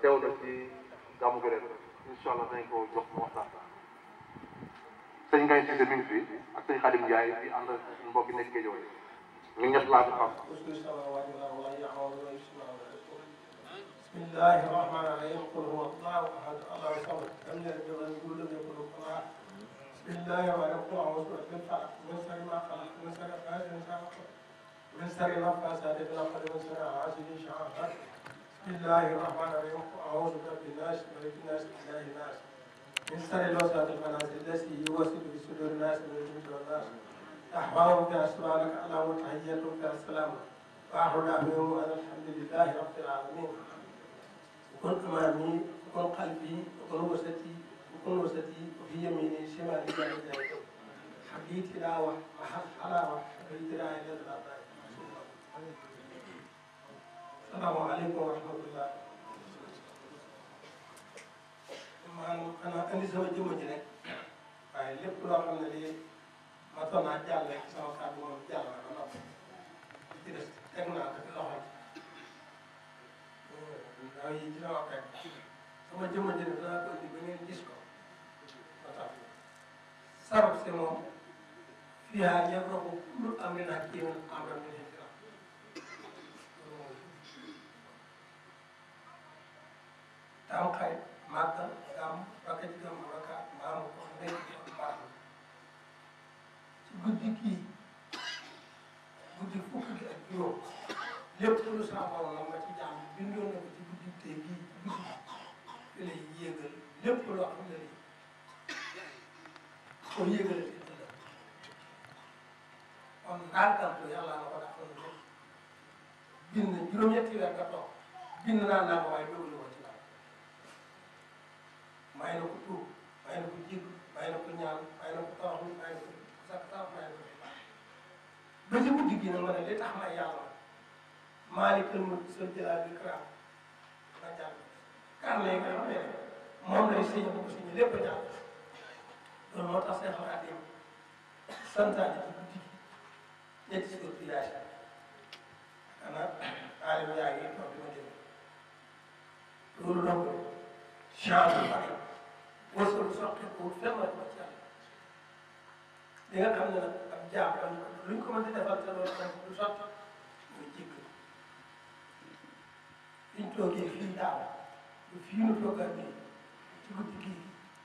teew na ci gàmmu gi ren incha allah dañ ko jox mu waxtaan sëñ Ngaye Cissé mi ngi fi ak sëñ Xadim Ndiaye fi ànd ak mbokk yi nekk géej wooyi ñu ñett laa ko xam. بسم الله الرحمن الرحيم قل هو الله احد الله الصمد لم يلد ولم يولد ولم يكن له كفوا احد بسم الله ويقول اعوذ بك من فعل من شر ما خلق من شر حاسد شر من شر نفاثات في العقد من شر حاسد شر حاسد بسم الله الرحمن الرحيم أعوذ بك بالناس ملك الناس إله الناس من شر الوسواس الخناس الذي يوسوس في صدور الناس من الجن والناس أحوالك أسمالك اللهم تحيتك السلام وآخر دعوهم أن الحمد لله رب العالمين كن أمامي وكن قلبي وكن وسطي وكن وسطي وفي يميني شمالي لا حبيت دعوة وحق حلاوة حبيت دعوة salaamaaleykum wa rahmatullah man xanaa indi sama jëmm ji rek waaye lépp loo xam ne lii ma toog naa jàll rek sama kàddu moom jàll na ko noppi li ci des teg naa ko ci loxo ji ndaw yi ci sama fekk sama jëmm ji nag danaa ko indi ba ngeen gis ko ba tax sarab si moom fiihaa yafaraqu kullu amrin hakiim amran te am xarit màggal nga am rakk ci gàmm rakka maam wax nekk ci baax ci guddi kii guddi fukk gi ak juróom lépp lu sama borom moom nga ci jàmm bindoon na ko ci guddi tey gii guddi fi lay yéegal lépp loo xam ne nii soo yéegalee ci dëgg kon ndànkal ko yàlla na ko dàqal bind juróom-ñetti weer nga toog bind naa naa ko waaye dugg may na ko tuub may na ko jégg may na ko ñaan may na ko toroxlu may na ko sax sax may na ko ba ci mujj gi nag ma ne li tax may yàlla maalikal mulki zul jalaali wal ikraam ma jàll kan lay nga xam ne moom lay sëñ bu ko sëñ lépp jàll loolu moo tax Seex Xaadim santaane ci guddi gi ñetti si ko village xanaa aalim yaa ngi toog di ma déglu loolu donc changement mosul soqeeku fenn la ko ci yàlla di nga xam ne nag ab jaam am luñ ko mën di defal te liñ toogee fii daaw ba fii nu toogal nii ci guddi gii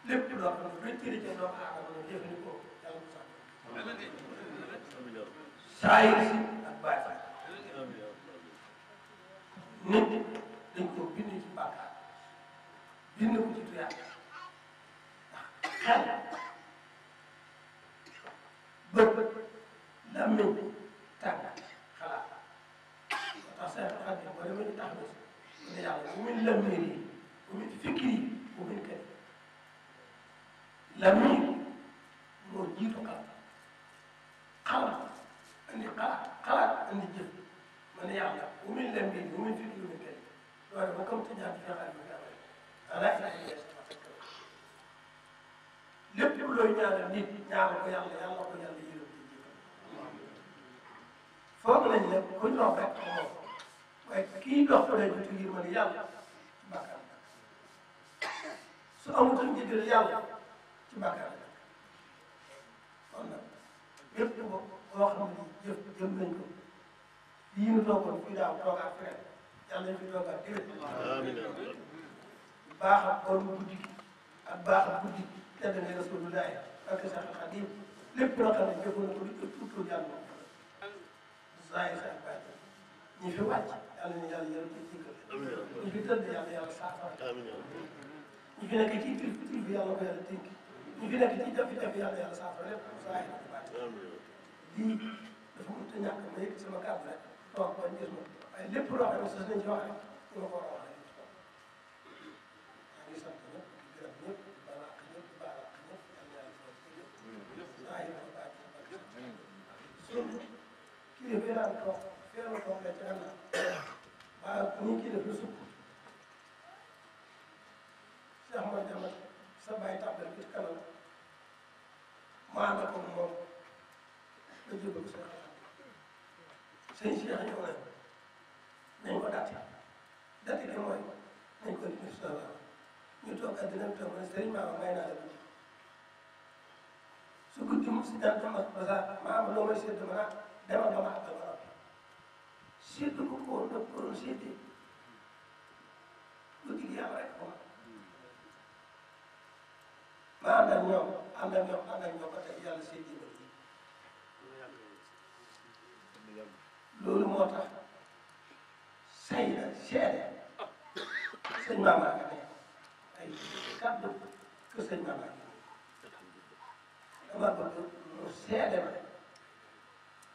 lépp loo xam ne luñ tëri ca doomu aadama la jëfandikoo yàlla mu saa yi si ak bàyyi nit dañ ko bind ci bàkkaar bind ko ci tuyaat xel bët làmmiñ tànk xalaat moo tax seen xarit boo demee ñu tax na si ne yàlla bu muy làmmiñ yi bu muy fikir yi bu muy kër làmmiñ moo jiitu xalaat xalaat andi xalaat xalaat andi jëf ma ne yàlla bu muy làmmiñ bu muy fikir bu muy kër loolu ba comme te ñaar fi xalaat bi nga xam ne koy ñaanal nit ñaanal ko yàlla yàlla ko yàlla yërëm di jiital foog nañ ne kuñ dox rek moom waaye kii dox ko day jot ngir mën yàlla bàkkaar su amutoon njëggal yàlla ci bàkkaar kon nag yëpp boo xam ne jëf jëm nañ ko lii ñu toogoon fii daaw toogaat feneen yàlla nañ fi toogaat déwén. baax ak bon guddi ak baax ak guddi. tedd nga rasulullahi ak sax xadim lépp loo xam ne jëfoon na ko lu ëpp lu jàll moom saay saay bàyyi ñi fi wàcc yàlla na yàlla yërëm ci jëkkal ñi fi tëdd yàlla yàlla saafara fi nekk ci tur tur bi yàlla ko yàlla dénk ñi fi nekk ci jafe-jafe yàlla yàlla saafara lépp saay bàyyi lii dafa mënut a ñàkk ma yëg sama kàddu rek ma wax ko njër ma waaye lépp loo xam ne sos nañ ci wax rek ma ko war a feeraan toog feeraan toog lañ ca gannaaw waaye bu ñu kii def lu sukk Cheikh Mor Diamat sa bàyyi tàbbal bi kanam maa la ko moom nga jébal sa xalaat sëñ Cheikh ñëw nañ nañ ko dati dati bi mooy nañ ko nuyu sa la ñu toog ak dinañ toog ne sëriñ maama may naa la guddi su guddi mu si daan dem ak ba saa maama loo may seetlu ma 대화 좀 하다가 시도 그거 그런 시대 어떻게 하라고 maanaam ñoom ànd ak ñoom ànd ak ñoom ba tey yàlla seen dimbal yi loolu moo tax say na seede sëñ maama nga ne ay kàddu ko sëñ maama dama bëgg mu seede ma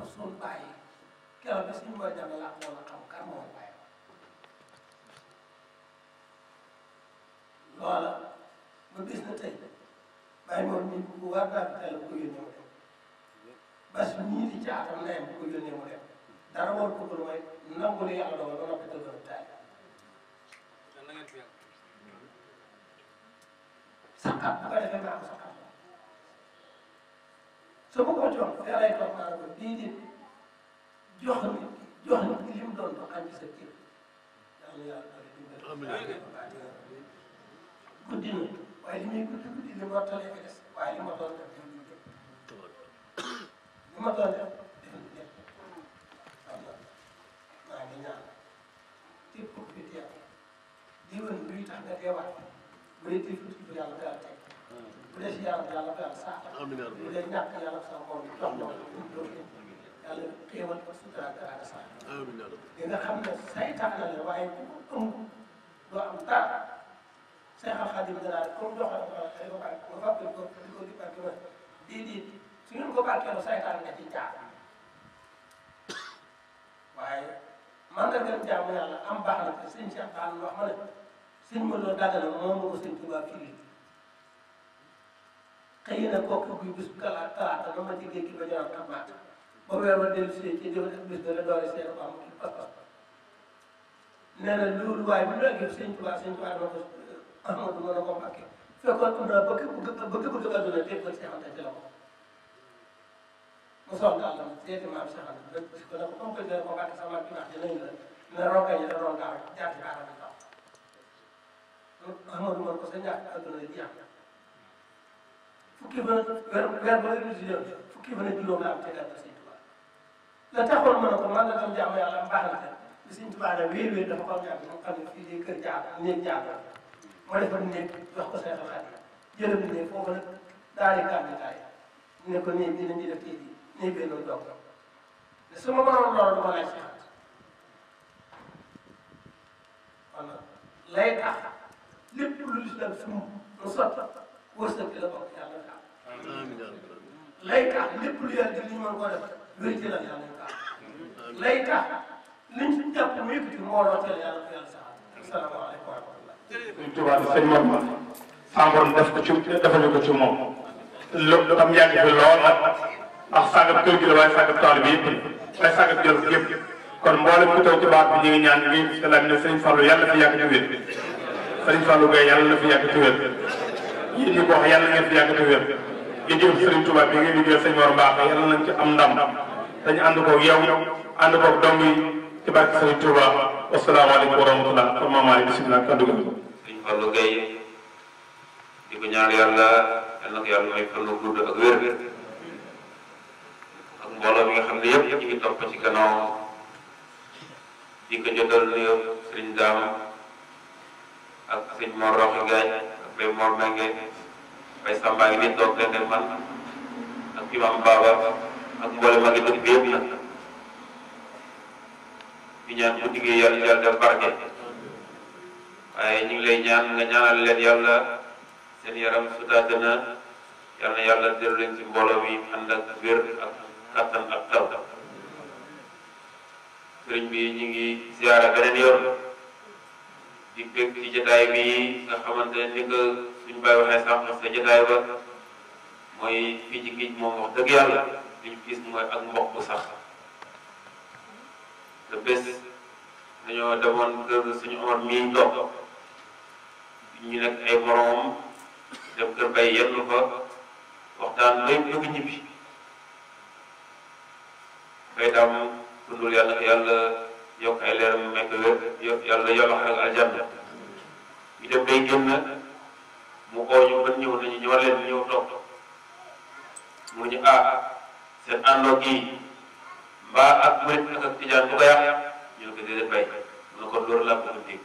mosul bàyyi keroog bés ñu koy demee laa ko xam kan moo bàyyi loola ba bis na tey bàyyi moom nit bu war daal teel a ko yónnee mu dem bas di caatam ndeyam bu ko yónnee mu dem dara war ko gën mooy nangu li yàlla dogal ba noppi taay. saxaat bu ko defee naa ko saxaat so bu ko jox nga lay toog naa ko déedéet jox nit ki jox nit ki mu doon ba ànd sa kër yàlla na waaye li muy guddi guddi li ma tolee ko des waaye li ma doon def ma doon def def ñu jëpp xam nga maa ngi ñaan képp ku fi teew di wën luy tax nga teewaat bu dee teewul yàlla daal teg bu dee si yaram yàlla ko yàlla sax bu dee ñàkk yàlla sax moom jox na yàlla xéewal ko sutura ak sax di nga xam ne saytaan na la waaye ku ko ëmb doo am dara Seex Xaadim danaa comme jox ay ko bàyyi ko fàttali ko di ko di barke ma déedéet su ngeen ko barkeeloo saytaan nga ci jaar waaye man nga gën jaamu yàlla am baax na te sëñ Cheikh Baal wax ma ne sëñ ma loo dagg na moom moo ko sëñ Tuubaa fii xëy na kooku bi bis kala talaata la ma ci géej gi ba ñëwaat tàmbaat ba weer ma dellu si ci jëm bis dana doole seen ko am kii pas-pas nee na loolu waaye bu léegi sëñ Tuubaa sëñ Tuubaa dama ko Ahmadu mën a ko mbàkke fekkoon am naa bëgg bëgg bëgg adduna tépp ko seexante ci la ko mu soxla àllam seeti maam seexante rek parce que nag comme que dina ko mbàkke sama kii wax dinañ la na rongañ la rongaa jaar ci baaraam taw Ahmadu mën ko sa ñàkk adduna jeex fukki fan ak weer weer ba révision fukki fan ak juróom la am te gàtt Sëñ Tuubaa la taxoon ma ne ko man la doon jaamu yàlla am baax na te li Sëñ Tuubaa ne wéer wéer dafa ko am yàgg moom xam ne fii de kër jaar néeg jaar ma defal néeg jox ko Seexul Xadiim jërëm ne foofu nag daal di kàddu ne ko néeg dinañ ci def kii bi néeg bee doon doog te su ma mënoon loolu dama laaj sax wala lay tax lépp lu lislam sum mu sotti wërsëg la bokk yàlla tax lay tax lépp lu yàlla def ñu mën ko def wér ci la yàlla tax lay tax niñ ci jàpp mu yëkkati mbooloo ci la yàlla ko yàlla sax asalaamaaleykum wa rahmatulah. ñu tubaab sëñ Mor Sambour def ko ci defañu ko ci moom lu tam yàgg bi lool nag ndax sàngab kër gi la waaye sàngab tool bi yëpp waaye sàngab jël yëpp kon mboolem ku taw ci baat bi ñu ngi ñaan ngi salaam ne sëñ Fallou yàlla fi yàgg ci wér sëñ Fallou Gueye yàlla na fi yàgg ci wér yéen ko wax yàlla ngeen fi yàgg te wér liggéeyu Serigne Touba bi ngeen liggéeyal sëñ Mor Mbaax yàlla nañ ci am ndam dañu ànd koog yow ànd koog dong yi ci barke Serigne Touba wasalaamaaleykum wa di ko ñaan yàlla yal ko yàlla may fan gudd ak wér ak mbooloo nga ci gannaaw di ko jotal Serigne Dame ak Roxi be mor nange ay samba ngi ni tok len man ak imam baba ak bolé magi tok bi yépp nak di ñaan bu digé yalla yalla def barké ay ñu lay ñaan nga ñaanal leen yalla seen yaram suta dana yalla yalla delu leen ci mbolo mi and ak wër ak katan ak taw serigne bi ñi ngi ziara benen yoon di bég ci jotaay bi nga xamante ne suñu bàyyi waxee sax ndax sa jotaay ba mooy fii ci moom wax dëgg yàlla li ñu gis mooy ak mbokk sax te bés dañoo demoon kër suñu Omar mii toog ñu nekk ay moromam dem kër bay yenn fa waxtaan bay bëgg ñibbi bay daam dundul yàlla yàlla yokk ay leeram yu nekk wér yàlla yàlla xaral aljanna ñu dem day génn mu oo ñu mën ñëw nañu ñëwal leen ñëw toog mu ñu ah seen àndoo kii mbaa ak murit ak ak tijaan bu ko yàq ñu ne ko déedéet bay mu ne kon loolu laa bëgg dégg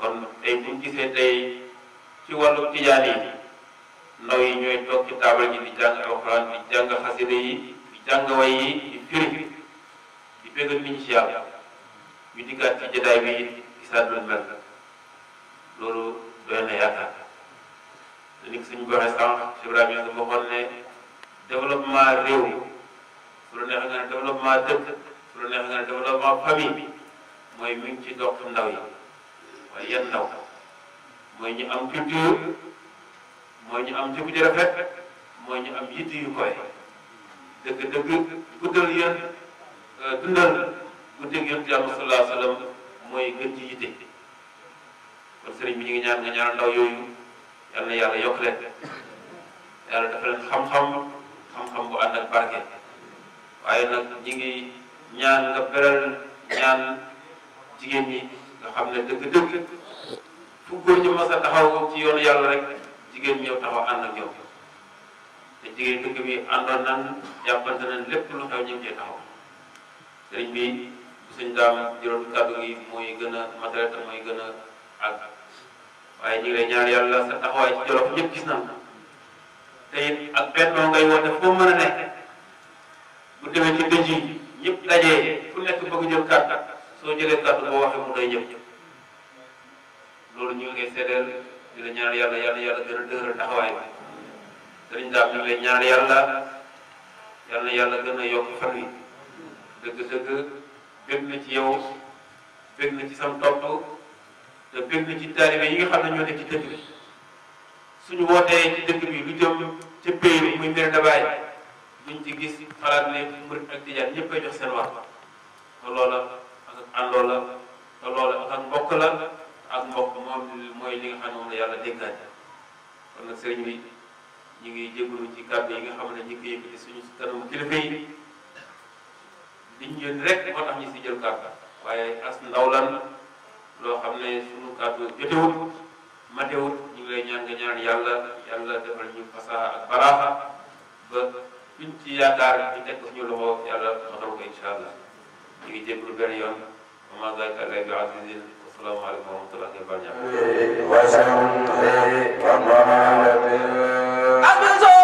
kon tey bu ñu gisee tey ci wàllu tijaan yi ndaw yi ñooy toog ci taabal ji di jàng alxuraan di jàng xasida yi di jàng way yi di firi di bégal nit ñi ci yàlla ñu dikkaat jotaay bi it gisaat lu mel loolu doy na yaakaar li nga suñu waxee sànq Ibrahima yaa ngi waxoon ne développement réew su la ne développement dëkk su la neexee nga ne développement famille mooy mi ngi ci dox ndaw yi waaye yan ndaw mooy ñu am culture mooy ñu am jikko ju rafet mooy ñu am yitt yu koy dëgg-dëgg guddal yéen. dundal guddi gi yonent yàlla sallallahu alayhi wa sallam mooy gën ci yitte kon sëriñ bi ñu ngi ñaan nga ñaanal ndaw yooyu yal na yàlla yokk leen yàlla dafa leen xam-xam xam-xam bu ànd ak barke waaye nag ñi ngi ñaan nga beral ñaan jigéen ñi nga xam ne dëgg-dëgg fu góor ñu mas a taxaw ci yoonu yàlla rek jigéen ñëw taxaw ànd ak ñoom te jigéen dëgg bi àndoon nan jàppante nañ lépp lu xew ñu ngi cee taxaw sëriñ bi suñ daam juróom kàddu gi mooy gën a matériel te mooy gën a àgg waaye ñu ngi lay ñaan yàlla sa taxawaay ci jolof ñëpp gis nañ te it ak bennoo ngay woote foo mën a nekk bu demee ci dëj yi ñëpp daje ku nekk bëgg jël kàddu soo jëlee kàddu boo waxee mu doy ñëpp loolu ñu ngi koy seedeel di la ñaan yàlla yàlla yàlla gën a dëgëral taxawaay daam ñu ngi lay yàlla yàlla yàlla gën na yokk fan wi dëgg-dëgg bég na ci yow bég na ci sam topp te bég na ci taalibe yi nga xam ne ñoo nekk ci dëkk bi suñu wootee ci dëkk bi lu jëm ca pays bi muy Médina Baye duñ ci gis xalaat ne murit ak tijaan ñëpp ay jox seen wax te loola ak àndoo la te loola ak mbokk la ak mbokk moom mooy li nga xam ne moom la yàlla déggaate kon nag sëriñ bi ñu ngi jégalu ci kàddu yi nga xam ne ñu ngi koy yëkkati suñu kanamu kilifa liñ yéen rek moo tax ñu si jël kàddu waaye as ndaw lan loo xam ne sunu kàddu jotewut matewut ñu ngi lay ñaan nga ñaan ñu fasaha ak baraaxa ba luñ ci yaakaar ñu teg ko suñu loxo yàlla matal ko incha allah ñu ngi jéglu benn yoon ma zalika alay bi azizin wasalaamu aleykum wa rahmatullahi wa barakatuh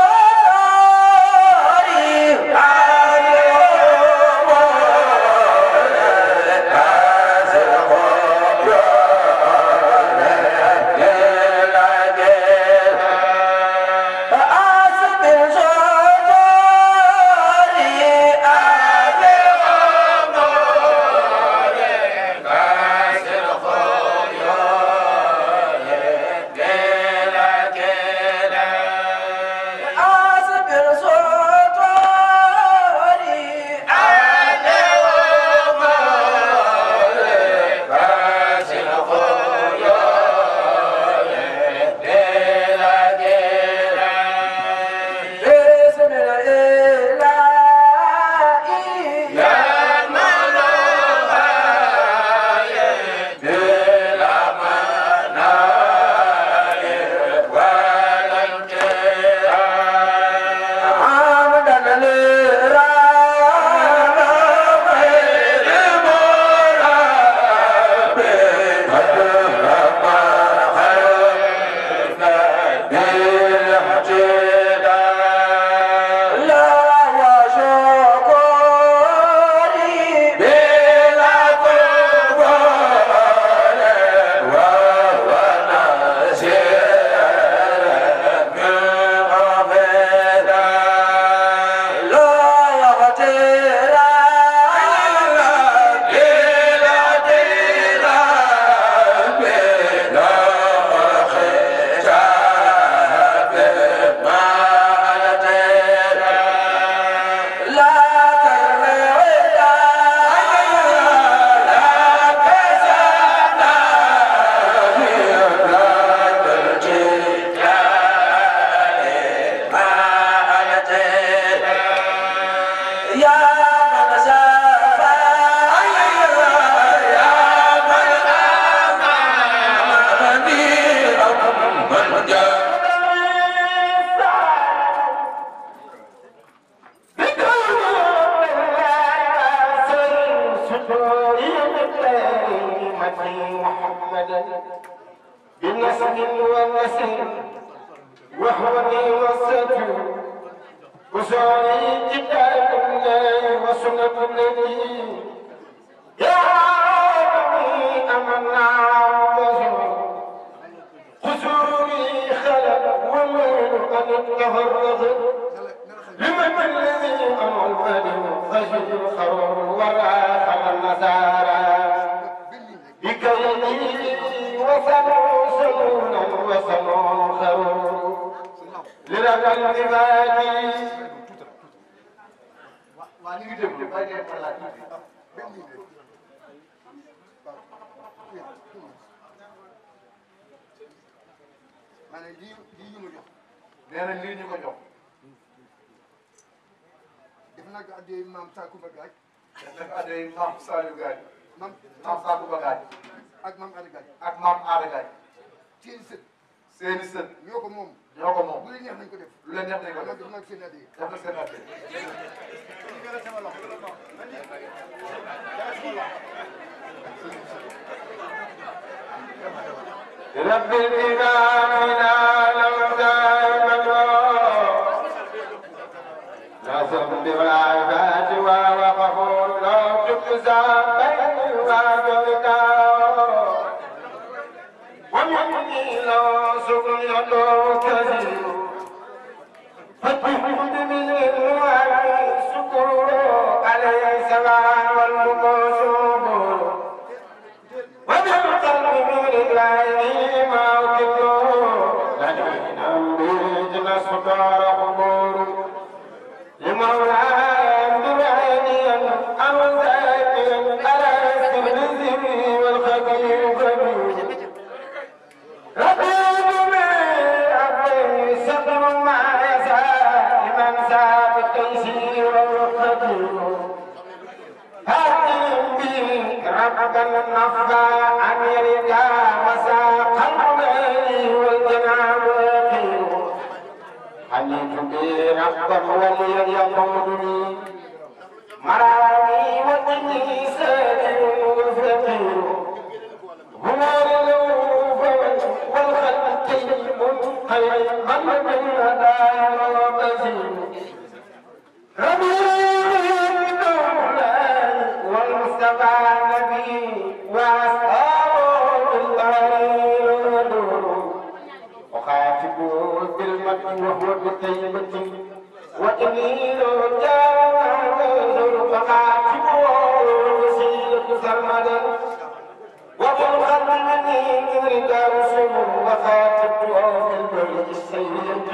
الذي دارسه وخاطبته في البر السيد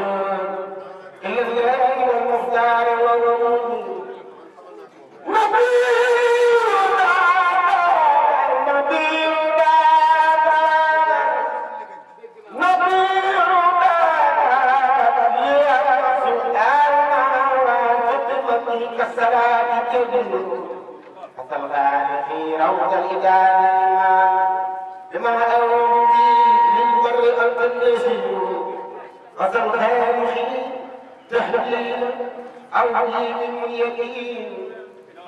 الذي هدي المختار وهو وزرها يحيي تحليلا عودي من يمين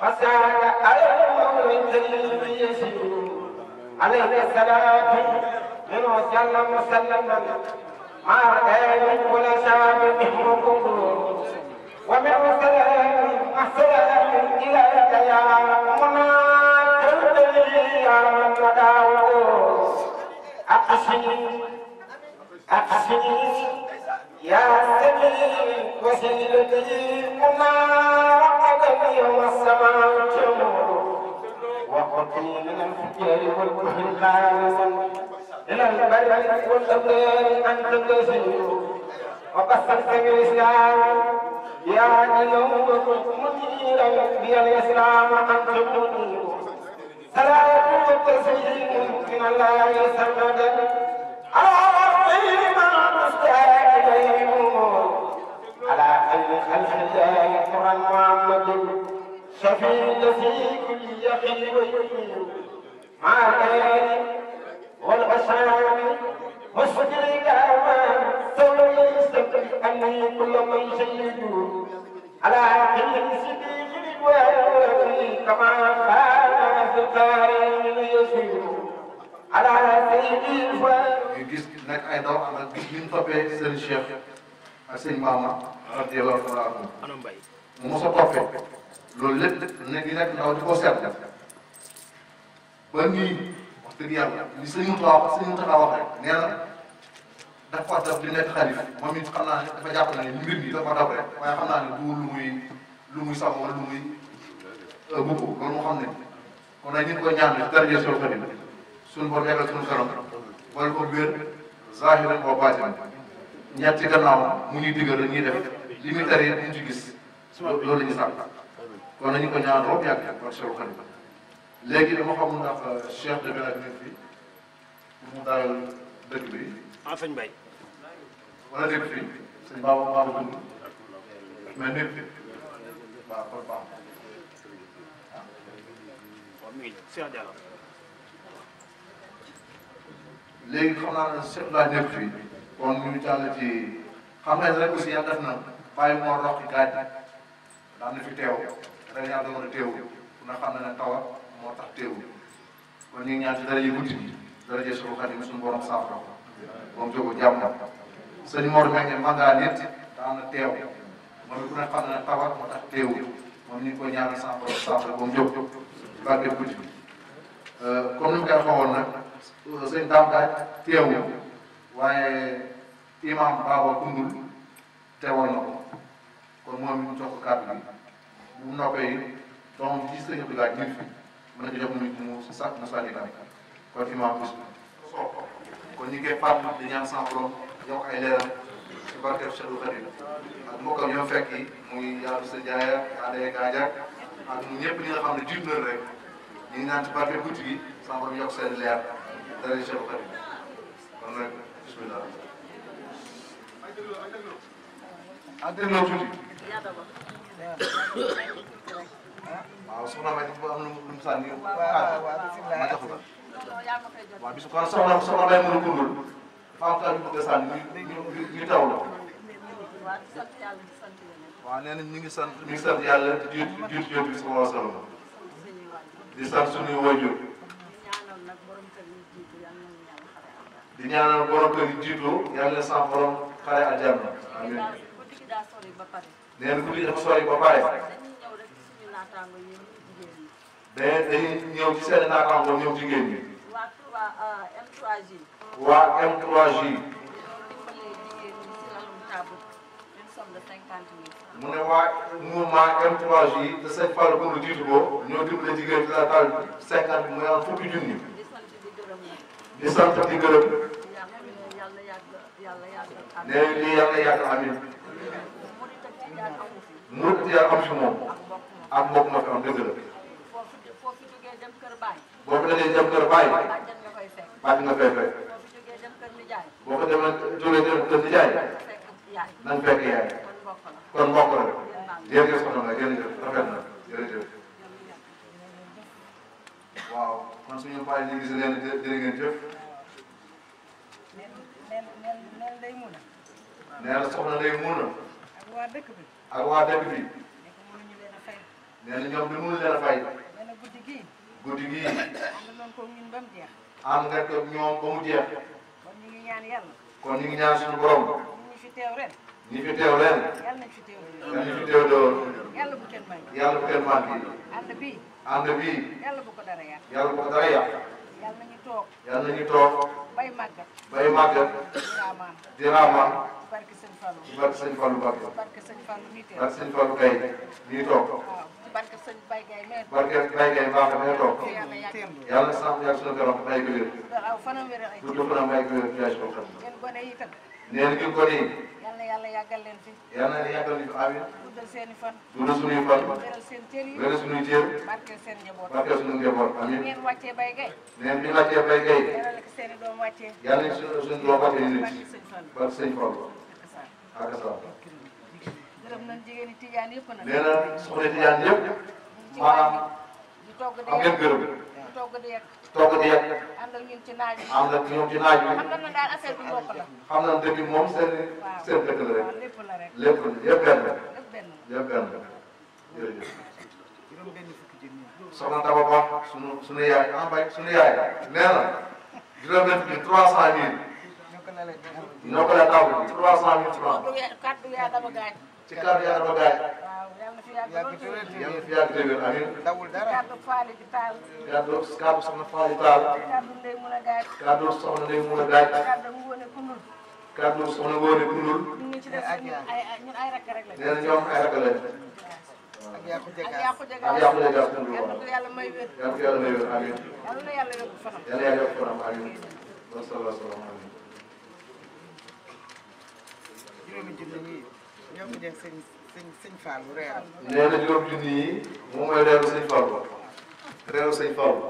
وسال أيوم الكريم يسجد عليه الصلاة من وسلم وسلم ما رأيت ولا شاب مثلكم ومن وسلم أحسن إليك يا أمنا ترتدي يا من مداوس أقسم أقسم يا سبيل وسيلتي مناقضا يوم السماء وقتي من الفجر والكهان إلى البرد والأبرار أنت تزيد وقصدت بالإسلام يا نور منيرا بالإسلام أنت منير صلاة وتسليم من الله سمدا على شفيع في كل يقين مع الأيام والغسام والصدر الأعوام ثم يستقبل أني كل من سيد على عقل صديق الوالي كما كان في القارئ ñu gis nag ay ndaw am ak gis ñu toppee seen cheikh ak seen maama radiyallahu taala anhu mu mos a toppee loolu lépp ne ñu nekk ndaw di ko seetlu ba nii wax dëgg yàlla li sëñ Moussa wax sëñ Moussa wax rek nee na dafa def di nekk xalif moom it xam naa ne dafa jàpp na ne mbir mi dafa dab rek waaye xam naa ne du lu muy lu muy sàmm wala lu muy euh, bëgg loolu moo xam ne kon nag ñu ngi koy ñaan dara jël solo xarit suñu borom yàggal suñu kanam boole ko wér zahiran wa baatinan ñett ci gannaaw mu ñuy digal la ñuy def li muy tari ñu ci gis loolu la ñuy sàkk kon nañu ko ñaan rob yàgg ak Cheikh Khadim léegi dama xamul ndax euh, Cheikh de Bélac nekk fi mu daal dëkk bi. ah sëñ Baye. wala nekk fi sëñ Baba Baba Dund mais nekk fi waaw kon baax na waaw. léegi xam naa ne Cheikh Ibrahima nekk fii kon ñu jàll ci xam nga rek aussi yàlla def na bàyyi moo rox ci gaaj daan na fi teew ren yàlla doon na teew na xam ne ne tawa moo tax teewul kon ñu ngi ñaan ci dara yu guddi bi dara jël suñu xarit suñu borom saafara moom jógu jàmm sëñ Mor Mbengue Manga nit daan na teew moom ku ne xam ne ne tawa moo tax teewul moom ñu ngi koy ñaanal saafara saafara ba mu jóg jóg ci barke guddi bi euh, comme ni mu koy waxoon nag sëñ Dame Gaaj teewul waaye imam Baba Koundoul teewal na ko kon moom ñu jox ko kàddu bi bu noppee yi donc gis nañu Abdou Gaaj fi mën na ko jox mu mu na sànni kon imam bis kon ñu ngi koy fàttali di ñaan yokk ay leeral ci barkeb Cheikhul Khadim ak mbokkam ñoom fekk yi muy yaatu jaaya adee gaajak ak ñëpp ñi nga xam ne jiit na rek ñu ngi ñaan ci barkeb guddi gi sans borom yokk seen leer dara Cheikh Xadim kon nag bismillah ak déglu tuuti waaw soxna Mbaye dafa am lu mu sànni ma jox la waaw bis kon soxna soxna Mbaye mën a gundul dafa am kàddu bëgg a sànni ñu taw la waaw nee nañ ñu ngi sant ñu ngi sant yàlla di di di di di sant suñuy wajur di ñaanal borom kër yi jiitu yàlla sa borom xare aljanna amiin neen guddi dafa sori ba pare da dañuy ñëw ci seen naataango ñëw jigéen ñi waa M3J mu ne waa mouvement M3J te sëñ Fall Koungheul jiitu ko ñoo dimbale jigéen ci la taal cinquante mu ne am fukki junni di sant di gërëm nee na lii yàlla yàgg amiin murid yaa am fi moom ak moom moo fi am dëgg la boo fi jógee dem kër baay boo fi jógee dem kër baay bàjj nga fay fay boo ko demee jógee dem kër nijaay nañ fekk yaay kon mbokk la jërëjëf soxna la jërëjëf rafet na jërëjëf waaw kon suñu paree ñu gis leen jërë ngeen jëf. nee na soxna Ndeye Mouna. ak waa dëkk bi. ak waa dëkk bi. nee na ñoom du mënu leen a fay. nee guddi gii. guddi gii. ànd nga ko ñoom ba mu jeex. kon ñu ngi ñaan yàlla. kon ñu ngi ñaan suñu borom. ñi fi teew ren. ñi fi teew ren. yàlla nañ fi ànd bi. yàlla bu ko dara yàq. yàlla bu ko dara yàq. yàlla nañu toog. yàlla nañu toog. bay màggat. bay màggat. diraamaan. diraamaan. barke sëñ Fallou. barke sëñ Fallou Mbacké. barke sëñ toog. waaw barke sëñ Baye Gaye mee. barke toog. yàlla na sax yàlla sunu borom may ko wér. du fanam wér ay. du fanam may ko nee na ki ko dee. yal na yàlla yàggal leen fi. yal na yàggal leen fi amiin. guddal seen i fan. guddal suñuy fan. wéral seen cër yi. wéral suñuy cër. barkeel seen njaboot. barkeel suñu njaboot amiin. ngeen wàccee bay gay. nee na bi ñu wàccee bay gay. yàlla ki seen i doom wàccee. yal nañ suñu doom wàccee nit. barke sëñ Fall. ak sa. gërëm nañ jigéen i tijaan yëpp nag. nee na soxna tijaan yëpp. maanaam am ngeen gërëm. togg di yekk. togg di yegg. ànd ak ñoom ci naaj bi ànd ak ñoom ci naaj bi. xam nañ daal affaire bi mbokk la. xam nañ dëkk bi moom seen seen dëkk la rek. lépp la rek lépp yëpp benn la. yëpp benn la jërëjëf. soxna Daba Ba sunu sunu yaay en ah, bay sunu yaay nee na juróom-benn bi trois cent mille. ñoo ko la taw bi trois cent mille francs. kàddu yaa dama gaañ. ci kàddu yàlla ba gaay. yàgg fi yàgg déwén amiin. dawul dara kàddu faali ji taal. kàddu kàddu soxna faali taal. kàddu ndey mun a gaay. kàddu soxna ndey mun a gaay. kàddu wóone kunul. kàddu soxna wóone kunul. ñun ci des ñun ay rakk rek lañ. nee na ñoom ay rakk lañ. ak yàqu jégaar ak yàqu jégaar yàlla na yàlla may wér. yàlla na yàlla may wér amiin. yàlla na yàlla yokk fanam. yàlla na yàlla yokk fanam amiin. wasalaamaaleykum. juróomi junni yi. Mais y a junni yi moom mooy reeru sëñ Fall ba reeru que Fall ba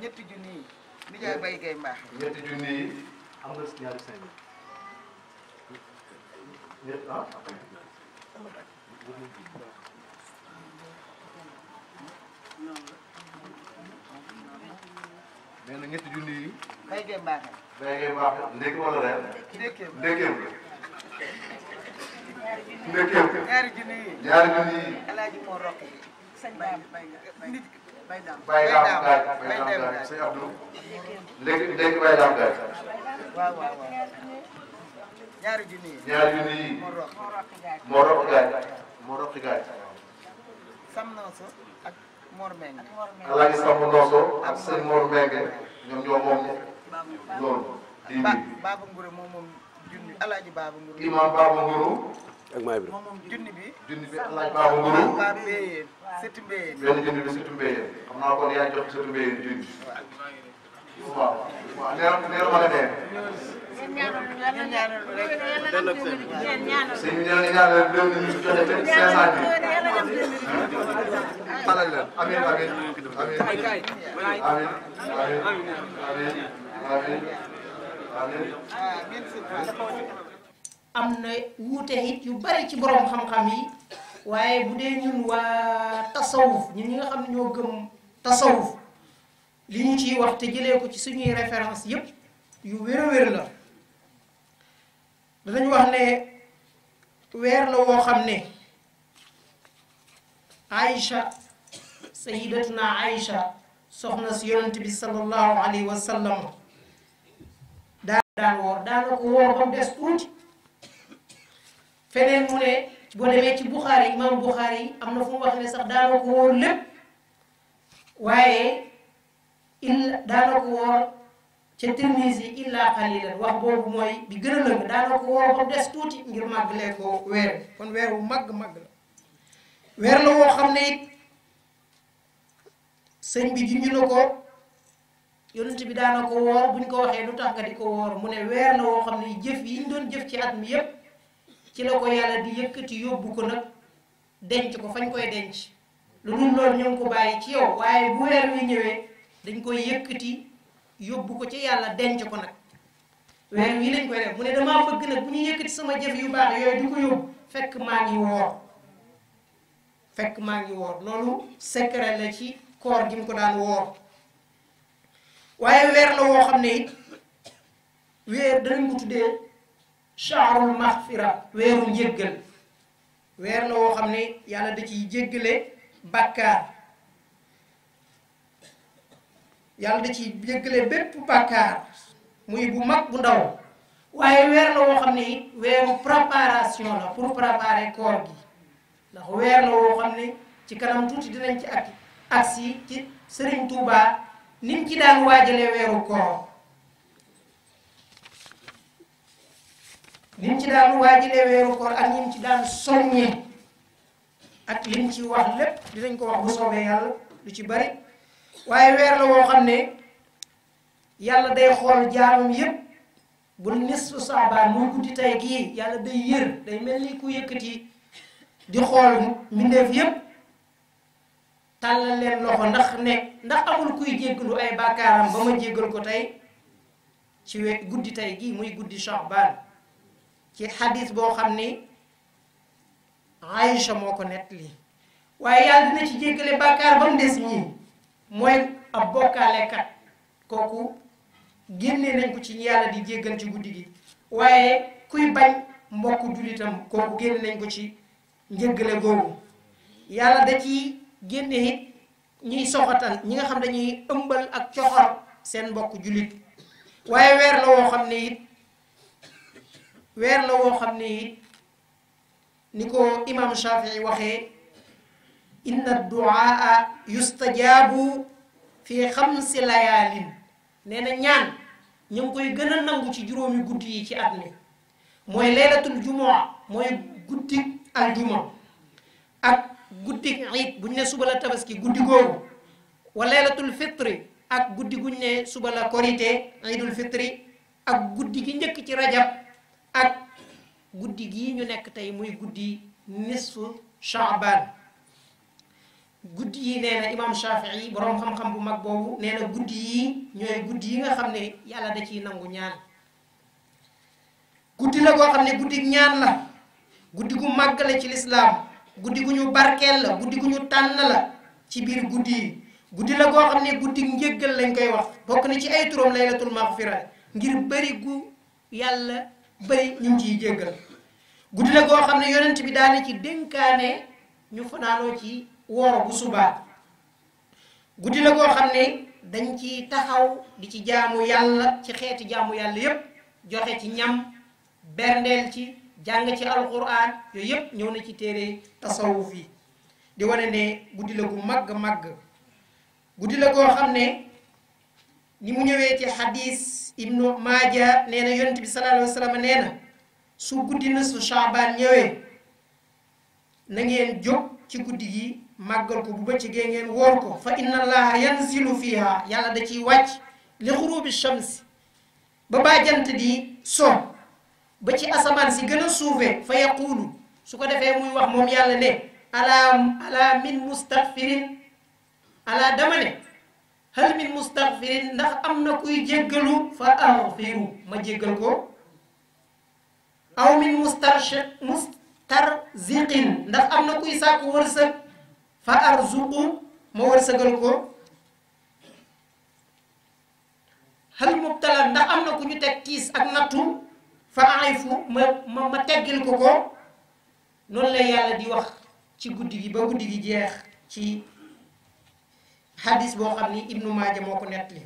ñetti junni yi nijaay bay gay mbaax ñetti junni yi gay ah? gay wala ndekkew ñaari junni yi ñaari junni yi alaaji moo rokk sëñ baam bay daam bay daam bay daam sëñ Abdou léegi léegi bay daam daal waaw waaw ñaari junni yi ñaari junni yi moo rokk gaay moo rokk gaay sam nooso ak Mor Menge alaaji sam nooso ak sëñ Mor Menge ñoom ñoo moom loolu ba Baba Nguru moom moom junni alaaji Baba Nguru imam Baba Nguru ak maa Ibra junni bi junni bi alaaj baaxu nguru ba mbéyeen sëtu mbéyeen benn junni bi sëtu mbéyeen xam naa kon yaa jox sëtu mbéyeen junni waaw waaw leer leer ma la dee sëñ bi dina ñaanal réew mi ñu joxe te cinq cent mille xalal leen amiin amiin amiin amiin amiin amiin amiin ah, amiin am na wuute it yu bari ci boroom xam-xam yi waaye bu dee ñun waa tasawuf ñun ñi nga xam ne ñoo gëm tasawuf li ñu ciy wax te jëlee ko ci suñuy référence yépp yu wér la danañ wax ne weer la woo xam ne Aïcha sayidatuna Aïcha soxna si yonent bi sallallahu alayhi wa sallam daan daan woor daana ko woor ba des tuuti feneen mu ne boo demee ci Buxaari imam Buxaari am na fu mu wax ne sax daana ko wóor lépp waaye il daana ko wóor ca Tirmisi illa qalilan wax boobu mooy bi gën a lëng daana ko wóor ba des tuuti ngir màggalee ko weer kon weer wu màgg màgg la weer la woo xam ne it sëñ bi junj na ko yonent bi daana ko woor buñ ko waxee lu tax nga di ko woor mu ne weer na woo xam ne jëf yi ñu doon jëf ci at mi yépp ci la ko yàlla di yëkkati yóbbu ko nag denc ko fañ koy denc lu dul loolu ñu ko bàyyi ci yow waaye bu weer wi ñëwee dañ koy yëkkati yóbbu ko ci yàlla denc ko nag weer wi lañ koy def mu ne damaa bëgg nag bu ñuy yëkkati sama jëf yu baax yooyu di ko yóbbu fekk maa ngi woor fekk maa ngi woor loolu secret la ci koor gi mu ko daan woor waaye weer la woo xam ne it weer danañ ko tuddee chaarul maxfira weeru njéggal weer la woo xam ne yàlla da ciy jéggale bàkkaar yàlla da ciy jéggale bépp bàkkaar muy bu mag bu ndaw waaye weer la woo xam ne weeru préparation la pour préparer koor gi ndax weer la woo xam ne ci kanam tuuti dinañ ci ak si ci Sëriñ Tuubaa ni mu ci daan waajalee weeru koor lim ci daan waajalee weeru koor ak lim ci daan soññe ak lim ci wax lépp dinañ ko wax bu soobee yàlla lu ci bari waaye weer la woo xam ne yàlla day xool jaamam yépp bu nisfu saabaan muy guddi tey gii yàlla day yër day mel ni ku yëkkati di xool mbindeef yépp tàllal leen loxo ndax ne ndax amul kuy jéggalu ay bàkkaaram ba ma jéggal ko tey ci we guddi tey gii muy guddi Sha'baan ci xadis boo xam ni Aïcha moo ko nettali waaye yàlla dina ci jéggale bàkkaar ba mu des ñii mooy ab bokkaalekat kooku génne nañ ko ci yàlla di jéggal ci guddi gi waaye kuy bañ mbokk jullitam kooku génne nañ ko ci njëggale googu yàlla da ci génne it ñiy soxatal ñi nga xam dañuy ëmbal ak coxor seen mbokk jullit waaye weer la woo xam ne it weer la woo xam ni it ni ko imam Shafii waxee inna duaa yustajaabu fi xamsi layaalin nee na ñaan ñu ngi koy gën a nangu ci juróomi guddi yi ci at ni mooy laylatul jumaa mooy guddik aljuma ak guddik iid buñ ne suba la tabaski guddi googu wa laylatul fitri ak guddi guñ ne suba la korite iidul fitri ak guddi gi njëkk ci rajab ak guddi gii ñu nekk tey muy guddi nisfu Shaaban guddi yi neena na imaam Shafii boroom xam-xam bu mag boobu nee na guddi yi ñooy guddi yi nga xam ne yàlla da ciy nangu ñaan guddi la goo xam ne guddi ñaan la guddi gu màgg la ci lislaam guddi gu ñu barkeel la guddi gu ñu tànn la ci biir guddi yi guddi la goo xam ne guddi njëgal lañ koy wax bokk na ci ay turam laylatul maxfira ngir bëri gu yàlla bëri ñu ngi ciy jéggal guddi la goo xam ne yonent bi daane ci dénkaane ñu fanaanoo ci woor bu subaa guddi la goo xam ne dañ ci taxaw di ci jaamu yàlla ci xeeti jaamu yàlla yépp joxe ci ñam berndeel ci jàng ci alquran yooyu yépp ñëw na ci téere tasawuf yi di wane ne guddi la gu màgg màgg guddi la goo xam ne ni mu ñëwee ci hadis ibnu maaja nee na bi sallallahu alayhi wa sallam nee na su guddi na su shaabaan ñëwee na ngeen jóg ci guddi gi màggal ko bu bëccëgee ngeen woor ko fa inna allaha yanzilu fiha yàlla da ciy wàcc li xurubi shams ba baa jant di so ba ci asamaan si gën a suufee fa yaquulu su ko defee muy wax moom yàlla ne ala ala min mustaghfirin ala dama ne hal min mustaghfirin ndax am na kuy jéggalu fa aghfiru ma jéggal ko aw min mustarshid mustarziqin ndax am na kuy sàkku wërsëg fa arzuqu ma wërsëgal ko hal mubtala ndax am na ku ñu teg tiis ak nattu fa aifu ma ma ma teggil ko ko noonu la yàlla di wax ci guddi gi ba guddi gi jeex ci xadis boo xam ni ibnu maaja moo ko nettali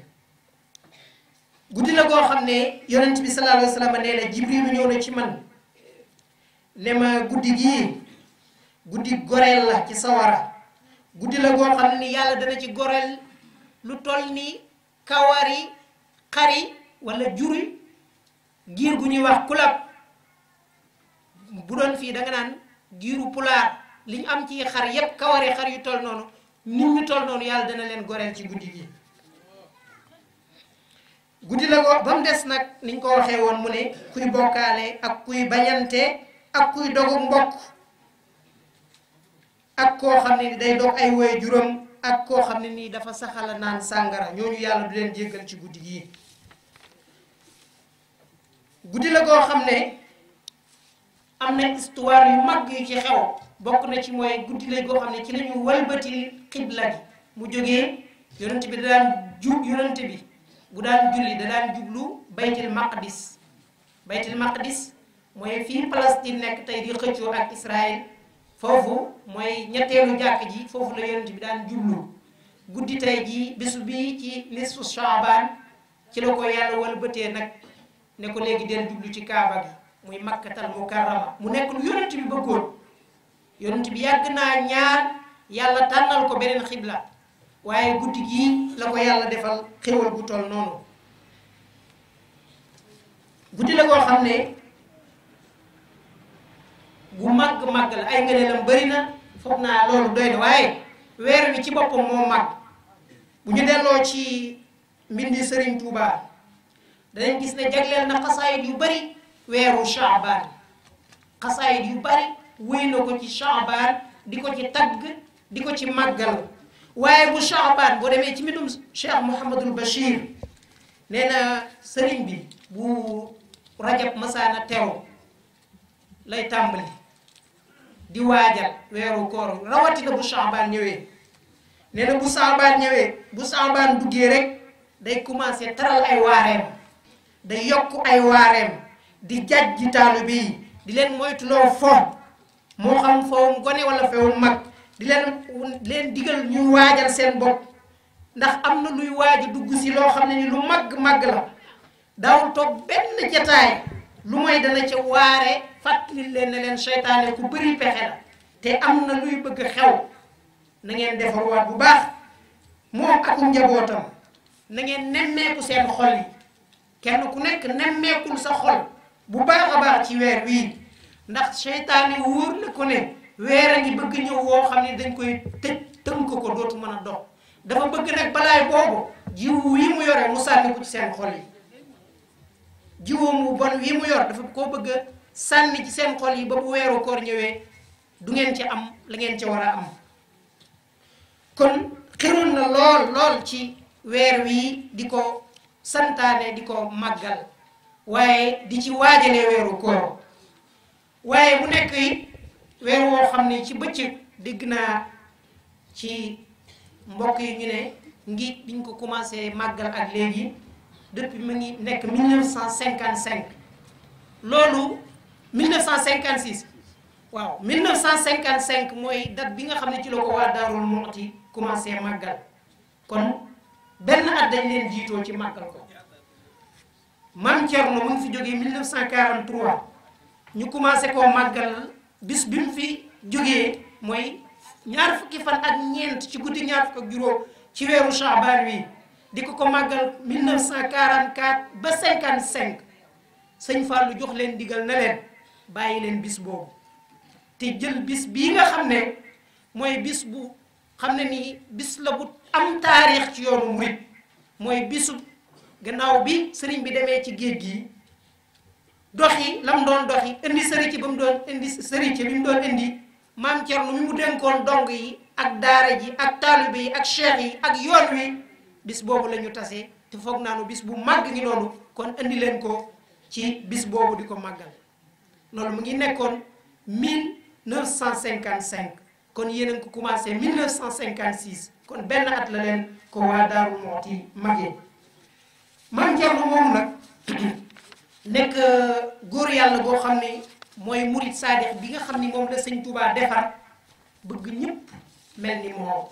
guddi la goo xam ne yonent bi sallallahu alayhi wa sallam nee na jibrilu ñëw na ci man ne ma guddi gii guddi goreel la ci sawara guddi la goo xam ni yàlla dana ci goreel lu toll ni kawari xari wala juri giir gu ñuy wax kulab bu doon fii da naan giiru pulaar ñu am ci xar yépp kawari xar yu toll noonu nit ñu toll yàlla dina leen goreel ci guddi gi guddi la ko ba mu des nag niñ ko waxee woon mu ne kuy bokkaale ak kuy bañante ak kuy dogu mbokk ak koo xam ne ay woy juróom koo xam ne nii dafa saxala naan sàngara ñooñu yàlla du leen jéggal ci guddi gi guddi la koo xam ne am na histoire yu mag yu ci xew bokk na ci mooy guddi la goo xam ne ci la ñu walbati xibla gi mu jógee yonent bi da daan jub yonent bi bu daan julli da daan jublu baytil maqdis baytil maqdis mooy fii Palestine nekk tey di xëccoo ak Israël foofu mooy ñetteelu jàkk ji foofu la yonent bi daan jublu guddi tey ji bésu bii ci nisfu Shaaban ci la ko yàlla walbatee nag ne ko léegi del jublu ci Kaaba gi muy makkatal mukarrama mu nekk lu yonent bi bëggoon yonent bi yàgg naa ñaar yàlla tànnal ko beneen xibla waaye guddi gii la ko yàlla defal xéwal bu toll noonu guddi la koo xam ne gu màgg-màgg la ay ngëneelam bari na foog naa loolu doy na waaye weer wi ci boppam moo màgg bu ñu delloo ci mbindi sëriñ Touba danañ gis ne jagleel na xasaayit yu bari weeru Shaaban xasaayit yu bari wuy na ko ci Chaabaan di ko ci tagg di ko ci màggal waaye bu Chaabaan boo demee ci mbindum Cheikh Mouhamadul Bachir nee na sëriñ bi bu rajab masaana tew lay tàmbali di waajal weeru koor rawatina bu Chaabaan ñëwee nee bu Chaabaan ñëwee bu Chaabaan duggee rek day commencé taral ay waareem day yokk ay waareem di jajji taalibe bi di leen moytuloo fo moo xam xawum gone wala fewum mag di leen leen digal ñuy waajal seen bopp ndax am na luy waaj a dugg si loo xam ne ni lu màgg màgg la daawul toog benn jataay lu may dana ca waare fàttali leen ne leen seytaane ku bëri pexe te am na luy bëgg xew na ngeen defarwaat bu baax moom akum njabootam na ngeen nemmeeku seen xol yi kenn ku nekk nemmeekul sa xol bu baax a baax ci weer wii ndax seytaane wóor la ko ne weer a ngi bëgg ñëw woo xam ne dañ koy tëj tënk ko dootu mën a dox dafa bëgg nag balaay boobu jiw wi mu yore mu sànni ko ci seen xol yi bon wi mu yor dafa koo bëgg a seen xol yi ba bu weeru koor ñëwee du ngeen ci am la ngeen ci war a am kon xiroon na lool lool ci weer wii di ko santaane di ko màggal waaye di ci waajale weeru koor waaye bu nekk it weer woo xam ne ci bëccëg dégg naa ci mbokk yi ñu ne ngi biñ ko commencé màggal ak léegi depuis mu ngi nekk 1955 loolu 1956 waaw 1955 mooy date bi nga xam ne ci la ko waa Daarul Muxti commencé màggal kon benn at dañ leen jiitoo ci màggal ko Maam Thierno mu ngi fi jógee 1943. ñu commencé koo màggal bis bi mu fi jógee mooy ñaar fukki fan ak ñeent ci guddi ñaar fukk ak juróom ci weeru Chaabaan wi di ko ko màggal 1944 ba 55 sëñ lu jox leen digal na leen bàyyi leen bis boobu te jël bis bi nga xam ne mooy bis bu xam ne nii bis la bu am taarix ci yoonu murit mooy bisu gannaaw bi sëriñ bi demee ci géej gi doxi mu doon doxi indi sëriñ ci ba mu doon indi sëriñ ci bi mu doon indi maam lu mi mu dénkoon dong yi ak daara ji ak taalibe yi ak cheikh yi ak yoon wi bis boobu la ñu tase te foog naa nu bis bu màgg ngi noonu kon indi leen ko ci bis boobu di ko màggal loolu mu ngi nekkoon cent 1955 kon yéen a ko commencé 1956 kon benn at la leen ko waa Daaru Muxti màggee maam Cerno moom nag nekk euh, góor yàlla boo xam ne mooy murit saadix bi nga xam ni moom la sëñ Touba defar bëgg ñëpp mel ni moom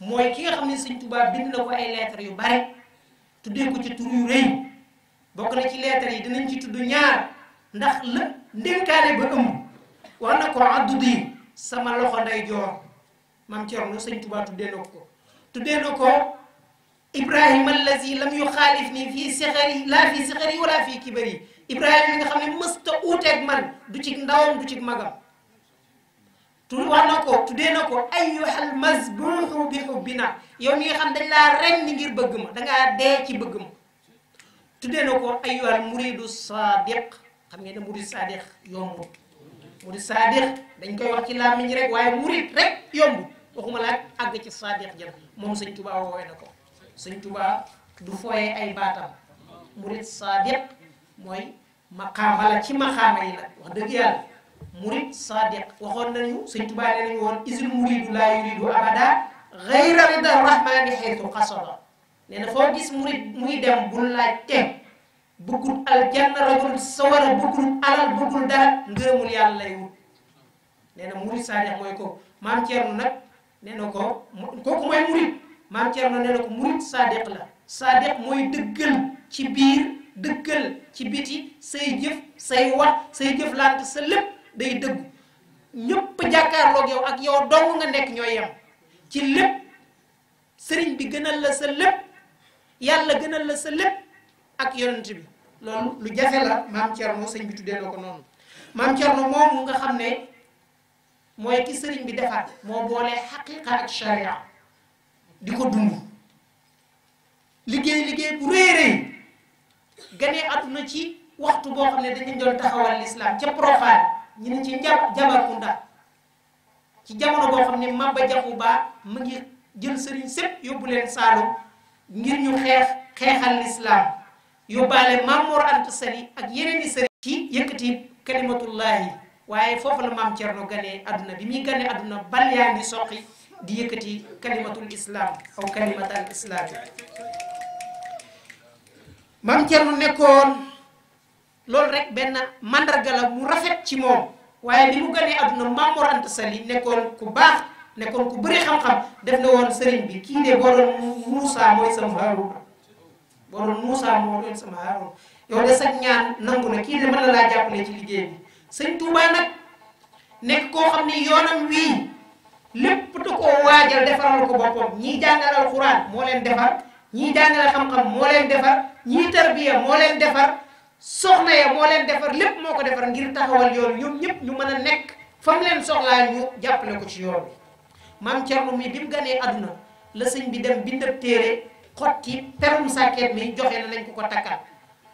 mooy ki nga xam ne sëñ Touba bind na ko ay lettres yu bare tuddee ko ci tur yu rëy bokk na ci lettres yi dinañ ci tudd ñaar ndax la ndénkaane ba ëmb wax na ko àddudi sama loxo nday joor maam Thierno sëñ Touba tuddee na ko tuddee na ko Ibrahima allazi lam yuxaalifnii fii sixari laa fii sixari wala fii kibari Ibrahima mi nga xam ne mësta uuteeg man du ci ndawam du ci magam tu wax na ko tuddee na ko ayyuhal mazbuuxu bi xubbina yow mi nga xam dañ laa reñ ngir bëgg ma dangaa dee ci bëgg ma tuddee na ko ayyuhal muridu sadiq xam ngeen ne murid sadiq yombut murid sadiq dañ koy wax ci làmmiñ rek waaye murid rek yombut waxuma la àgg ci sadiq jël moom sëñ Tuubaa woowee na ko sëñ Tuubaa du fooyee ay baatam murit saadiq mooy maqaama la ci maqaama yi nag wax dëgg yàlla murit saadiq waxoon nañu sëñ Tuubaa ne nañu woon isil muridu laa yuridu abada xayra rida rahmani xaytu xasada nee na foo gis murit muy dem bul laaj te bëggul aljanna rajul sawara bëggul alal bëggul dara ngërëmul yàlla lay wut nee na murit saadiq mooy ko maam Ceerno nag nee na ko kooku mooy murit maam Thierno ne na ko murit sadiq la sadiq mooy dëggal ci biir dëggal ci biti say jëf say wax say jëflante sa lépp day dëggu ñëpp jàkkaarloog yow ak yow dong nga nekk ñoo yem ci lépp sëriñ bi gënal la sa lépp yàlla gënal la sa lépp ak yonent bi loolu lu jafe la maam Thierno sëñ bi tuddee na ko noonu maam Thierno moomu nga xam ne mooy ki sëriñ bi defaat moo boole xaqiqa ak sharia di ko dund liggéey liggéey bu gane aduna ci waxtu boo xam ne dañu doon taxawal l'islam ca profane ñu ne ci Jabarkunda ci jamono boo xam ne Maba Jaxu Ba mu ngi jël sëriñ sépp yóbbu leen Saalum ngir ñu xeex xeexal l'islam yóbbaale Maam Mor Anta Sali ak yeneen i sëriñ ci yëkkati kalimatullahi waaye foofu la maam Cerno gane aduna bi muy gane aduna bal yaa ngi di yëkkati kalimatul islam aw kalimatal islaam maam Thierno nekkoon loolu rek benn mandarga la mu rafet ci moom waaye li mu gënee àdduna Maam Mor Anta Sali nekkoon ku baax nekkoon ku bëri xam-xam def na woon sëriñ bi kii de boo doon Moussa mooy sama Haroun boo doon moo doon sama Haroun yow de sax ñaan nangu na kii de mën na laa jàppale ci liggéey bi sëñ Touba nag nekk koo xam ne yoonam wii lepp du ko wajal defal ko boppam ñii jàngal alxuraan mo len defar ñi jangal xam-xam mo len defar ñi tarbiya mo len defar soxna ya mo len defar lepp moko defal defar ngir taxawal yoon ñom ñep ñu mëna nek nekk fam len soxla ñu jappale ko ci yoon bi maam mi bim mu aduna le la bi dem bindep téere xoti perum saket mi joxe na nañ ko ko takkal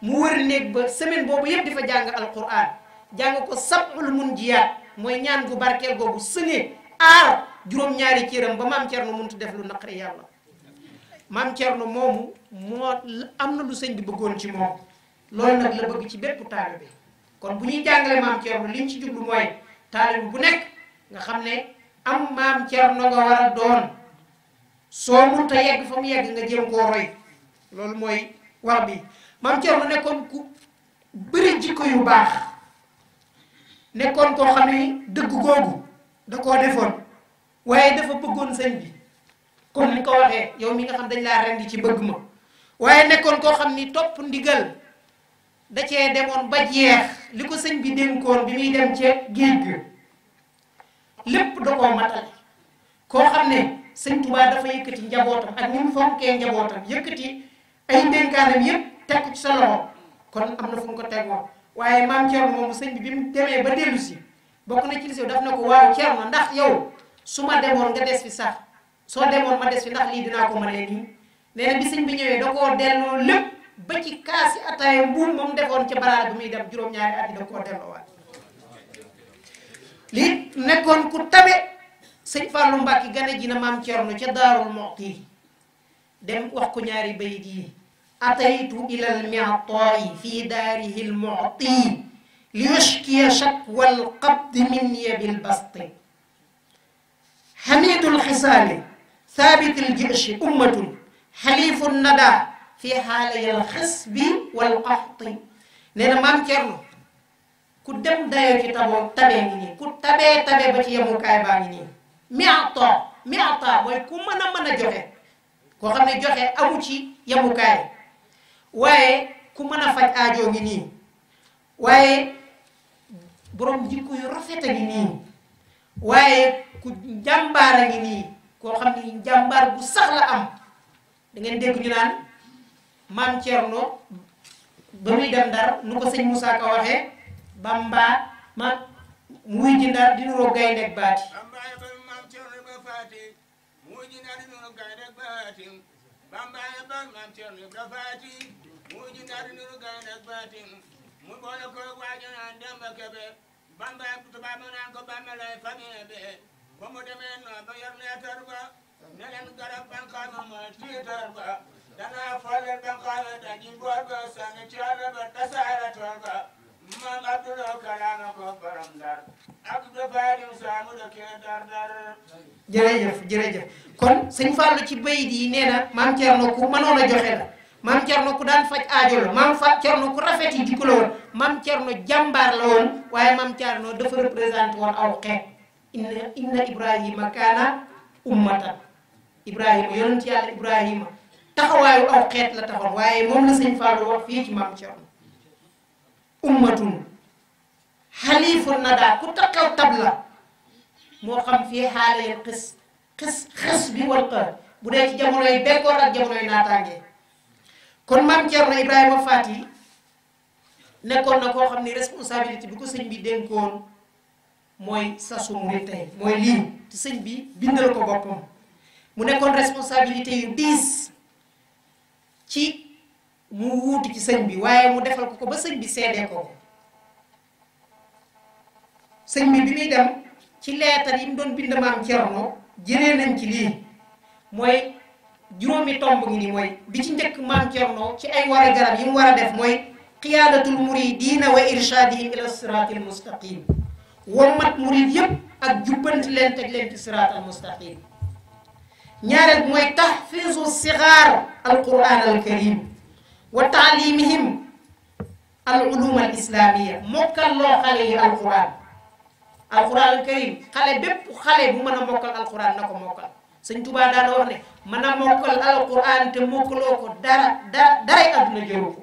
mu wër nek ba semaine bobu yeb difa jang al alquran jang ko sabul mun moy ñaan gu barkel gogu sëñee ar juróom-ñaari cëram ba maam Thierno mënut def lu naqari yàlla maam Thierno moomu moo am na lu sëñ bi bëggoon ci moom loolu nag la bëgg ci bépp bi kon bu ñuy jàngale maam Thierno li ñu ci jublu mooy taalibe bu nekk nga xam ne am maam Thierno nga war a doon soo mënut a yegg fa mu yegg nga jéem koo roy loolu mooy wax bi maam Thierno nekkoon ku bëri jikko yu baax nekkoon koo xam ne dëgg googu da koo defoon. waaye dafa bëggoon sëñ bi kon ni ko waxee yow mi nga xam dañ laa rendi ci bëgg ma waaye nekkoon koo xam ni topp ndigal da cee demoon ba jeex li ko sëñ bi dénkoon bi muy dem ci géej gi lépp da koo matal koo xam ne sëñ Tuubaa dafa yëkkati njabootam ak ni mu fonkee njabootam yëkkati ay ndénkaanam yëpp teg ci sa kon am na mu ko tegoon waaye maam Thierno moomu sëñ bi bi mu demee ba dellu si bokk na ci li daf na ko waaw Thierno ndax yow suma demoon nga dess fi sax so demoon ma dess fi ndax li dina ko mané ni néna bi señ bi ñëwé da ko delloo lepp ba ci kaasi ataaya mbuum mom defoon ci baraara bi muy dem juroom ñaari at da ko koo waat li nekkoon ku tabe señ fallu gane ji na mam ciorno ci darul muqti dem wax ko ñaari bayit yi ataytu ila mi'ta'i fi daarihi almuti liyushkiya shakwa qabd min yabil basti حميد الخصال ثابت الجيش أمة حليف الندى في حال الخصب والقحط نينا مام كيرو كدم دايا كتابو تابي ميني كتابي تابي بتي يمو كاي با ميني معطى معطى واي كوما نما نا جوخي كو خامني جوخي امو تي يمو كاي واي كوما نا فاج اديو ميني واي بروم ديكو يو ku jambar a ngi nii koo xam bu sax la am da ngeen dégg ñu naan maam Thierno ba muy dem dar nu ko sëñ Moussa Ka waxee Bamba ma muy ji ndar di nuroo gay nek baati mu boole ko waajanaan demba kebe bamba tubaab naan ko bamba lay famille be ba mu demee noonu kon sëñ Fallou ci bayit yi nee na maam Thierno ku mënoon joxe la maam Thierno ku daan faj aajo la maam fa Thierno ku rafet yi dikku la woon maam Thierno jàmbaar la woon waaye maam Thierno dafa représenté woon aw xeet inna inna ibrahima kaana ummatan ibrahima yonent yàlla ibrahima taxawaayu aw xeet la taxoon waaye moom la sëñ Fallou wax fii ci maam Thierno ummatun xaliifu nada ku taxaw tabla moo xam fii xaalee xis xis bi wal xër bu dee ci jamonoy bekkoor ak jamonoy naataange kon maam Thierno Ibrahima Fati nekkoon na koo xam ni responsabilité bi ko sëñ bi dénkoon mooy sasu murit tey mooy lii te sëñ bi bindal ko boppam mu nekkoon responsabilité yu diis ci mu wuutu ci sëñ bi waaye mu defal ko ko ba sëñ bi seedee ko sëñ bi bi muy dem ci leetar yi mu doon bind maam Cerno jëlee nañ ci lii mooy juróomi tomb ngi ni mooy bi ci njëkk maam Cerno ci ay war garab yi mu war a def mooy qiyaadatul muridiina wa irshaadihim ila siraatil mustaqim wommat murid yépp ak jubbanti leen teg leen ci siraatal mustaqim ñaareel mooy tahfiizu sigaar alquran alkarim wa taalimihim al ulum al islamiya mokkal loo xale yi alquran alquran alkarim xale bépp xale bu mën a mokkal alquran na ko mokkal sëñ Tuubaa daana wax ne mën a mokkal alquran te mokkaloo ko dara daray adduna jëru ko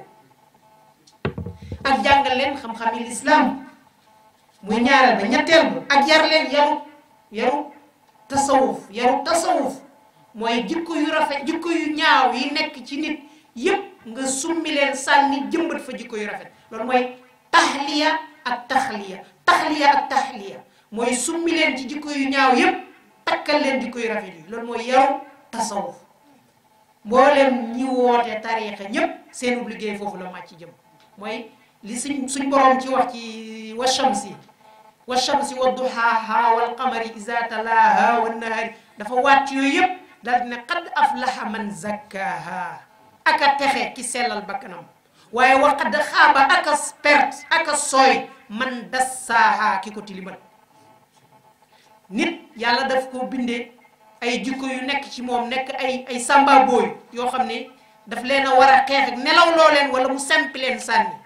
ak jàngal leen xam-xami lislaam muy ñaareel ba ñetteel ba ak yar leen yaru yaru tasawuf yaru tasawuf mooy jikko yu rafet jikko yu ñaaw yi nekk ci nit yëpp nga summi leen sànni jëmbat fa jikko yu rafet loolu mooy tahliya ak taxliya tahliya mooy summi leen ci yu ñaaw yépp takkal leen jikko yu rafet yi loolu mooy yaru tasawuf mboolem ñi woote tariixa ñépp seen liggéey foofu la ci jëm mooy li suñ suñ borom ci wax ci wa shamsi والشمس وضحاها والقمر إذا تلاها والنهار نفوات يب لأن قد أفلح من زكاها أكتخي كسل البكنم وي وقد خاب أكا سبرت أكا صوي من دساها كي كنت لبن نت يالا دفكو بندي أي جيكو ينك شموم نك أي, أي سامبا بوي يوخمني daf leena war a xeex ak nelaw loo leen wala mu simple leen sànni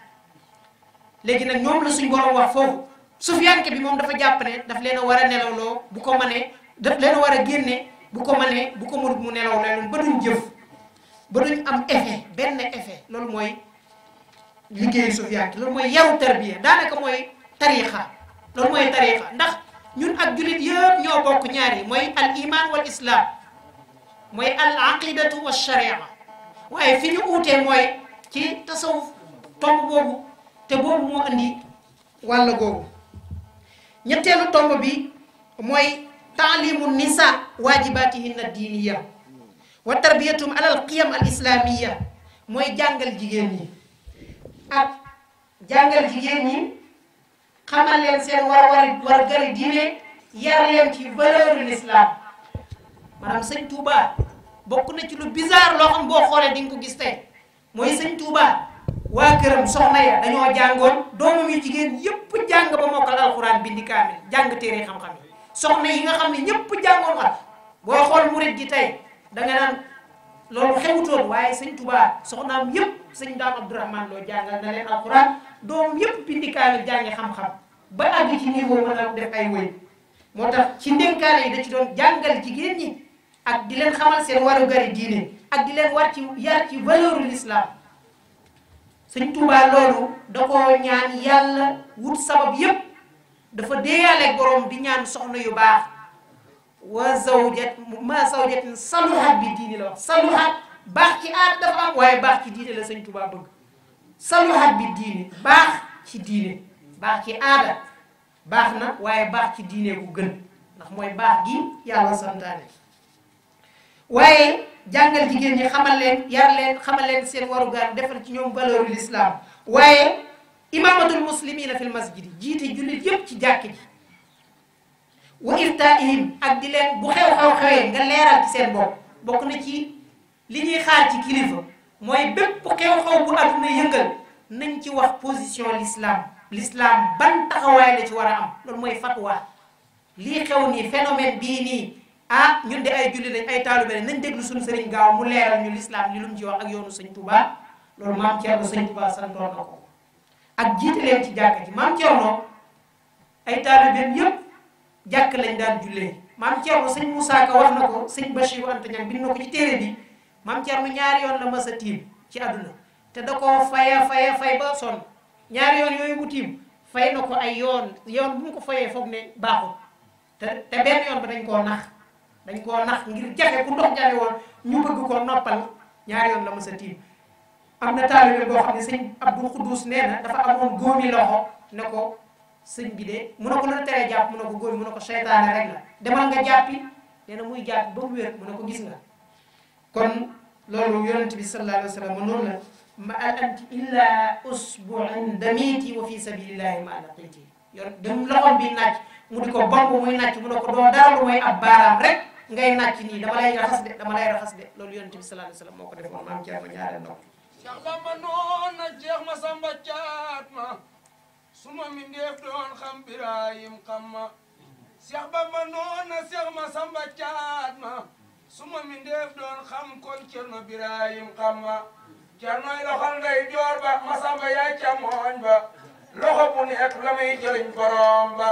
sufiyanke bi moom dafa jàpp daf leen a war a nelawloo bu ko manee daf leen a war a génne bu ko mënee bu ko mënut mu nelaw leen ba duñ jëf ba duñ am effet benn effet loolu mooy liggéeyu sufiyanke loolu mooy yaru tarbiya daanaka mooy tariixa loolu mooy tariixa ndax ñun ak jullit yëpp ñoo bokk ñaari mooy al iman wal islam mooy al aqidatu wa sharia waaye fi ñu uutee mooy ci tasawuf tomb boobu te boobu moo andi wàll googu ñetteelu tomb bi mooy taalimu nisa waajibatihinna diiniya wa tarbiyatum alal qiyam al islamiya mooy jàngal jigéen ñi ak jàngal jigéen ñi xamal leen seen war war war gari diine yar leen ci valeur l'islam maanaam sëñ tuuba bokk na ci lu bizarre loo xam boo xoolee di nga ko gis tey mooy sëñ Touba waa këram soxna ya dañoo jàngoon doomam yu jigéen yëpp jàng ba mokkal alxuraan bindi kaamil jàng téere xam-xam yi soxna yi nga xam ne ñëpp jàngoon xam boo xool murit gi tey danga naan loolu xewutoon waaye sëñ Tuubaa soxnaam yëpp sëñ Daam Abdourahman loo jàngal na leen alxuraan doomam yëpp bindi kaamil jàngi xam-xam ba àgg ci niveau mën a def ay wëy moo tax ci ndénkaane yi da ci doon jàngal jigéen ñi ak di leen xamal seen waru gari diine ak di leen war ci yar ci valeur lislaam sëñ Touba loolu da ko ñaan yàlla wut sabab yépp dafa déeyaale boroom di ñaan soxna yu baax wa zawjat ma zawjatin saluhat bi diini la wax saluhat baax ci aat dafa am waaye baax ci diine la sëñ Touba bëgg saluhat bi diini baax ci diine baax ci aada baax na waaye baax ci diine bu gën ndax mooy baax gi yàlla santaane waaye jàngal jigen ñi xamal leen yar leen xamal leen seen warugar defal ci ñoom valeur l'islam lislaam waaye imaamatul muslimina fil masjidi jiite jullit yépp ci jàkki ji wa irtaihim ak di leen bu xew xew xewee nga leeral ci seen bopp bokk na ci li ñuy xaar ci kilifa mooy bépp xew xew bu àdduna yëngal nañ ci wax position l'islam l'islam ban taxawaay la ci war a am loolu mooy fatwa lii xew ni phénomène bii nii ah ñun de ay julli lañ ay taalu beneen nañ déglu suñu sëriñ gaaw mu leeral ñu lislaam li lu mu wax ak yoonu sëñ Touba loolu maam Thierno sëñ Touba santoon na ko ak jiite leen ci jàkka ji maam Thierno ay taalu benn yëpp jàkk lañ daan jullee maam Thierno sëñ Moussa Ka wax na ko sëñ Bachir Anta bi bind na ko ci téere bi maam Thierno ñaari yoon la mas a tiim ci àdduna te da ko faya faya fay ba sonn ñaari yoon yooyu mu tiim fay na ko ay yoon yoon bu mu ko fayee foog ne baaxul te te benn yoon ba dañ koo nax dañ ko nax ngir jafe ku ndox jafe woon ñu bëgg koon noppal ñaari yoon la mës a tiim am na taalibe boo xam ne sëñ Abdou Khoudous nee na dafa amoon góomi loxo ne ko sëñ bi de mu ne ko lu jàpp mu ne ko góomi mu ko seytaane rek la demal nga jàppi nee na muy jàpp ba mu wér mu ne ko gis nga kon loolu yonent bi sallallahu alayhi wa sallam noonu la ma anti illa usbuin damiti wa fi sabilillahi ma laqiti yor dem loxom bi naaj mu di ko bomb muy naaj mu ne ko doo dara lu mooy ab baaraam rek ngay nàcc nii dama lay raxas de dama lay raxas de loolu yonent bi sallallahu alayhi wa sallam moo ko defoon maam Jaara ñaareel ndox Cheikh Bamba noon na jeex doon xam Birahim xam ma Bamba noon na Cheikh ma samba caat ma su ma mi ndeef doon xam kon Cerno Birahim xam ma Cernoy loxol ngay joor ba ma samba yaay càmmooñ ba loxo bu nekk la muy jëriñ borom ba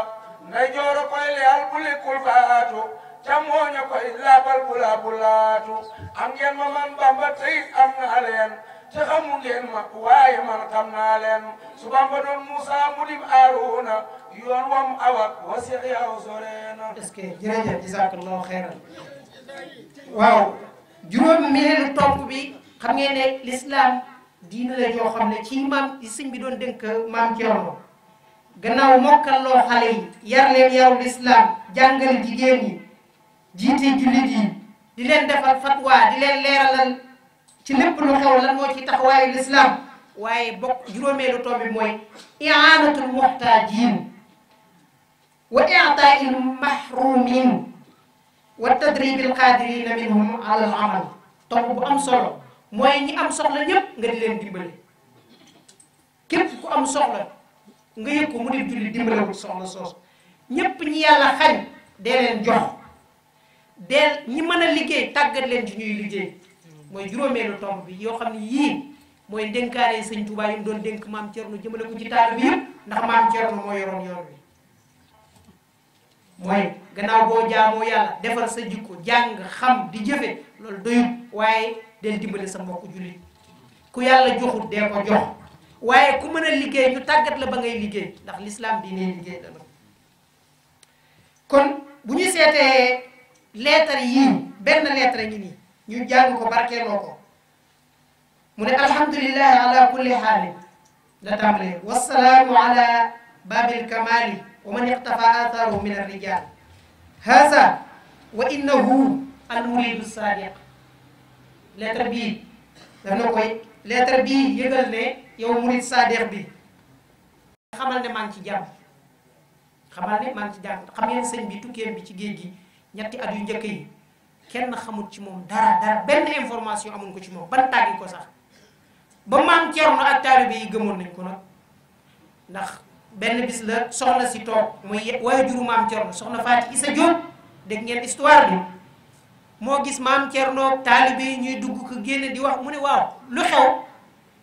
nday jooro koy leyal bu lekkul faatu camooña ko illaa bal bulaa bulaatu am ngeen ma man bamba tey am naa leen te xamu ngeen ma waaye man xam naa leen su bamba doon Moussa mu dim Aaroona yoon wam awat wa seex yaw soreena est-ce que jërëjëf jazakallahu xeyran waaw juróom mineelu l'islam diina la yoo xam ne ci maam sëñ bi doon dénk maam Thierno gannaaw mokkalloo xale yi yar leen yaru l'islam jàngal jigéen ñi jiite jullit yi di leen defal fatwa di leen leeralal ci lépp lu xew lan moo ci taxawaayu lislaam waaye bokk juróomeelu tomb bi mooy iaanatul muxtaajin wa itaa'il mahrumin wa tadribil qaadirina minhum ala al amal tomb bu am solo mooy ñi am soxla ñépp nga di leen dimbale képp ku am soxla nga yëg ko mu di julli dimbale wul soxla soosu ñépp ñi yàlla xañ dee leen jox deel ñi mën a liggéey tàggat leen ci ñuy liggéey mooy juróomeelu tomb bi yoo xam ne yii mooy ndénkaane sëñ Tuubaa yi mu doon dénk maam Cerno jëmale ko ci taal bi ndax maam Cerno moo yoroon yoon bi mooy gannaaw boo jaamoo yàlla defar sa jikko jàng xam di jëfe loolu doyut waaye del dimbale sa mbokk jullit ku yàlla joxut dee ko jox waaye ku mën a liggéey ñu tàggat la ba ngay liggéey ndax lislaam bi ne liggéey dana kon bu ñu seetee leetar yii benn leetar ngi nii ñu jàng ko barkeeloo ko mu ne alhamdulillahi ala kulli xaali da tàmbalee wasalaamu ala babil kamali wa man iqtafa athaaruhu min arrijal haasa wa innahu al muridu sadiq leetar bii daf na koy leetar bii yëgal ne yow murid sadiq bi xamal ne maa ngi ci jàmm xamal ne maa ngi ci jàmm xam ngeen sëñ bi tukkeem bi ci géej gi ñetti at yu njëkk yi kenn xamut ci moom dara dara benn information amuñ ko ci moom ban tàggi ko sax ba maam Cerno ak taalibe yi gëmoon nañ ko nag ndax benn bis la soxna si toog muy waajuru maam Cerno soxna Faati Isa Jóob dégg ngeen histoire bi moo gis maam Cerno taalibe yi ñuy dugg ko génne di wax mu ne waaw lu xew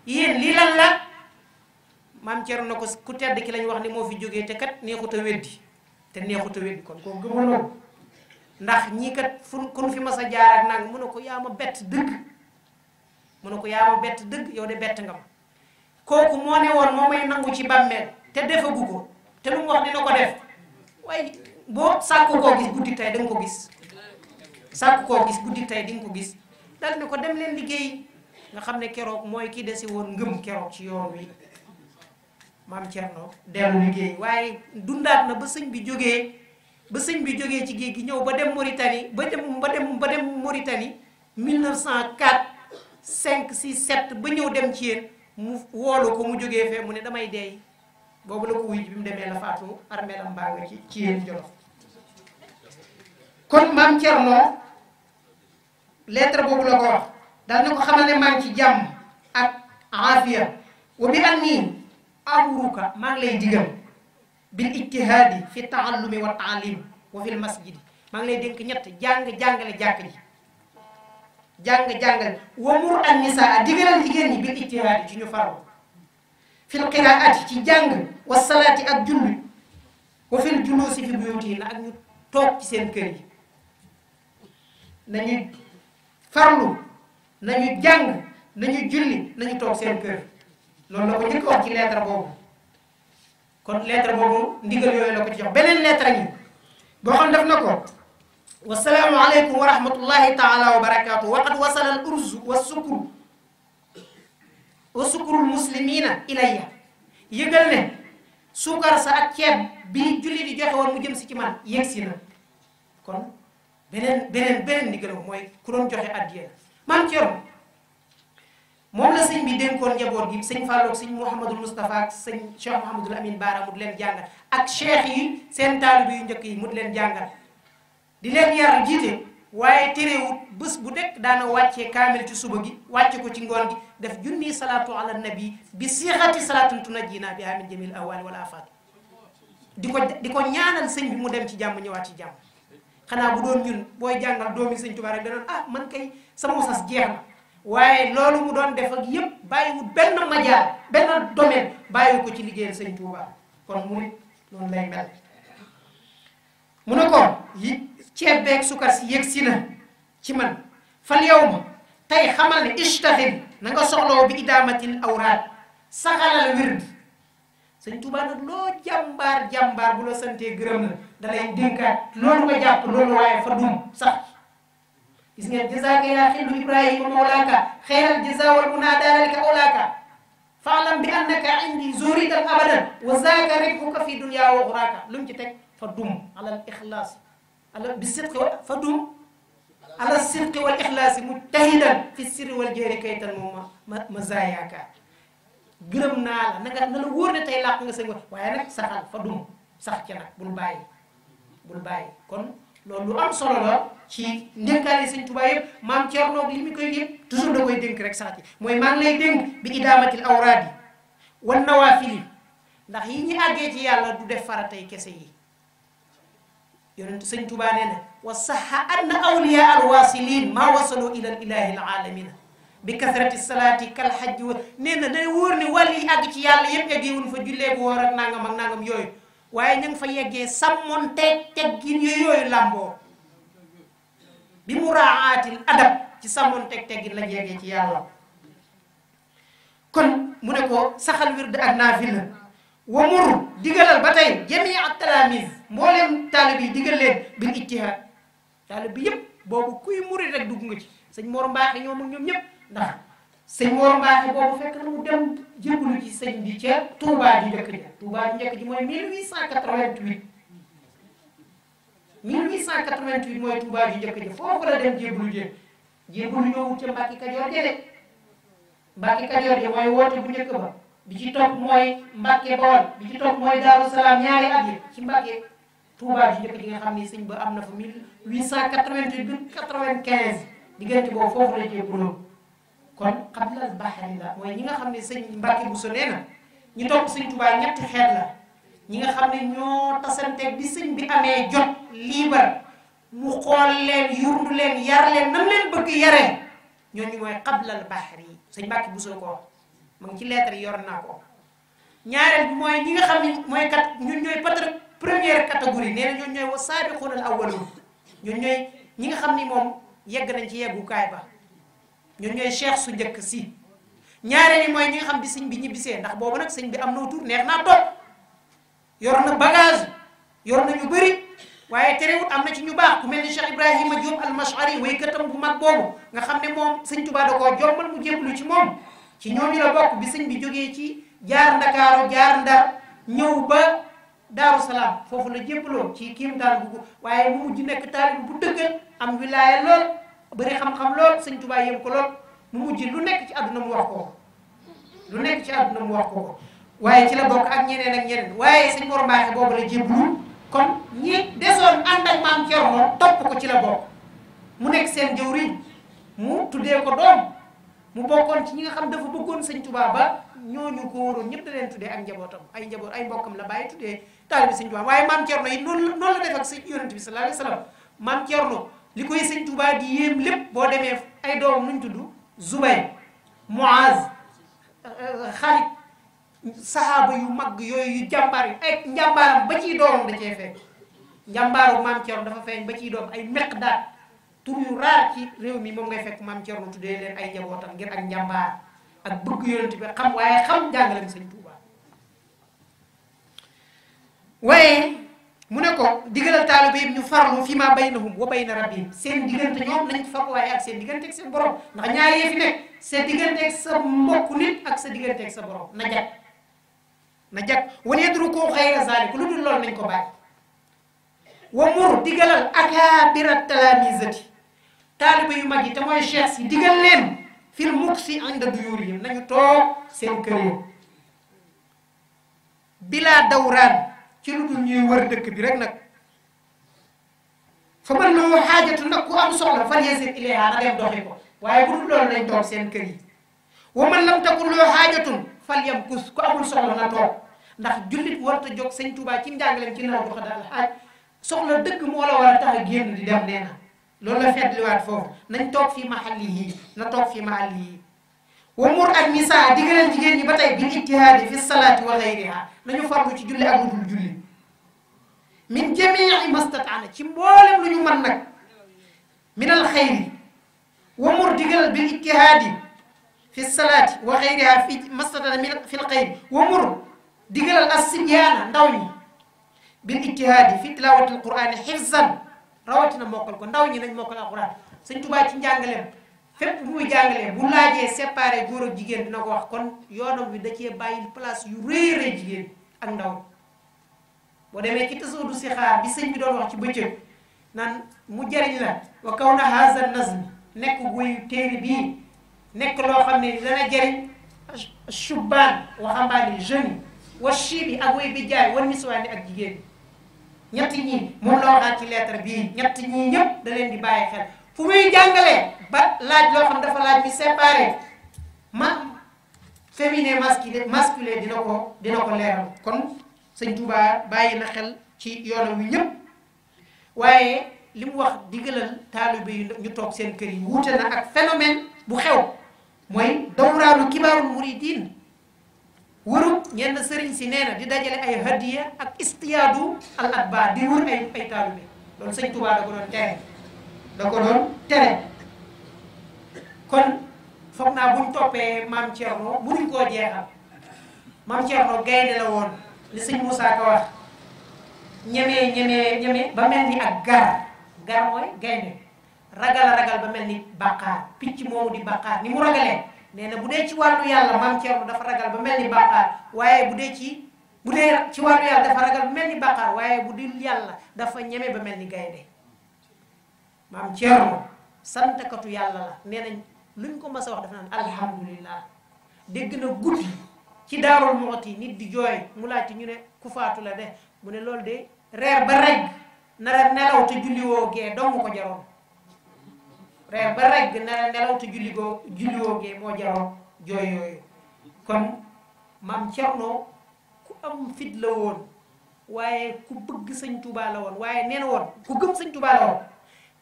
yéen li lan la maam Cerno ko ku tedd ki lañ wax ni moo fi jógee te kat neexut a weddi te neexut a weddi kon koo gëmoon ndax ñii kat fu kun fi mas a jaar ak nang mu ko yaa ma bett dëgg mu ne ko yaa ma bett dëgg yow de bett nga ma kooku moo ne woon moo may nangu ci bàmmeel te defagu ko te lu mu wax dina ko def waaye boo sàkku koo gis guddi tey da ko gis sàkku koo gis guddi di nga ko gis dal ne ko dem leen liggéey nga xam ne keroog mooy kii desi woon ngëm keroog ci yoon wi maam Thierno dellu liggéey waaye dundaat na ba sëñ bi jógee ba sëñ bi jógee ci géej gi ñëw ba dem Mauritanie ba dem ba dem ba dem Mauritanie 1904 5 6 7 ba ñëw dem ci yéen mu woolu ko mu jógee fee mu ne damay deey boobu la ko wuy bi mu demee la faatu armée la nga ci ci yéen Jolof kon maam Thierno lettre boobu la ko wax daal na ko xamal ne maa ngi ci jàmm ak aafiya wa bi an nii awruka maa ngi lay digal bil ijtihaadi fi taallumi wa taalim wa fil masjidi man ngi lay dénk ñett jàng jàngale jàkk ji jàng jàngale wa mur an nisaa digalal jigéen ñi bil ijtihaadi ci ñu faru fil qiraati ci jàng wa salaati ak julli wa fil juluusi fi buyuti na ak ñu toog ci seen kër yi nañu farlu nañu jàng nañu julli nañu toog seen kër loolu la ko njëkk wax ci lettre boobu kon lettre boobu ndigal yooyu la ko ci jox beneen lettre gi boo xam def na ko wasalaamu aleykum wa rahmatullahi taala wa barakaatu waqad wasala al urzu wa sukru wa sukrul muslimina ilayya yëgal ne suukar sa ak ceeb bi julli di joxe woon mu jëm si ci man yegg si na kon beneen beneen beneen ndigal mooy ku doon joxe addiya maam ci yoon moom la sëñ bi dénkoon njaboot gi sëñ Fallou ak sëñ Mouhamadul Moustapha ak sëñ Cheikh Mouhamadul Amin Baara mu leen jàngal ak cheikh yi seen taalibe yu njëkk yi mu leen jàngal di leen yar jiite waaye terewut bés bu nekk daana wàccee kaamil ci suba gi wàcce ko ci ngoon gi def junni salaatu ala nabi bi siixati salaatin tunajjinaa bihaa min jamiil ahwaali wal aafaat di ko di ko ñaanal sëñ bi mu dem ci jàmm ñëwaat ci jàmm xanaa bu doon ñun booy jàngal doomi sëñ Tuubaa rek danoon ah man kay sama sas jeex na waaye loolu mu doon def ak yépp bàyyiwut benn maja benn domaine bàyyi ko ci liggéeyal sëñ Touba kon mu nit lay mel mu ne ko yi ceeb beeg sukar si yëg si na ci man fal yow ma tey xamal ne na nga soxloo bi idaamatil awraat saxalal wird sëñ Touba nag loo jàmbaar jàmbaar bu la santee gërëm na da lay dénkaat loolu nga jàpp loolu waaye fa dum sax إسمع الجزاء يا أخي إبراهيم أولاك خير الجزاء والمنادى لك أولاك فاعلم بأنك عندي زوريت أبدا وزاك ربك في دنيا وغراك لم تتك فدوم على الإخلاص على بالصدق فدوم على الصدق والإخلاص متهدا في السر والجير كي تنمو مزاياك جرم نالا نك نلور نتيلاق نسنجو وينك سخال فدوم سخكنا بول باي بول كون loolu am solo la ci ndénkaane seigne touba yeb mam Ceerno ak limi koy yëpp toujours da koy dénk rek sax moy mang lay dénk bi idamatil awrad wal nawafil ndax yi ñi agge ci yàlla du def faratay kesse yi yonent seigne touba neena wa sahha an awliya al wasilin ma wasalu ila al alaalamina bi kasrati salaati kal xajji wa nee na day wóor ne wàll yi àgg ci yàlla yëpp eggiwuñ fa julleeg woor ak nangam ak nangam yooyu waaye ña nga fa yeggee sàmmonteeg teggin yooyu yooyu làmboo bi muraatil adab ci sàmmonteeg teggin lañ yeggee ci yàlla kon mu ne ko saxal wird ak naafila wa mur digalal ba tey jami ak talamis mboolem taalib yi digal leen bil ijtihaad taalib bi yëpp boobu kuy murit rek dugg nga ci sëñ Mor Mbaaxe ñoom ak ñoom ñëpp ndax sëñ Mor Mbacke boobu fekk na mu dem jébbalu ci sëñ bi ca Touba ju njëkk ja Touba ju njëkk ji mooy 1888 1888 mooy Touba ju njëkk ja foofu la dem jébbalu jé jébbalu ñëwul ca Mbacke Kajoor ja de Mbacke Kajoor ja mooy woote bu njëkk ba bi ci topp mooy Mbacke Bawol bi ci topp mooy Daaru Salaam ñaari at yi ci Mbacke Touba ju njëkk ji nga xam ne sëñ ba am na fa 1888 ba 95 diggante boobu foofu la jébbaloo kon xam la baxari la mooy ñi nga xam ne sëñ Mbàkke Buso nee na ñu topp sëñ Tuubaa ñetti xeet la ñi nga xam ne ñoo tasanteeg bi sëñ bi amee jot liibar mu xool leen yurdu leen yar leen nam leen bëgg yaree ñooñu mooy xablal baxari yi sëñ Mbàkke Buso ko mu ngi ci lettre yor naa ko ñaareel bi mooy ñi nga xam ne mooy kat ñun ñooy peut-être première catégorie nee na ñun ñooy wa saabiquuna al awwaluun ñun ñooy ñi nga xam ni moom yegg nañ ci yeggukaay ba ñun ñooy cheikh su njëkk si ñaareel yi mooy ñi xam bi sëñ bi ñibbisee ndax boobu nag sëñ bi am na tur neex naa topp yor na bagage yor na ñu bëri waaye terewut am na ci ñu baax ku mel ni Cheikh Ibrahima Diop al-Mashari waykatam bu mag boobu nga xam ne moom sëñ Tuubaa da koo jombal mu jébbalu ci moom ci ñooñu la bokk bi sëñ bi jógee ci jaar Ndakaaru jaar Ndar ñëw ba Daaru Salaam foofu la jébbaloo ci kiim daal bu waaye mu mujj nekk taalib bu dëggal am wilaaya lool bëri xam-xam lool sëñ Tuubaa yem ko lool mu mujj lu nekk ci àdduna mu wax ko lu nekk ci àdduna mu wax ko waaye ci la bokk ak ñeneen ak ñeneen waaye sëñ Mor boobu la jébbalu kon ñi desoon ànd ak maam Cerno ko ci la mu nekk seen jëwriñ mu tuddee ko doom mu bokkoon ci ñi nga xam dafa bëggoon sëñ Tuubaa ba ñooñu ko waroon ñëpp da leen tuddee ak njabootam ay njaboot ay mbokkam la bàyyi tuddee taalibe sëñ Tuubaa waaye maam Cerno yi noonu noonu la def ak sëñ yonent bi sa alayhi wa sallam maam Cerno li koy sëñ Touba di yem lepp bo demé ay doom nuñ tuddu Zubayr Muaz khalid euh, sahaba yu mag yoy yu jambar yu ay njàmbaaram ba ci doomam da ci fek jambaru mam tior dafa feeñ ba ci doom ay meq daal tur yu raar ci rew mi moom ngay fekk maam Thierno tuddee len ay jabotam ngir ak jambar ak bëgg yoonte bi xam waye xam jangale seigne Touba waye mu ne ko digalal taalibe yëpp ñu farlu fi ma baynahum wa bayna rabbihim seen diggante ñoom nañ farlu waaye ak seen diggante ak seen borom ndax ñaari yee fi nekk sa diggante ak sa mbokku nit ak sa diggante ak sa borom na jag na jag wala yadruku xayra zalik lu dul loolu nañ ko bàyyi wa mur digalal akaabira talaamisati taalibe yu mag yi te mooy cheikh si digal leen fil muksi ànd ak duyuurihim nañu toog seen kër yi bilaa dawraan ci lu dul ñuy wër dëkk bi rek nag fa man loo xaajatu nag ku am soxla fan yeeseen ilayha na dem doxi ko waaye bu loolu nañ toog seen kër yi wa man lam takun loo xaajatun fal yam kus ku amul soxla na toog ndax jullit warta jóg sëñ Tuubaa ci njàngaleem ci naw joxe daal xaaj soxla dëkk moo la war a tax a génn di dem nee na loolu la fetliwaat foofu nañ toog fii mahalli yii na toog fii mahalli yii ومر النساء ديغال جيجين طيب، ني باتاي بالاجتهاد في الصلاه وغيرها من فاتو سي جولي اك جولي من جميع ما استطعنا سي مبولم لو نيو من من الخير ومر ديغال بالاجتهاد في الصلاه وغيرها في ما استطعنا في الخير ومر ديغال الصبيان ندوي بالاجتهاد في تلاوه القران حفظا رواتنا موكل كو ندوي ني نان موكل القران سي توبا سي جانغليم fépp bu muy jàngalee bu laajee séparé góor jigéen dina ko wax kon yoonam bi da cee bàyyil place yu rëy rëy jigéen ak ndaw boo demee ci tasoodu si xaar bi sëñ bi doon wax ci bëccëg naan mu jariñ la wa kaw na haza nazm nekk guy téere bii nekk loo xam ne dana jariñ chubbaan waxambaane jeune yi wa chi bi ak way bi jaay wan niswaani ak jigéen ñett ñi moom la waxaat ci lettre bii ñett ñii ñëpp da di bàyyi xel fu muy jàngalee ba laaj loo xam dafa laaj bi séparé ma féminin masculin masculin dina ko dina ko leeral kon sëñ Touba bàyyi na xel ci yoonam wi ñëpp waaye li mu wax di digalal taalibe yu ñu toog seen kër yi wuute na ak phénomène bu xew mooy dawraanu kibaarul muridin wërub ñenn sëriñ si nee na di dajale ay hadiya ak istiyaadu al adba di wur ay ay loolu sëñ Touba da ko doon tere da ko doon tere kon foog naa buñ toppee maam Thierno mënuñ koo jeexal maam Thierno gaynde la woon li si Moussa ko wax ñemee ñemee ñemee ba mel ni ak gar gar mooy gaynde ragal a ragal ba mel ni bàqaar picc moomu di bàqaar ni mu ragalee nee na bu dee ci wàllu yàlla maam Thierno dafa ragal ba mel ni bàqaar waaye bu dee ci bu dee ci wàllu yàlla dafa ragal ba mel ni bàqaar waaye bu dul yàlla dafa ñeme ba mel ni gaynde maam Thierno santakatu yàlla la nee nañ luñ ko mas a wax dafa naan alhamdulilah dégg na guddi ci daarul mooti nit di jooy mu laajte ñu ne ku faatu la de mu ne loolu de reer ba regg nara nelaw te julliwoo gee dong ko jaroon reer ba regg nara nelaw moo jaroon jooy yooyu kon maam Thierno ku am fit la woon waaye ku bëgg sëñ Touba la woon waaye nee na woon ku gëm sëñ Touba la woon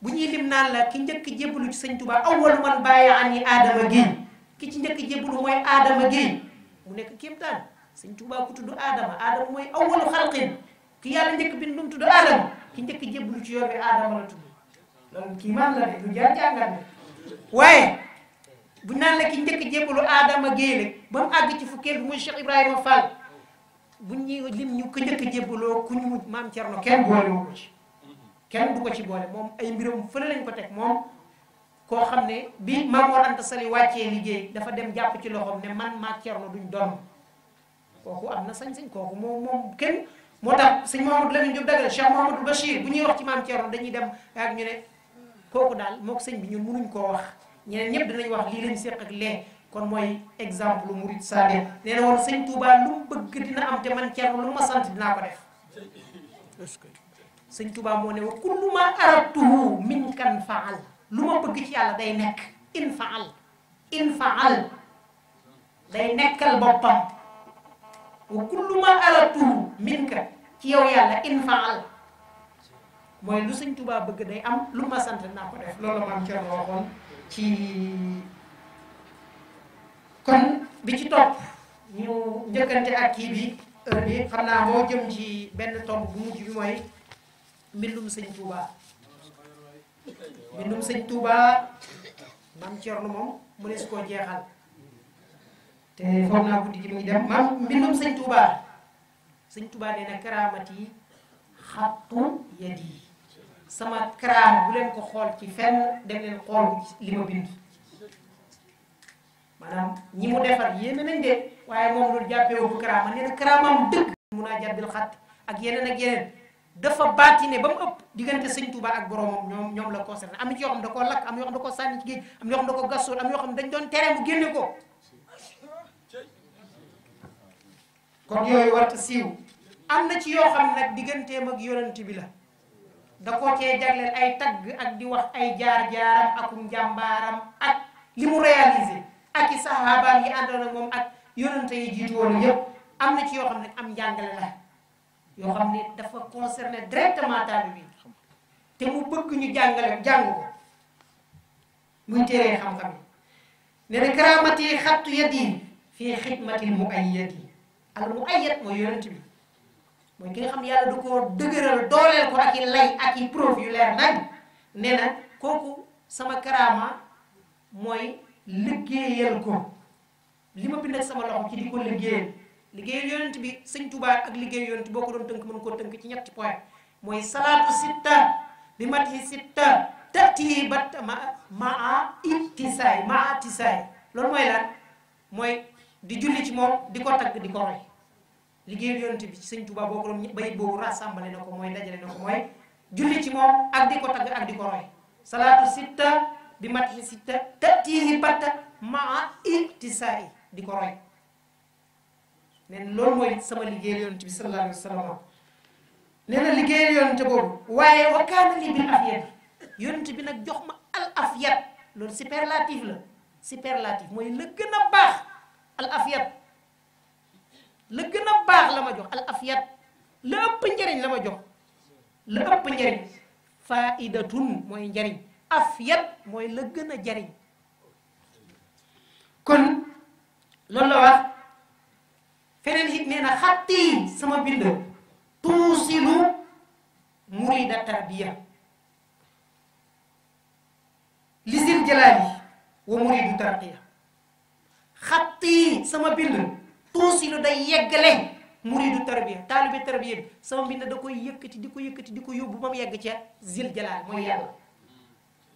bu ñuy lim naan la ki njëkk jébbalu ci sëñ Tuubaa awwalu man bàyyi ani Adama Guèye ki ci njëkk jébbalu mooy Adama Guèye mu nekk kéemtaan sëñ Tuubaa ku tudd Adama Adama mooy awwalu xalqin ki yàlla njëkk bind mu tudd Adama ki njëkk jébbalu ci yoon bi Adama la tudd loolu kii man la du jaar jàngat waaye bu naan la ki njëkk jébbalu Adama Guèye la ba mu àgg ci fukkeel bi muy Cheikh Ibrahima Fall bu ñuy lim ñu ko njëkk jébbaloo ku ñu maam Thierno kenn boole wu ci. kenn du ko ci boole moom ay mbiram fële lañ ko teg moom koo xam ne bi Maam Mor Anta Sali wàccee liggéey dafa dem jàpp ci loxoom ne man maag Cerno duñ doon kooku am na sañ-sañ kooku moom moom kenn moo tax sëñ Mamadou Lamine Diop dagal Cheikh Mamadou Bachir bu ñuy wax ci maam Cerno dañuy dem ak ñu ne kooku daal mook sëñ bi ñun mënuñ koo wax ñeneen ñëpp dinañ wax lii lañu séq ak leen kon mooy exemple lu murid sadiq nee na war sëñ Touba lu mu bëgg dina am te man Cerno lu ma sant dinaa ko def sëñ Tuubaa moo ne wa kullu ma aradtuhu min lu ma bëgg ci yàlla day nekk in faal day nekkal boppam wa kullu ma aradtuhu min ci yow yàlla in mooy lu sëñ Tuubaa bëgg day am lu ma sant naa ko def loolu maam Cerno waxoon ci kon bi ci topp ñu njëkkante ak kii bi heure naa moo jëm ci benn tomb bu mujj bi mbindum seigne touba mbindum seigne touba mam cierno mom mu nes ko jexal te fam na guddi gi mi dem mam mbindum seigne touba seigne touba neena karamati khattu yadi sama karaam bu len ko xol ci fenn dem len xol lima bind manam ñi mu defal yene nañ de waye mom lu jappé wu karaama neena karaamam deug munajat jabil khat ak yenen ak yenen dafa baatine ba mu ëpp diggante sëñ Touba ak boromam ñoom ñoom la concerné am na ci da koo lakk am yoo xam da koo sànni ci yoo xam da koo gasool am yoo xam doon tere mu génne ko kon yooyu warta siiw am na ci yoo xam nag digganteem ak yonent bi la da koo cee jagleel ay tagg ak di wax ay jaar-jaaram akum jàmbaaram ak li mu réalisé ak i saxaabaan yi àndoon ak moom ak yonent yi jiitu woon am na ci yoo xam ne am njàngale la yoo xam ne dafa concerné directement taalibe bi te mu bëgg ñu jàngale jàng ko muy téere xam-xam yi ne na karaamati xattu yat yi fii xidmatil mu ay yat yi al mu ay yat mooy yonent bi mooy ki xam ne yàlla du ko dëgëral dooleel ko ak yi lay ak i preuve yu leer nañ ne na kooku sama karaama mooy liggéeyal ko li ma bind ak sama loxo ci di ko liggéeyal liggéeyal yonent bi seigne Touba ak liggéey yonent boo ko doon tënk mën koo tënk ci ñetti point moy salatu sitta bi mat yi sitta tati bat ma ma ittisaay ma attisaay lool moy lan moy di julli ci mom di ko tagg di ko roy liggéeyal yonent bi ci Touba boko don bay bo rassemblé nako moy dajalé nako moy julli ci mom ak di ko tagg ak di ko roy salatu sitta bi mat yi sitta tati bat ma ittisaay di ko roy nee loolu mooy sama liggéeyal yonent bi sallallahu na liggéeyal yonent boobu waaye wa kaana li bil afiyat yonent bi nag jox ma al afiyat loolu superlatif la superlatif mooy la gën a baax al afiyat la gën a baax la ma jox al afiyat la ëpp njëriñ la ma jox la ëpp njëriñ faidatun mooy njëriñ afiyat mooy la gën a jëriñ kon loolu la wax feneen it nee na xatti sama bind tuusilu murida tarbiya lisil jalaali wa muridu tarqiya xatti sama bind tuusilu day yeggale muridu tarbiya taalibi tarbiya bi sama mbind da koy yëkkati di ko yëkkati di ko yóbbu ba yegg ca zil jalaal mooy yàlla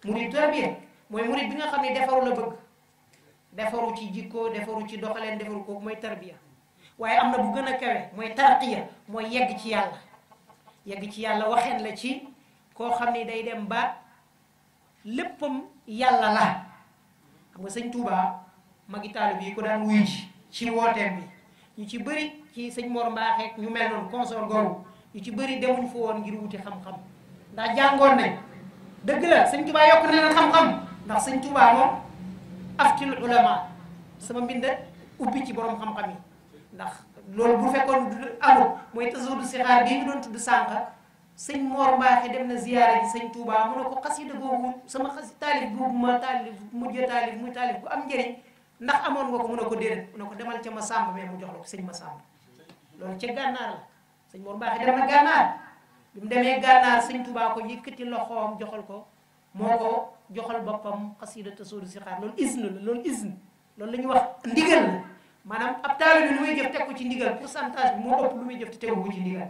muridu tarbiya mooy murid bi nga xam ne defaru la bëgg defaru ci jikko defaru ci doxaleen defaru kooku mooy tarbiya waaye am na bu gën a kawe mooy tarqiya mooy yegg ci yàlla yegg ci yàlla waxeen la ci koo xam ni day dem ba léppam yàlla la xam nga sëñ Touba magi taalib yi ko daan wuyu ci ci wooteem bi ñu ci bëri ci sëñ Mor Mbaaxeek ñu mel noonu consor googu ñu ci bëri demuñ fa woon ngir wuti xam-xam ndax jàngoon nañ dëgg la sëñ Touba ndax sëñ Touba moom aftil ulama sama mbind ubbi ci boroom xam-xam yi ndax loolu bu fekkoon amul mooy tazoodu sixaar bii ñu doon tudd sànq sëñ Mor Mbaaxe dem na ziyaara ji sëñ Touba mu ne ko xasida googu sama xas taalif googu ma taalif mujj taalif muy taalif bu am njëriñ ndax amoon nga ko mu ne ko déedéet mu ko demal ca ma sàmb mu jox la ma sàmb loolu ca gànnaar la sëñ Mor Mbaaxe dem na gànnaar mu demee gànnaar sëñ Touba ko yëkkati loxoom joxal ko moo ko joxal boppam xasida tazoodu sixaar loolu isne la loolu isne loolu la ñuy wax ndigal la maanaam ab taalibe bi lu muy jëf teg ko ci ndigal pourcentage bi moo ëpp lu muy jëf te tegu ko ci ndigal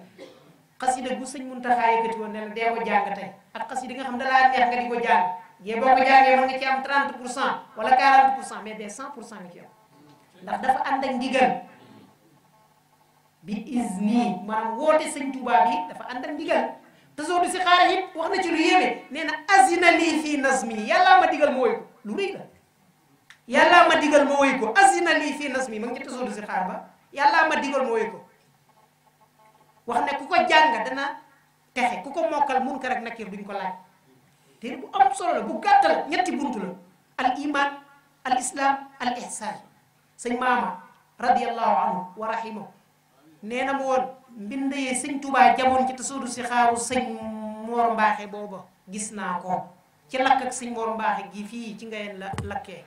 xasida gu sëñ Muntaxa yëkkati woon ne la dee ko jàng tey ak xasida nga xam da laa neex nga di ko jàng yee boo ko jàngee mën nga ci am 30 pour cent wala 40 pour cent mais des 100 pour cent nga ci am ndax dafa ànd ak ndigal bi izni maanaam woote sëñ Tuubaa bi dafa ànd ak ndigal te soo du si xaar it wax na ci lu yéeme nee na azina lii fii nazmi yàllaa ma digal lu rëy yàllaa ma digal ma woy ko asina lii fii nas mi ma ngi ñetti solu si xaar ba yàllaa ma digal ma woy ko wax ne ku ko jàng dana texe ku ko mokkal munkar ak nakir duñ ko laaj te bu am solo la bu gàttal ñetti buntu la al iman al islam al ihsan sëñ maama radiallahu anhu wa nee na mu woon mbind yi sëñ tubaa jamoon ci tasuudu si xaaru sëñ moor mbaaxe booba gis naa ko ci lakk ak sëñ moor mbaaxe gi fii ci ngayeen lakkee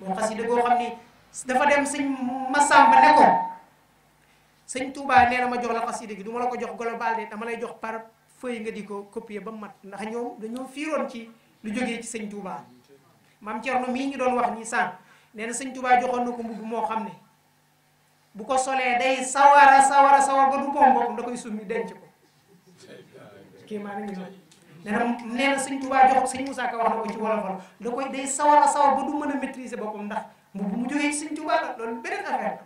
moom xasida goo xam ni dafa dem sëñ ma ne ko sëñ Touba nee na ma jox la xasida gi duma la ko jox global de dama lay jox par feuille nga di ko copier ba mat ndax ñoom dañoo fiiroon ci lu jógee ci sëñ Touba maam Thierno mii ngi doon wax nii sànq nee na sëñ Touba joxoon na ko mbubb moo xam ne bu ko solee day sawara sawara sawar ba du boom boppam da koy summi denc ko nee na nee na sëñ Tuubaa jox sëñ Moussa Ka wax na ko ci wolofal da koy day sawar a sawar ba du mën a maîtriser boppam ndax bu mu jógee ci sëñ Tuubaa la loolu beneen affaire la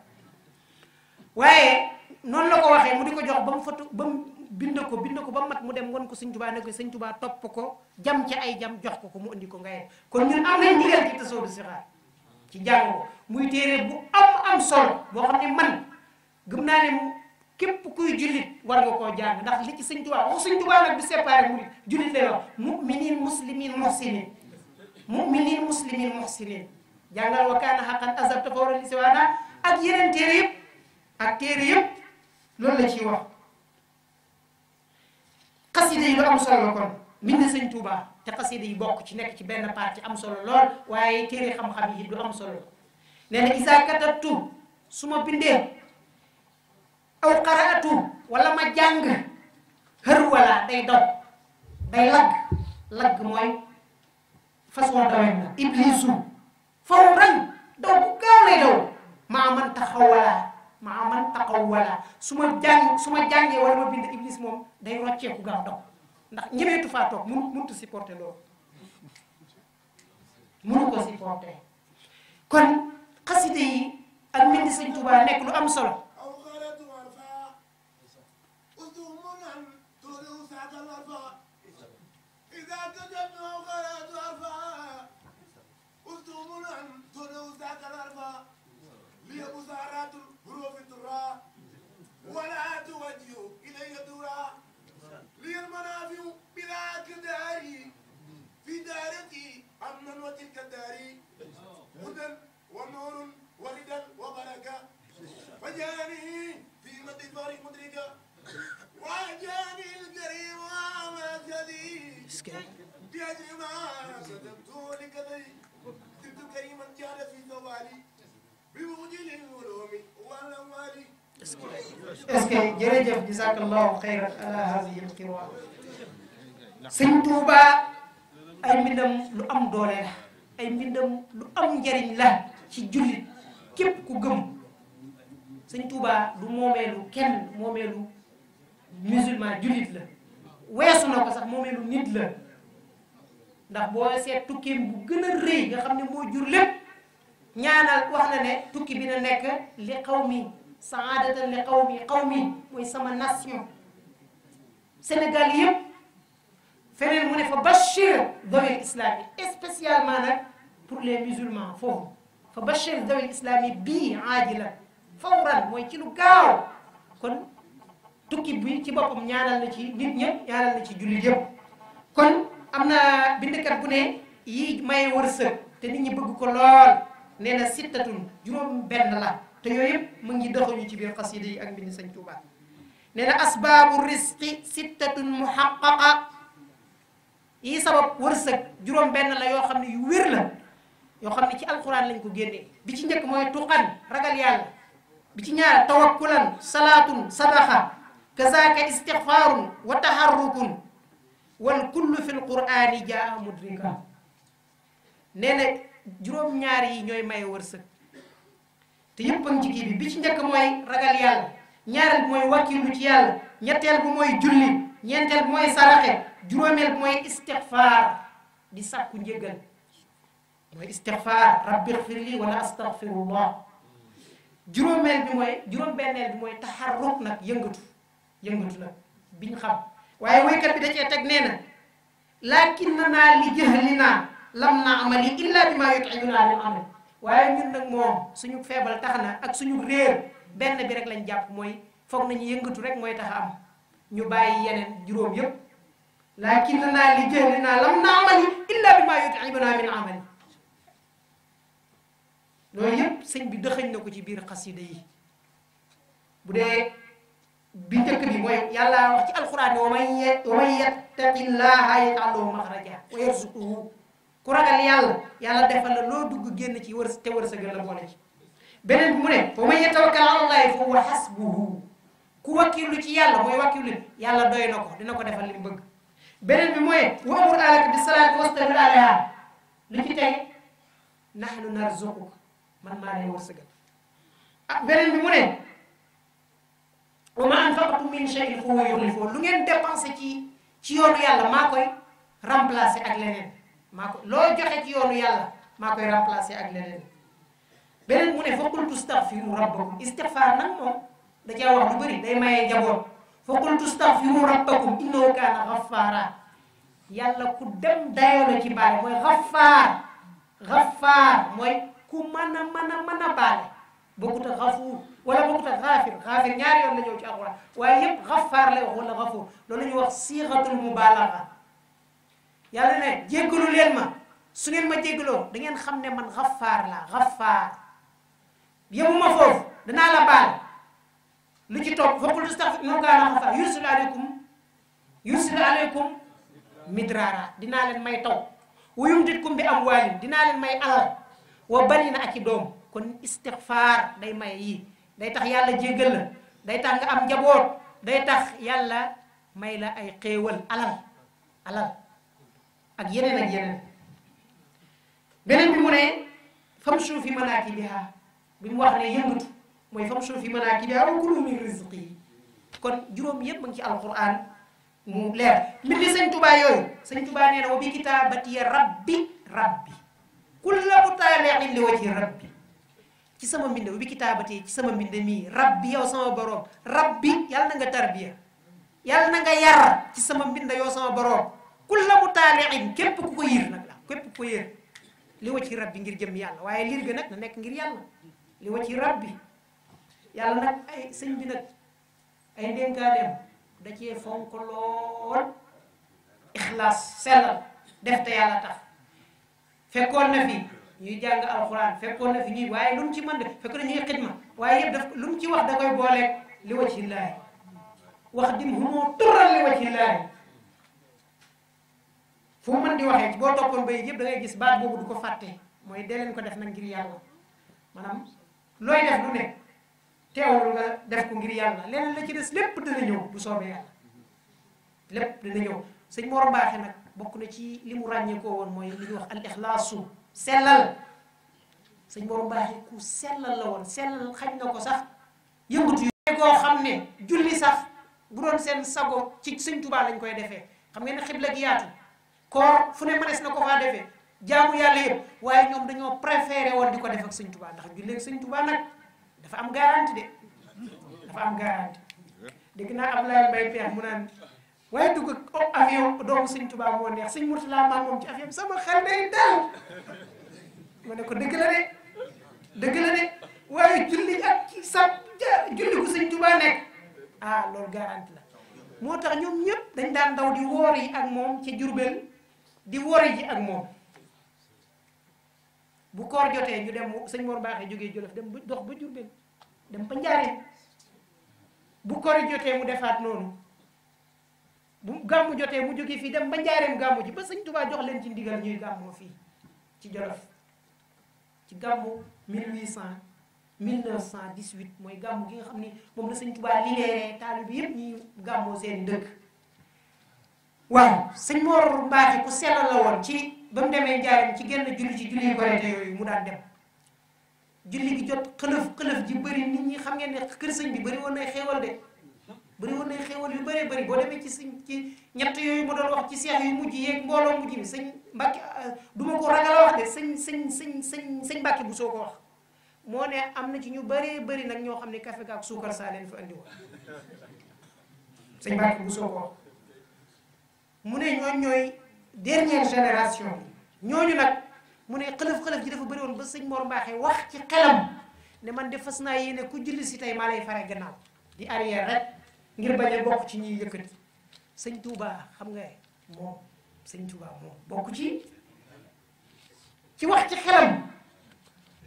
waaye noonu la ko waxee mu di ko jox ba mu fatu ba mu bind ko bind ko ba mat mu dem won ko sëñ Tuubaa ne ko sëñ topp ko jam ci ay jam jox ko ko mu indi ko ngaye kon ñun am nañ ndigal ci tasoo du sixaar ci jàng muy téere bu am am solo boo xam ne man gëm naa ne képp kuy jullit war nga koo jàng ndax li ci sëñ Tuubaa waxu sëñ Tuubaa nag du séparé murit jullit lay wax muminin muslimin muhsinin muminin muslimin muhsinin jàngal wa kaana xaqan azab dafa war a lisi ak yeneen téere yëpp ak téere yëpp loolu la ci wax xasida yi lu am solo kon mbind sëñ Tuubaa te xasida yi bokk ci nekk ci benn ci am solo lool waaye téere xam-xam yi du am solo nee na isa katabtu su ma bindee aw qaraatu wala ma jàng xër wala day daw day lagg lagg mooy façon dawet la iblisu faw rang daw bu gaaw lay daw maa man taxaw wala maa man taxaw wala su ma jàng su ma jàngee wala ma bind iblis moom day rocceeku gaaw daw ndax ñemeetu faa toog mun munutu supporter loolu munu ko supporter kon xaside yi ak mbind Sëñ Tuubaa nekk lu am solo الأربعة إذا كتبته قرأت أربعة أكتب نعم تنوز ذاك الأربعة لي مزارات الحروف ترى ولا توجه إلي ترى لي المنافع بلا كداري في دارتي أمنا وتلك داري هدى ونور وردا وبركة فجاني في مد الفارق مدركة وجاني الكريم وامتني يا جماعة صدقت لقضي كنت كريما جال في ثوالي بموجل العلوم والأموال اسكي جرجف جزاك الله خيرا على هذه القراءة سن توبا اي مندم لو ام دوله لا اي مندم لو ام njariñ la ci jullit képp ku gëm sëñ Touba du moomeelu kenn moomeelu musulman jullit la weesu na ko sax moomeelu nit la ndax boo seet tukkeem bu gën a rëy nga xam ne moo jur lépp ñaanal wax na ne tukki bi na nekk li xaw mi saadatan li xaw mi mi mooy sama nation Sénégal yëpp feneen mu ne fa bachir dawil islami spécialement nag pour les musulmans foofu fa bachir dawil islami bii aaji la fawran mooy ci lu gaaw kon tukki bi ci bopam ñaanal na ci nit ñëpp ñaanal na ci julli yëpp kon amna na kat bu ne yi maye wërse te nit ñi bëgg ko lool neena na sittatun juroom benn la te yooyu yëpp mu ngi doxuñu ci biir qasida yi ak bind señ touba neena na asbaabu sittatun muhaqqaqa yi sabab wërse juroom benn la yo xamni yu wër la yo xamni ci alquran lañ ko génnee bi ci ñëk moy tuqan ragal yalla bi ci ñaar tawakkulan salatun sadaxa kazaka istixfaarun wa taharrukun wal kullu fi lqurani jaa mudrika nee na juróom-ñaar ñooy maye wërsëg te yépp ak bi bi ci njëkk mooy ragal yàlla ñaareel bi mooy wàkkilu ci yàlla ñetteel bi mooy julli ñeenteel bi mooy saraxe juróomeel bi mooy istixfaar di sàkku njëgal mooy istixfaar rabbi xfirli wala astaxfirullah juróomeel bi mooy juróom-benneel nag yëngatu yëngatu la biñ xam waaye waykat bi da cee teg nee na lakinnanaa li jahlinaa lam naa amali illa bi maa yut'imunaa min amal waaye ñun nag moom suñu feebal tax na ak suñu réer benn bi rek lañ jàpp mooy foog nañu yëngatu rek mooy tax am ñu bàyyi yeneen juróom yépp lakinnanaa li jahlinaa lam naa amali illa bi maa yut'imunaa min amal loolu yépp sëñ bi dëxëñ na ko ci biir xasida yi bu dee bi njëkk bi mooy yàlla wax ci alxuraan ne wa man wa man yattaqillaha yaj'al lahu maxraja wa yarzuqhu ku ragal yàlla yàlla defal loo dugg génn ci wërs te wërsëgal la boole ci beneen bi mu ne wa man yatawakkal ala allahi fa huwa hasbuhu ku wakkilu ci yàlla mooy wakkilu yàlla doy na ko dina ko defal li bëgg beneen bi mooy wa amur ahlaka bis salaati wastabir alayha lu beneen bi mu ne wa ma faut min tout fa huwa lu ngeen remplacer ci ci yoonu yàlla remplace koy ak qui maa ko joxe ci yoonu yàlla maa Faut que ak leneen beneen mu ne fa rabbakum istighfar nag moom da qui wax lu bëri day rabbakum innahu ghaffara ku dem ci ghaffar ghaffar ku wala boobu tax xaafir xaafir ñaari yoon la ñëw ci alquran waaye yëpp xafaar lay wax wala xafuur loolu ñuy wax siixatul mubaalaga yàlla ne jéggalu leen ma su ngeen ma jéggaloo dangeen xam ne man xafaar la xafaar yemuma foofu danaa la baal lu ci topp faqul istaghfir man kaana xafaar yursil aleykum yursil aleykum midraara dinaa leen may taw wa yumditkum bi amwaalin dinaa leen may alal wa banina ak i doom kon istighfar day may yi day tax yàlla jéggal la day tax nga am njaboot day tax yàlla may la ay xéewal alal alal ak yeneen ak yeneen beneen bi mu ne fam suufi manaaki biha bi mu wax ne yëngatu mooy fam suufi manaaki biha wa kulu min rizqi kon juróom yëpp mu ngi ci alquran mu leer mbir li sëñ tubaa yooyu sëñ tubaa nee na wa bi kitaabati rabbi rabbi kulla mutaaliin li wajhi rabbi ci sama mbind bi kitaabati ci sama mbind mii rabbi yow sama boroom rabbi yàlla na nga tarbiya yàlla na nga yar ci sama mbind yow sama boroom kulla mu taaliin képp ku ko yër nag la képp ku ko yër li wa ci rabbi ngir jëm yàlla waaye liir bi nag na nekk ngir yàlla li wa ci rabbi yàlla nag ay sëñ bi nag ay ndénkaaneem da fonk lool ixlaas sellal def te yàlla tax fekkoon na fi ñuy jàng alxuraan fekkoon na fi ñuy waaye lu mu ci mën def fekkoon na ñuy xidma waaye yëpp daf lu mu ci wax da koy booleeg li wacci laay wax dim humoo tural li wacci laay fu mu mën di waxee boo toppoon bay yëpp dangay gis baat boobu du ko fàtte mooy dee leen ko def nag ngir yàlla maanaam looy def lu ne teewul nga def ko ngir yàlla leneen la ci des lépp dina ñëw bu soobee yàlla lépp dina ñëw sëñ Mor baaxee nag bokk na ci li mu ràññee ko woon mooy li ñuy wax al ixlaasu sellal sëñ borom baax yi ku sellal la woon sellal xañ na ko sax yëngatu yi koo xam ne julli sax bu doon seen sago ci sëñ Tuubaa lañ koy defee xam ngeen ne xibla gi yaatu koor fu ne mënees na ko faa defee jaamu yàlla yëpp waaye ñoom dañoo préféré woon di ko def ak sëñ Tuubaa ndax julli ak sëñ Tuubaa nag dafa am garanti de dafa am garanti dégg naa Ablaye Mbaye Pekh mu naan waaye dugg ak avion doomu sëñ neex sëñ Murtala maa moom ci avion sama xel day dal ma ne ko dëgg la de dëgg la de waaye julli ak ci sa julli ko sëñ Tuubaa nekk ah la moo tax ñoom ñëpp dañ daan daw di woor yi ak moom ci Jurbel di wori ji ak moom bu jotee ñu dem sëñ Mor Mbaaxee jógee Jolof dem ba dox ba Jurbel dem ba Njaareen bu koor jotee mu defaat noonu bu gàmmu jotee mu jógee fii dem ba njaareem gàmmu ji ba sëñ tuba jox leen ci ndigal ñuy gàmmu fii ci Jolof ci gàmmu 1800 1918 mooy gàmmu gi nga xam ni moom la sëñ tuba libéré taalibe bi yépp ñuy gàmmoo seen dëkk waaw sëñ Mor Mbaaxe ku sell la woon ci ba mu demee njaareem ci genn julli ci julli Korite yooyu mu daan dem julli gi jot xëlëf xëlëf ji bëri nit ñi xam ngeen ne kër sëñ bi bëri woon nay xéewal de bëri woon na xéewal yu bëree bëri boo demee ci sëñ ci ñett yooyu ma doon wax ci seex yu mujj yeeg mbooloo mujj mi sëñ Mbàkke du ma ko ragal wax de sëñ sëñ sëñ sëñ sëñ bu soo ko wax moo ne am na ci ñu bëree bëri nag ñoo xam ne café ak suukar saa leen fa sëñ Mbàkke bu mu ne ñooñ ñooy dernière génération bi ñooñu nag mu ne xëlëf-xëlëf ji dafa bëri ba sëñ Mor Mbaaxee wax ci xelam ne man de fas naa yéene ku julli si tey maa lay fare gannaaw di arrière rek ngir bañ a bokk ci ñuy yëkkati sëñ Touba xam nga moom sëñ Touba moom bokk ci ci wax ci xelam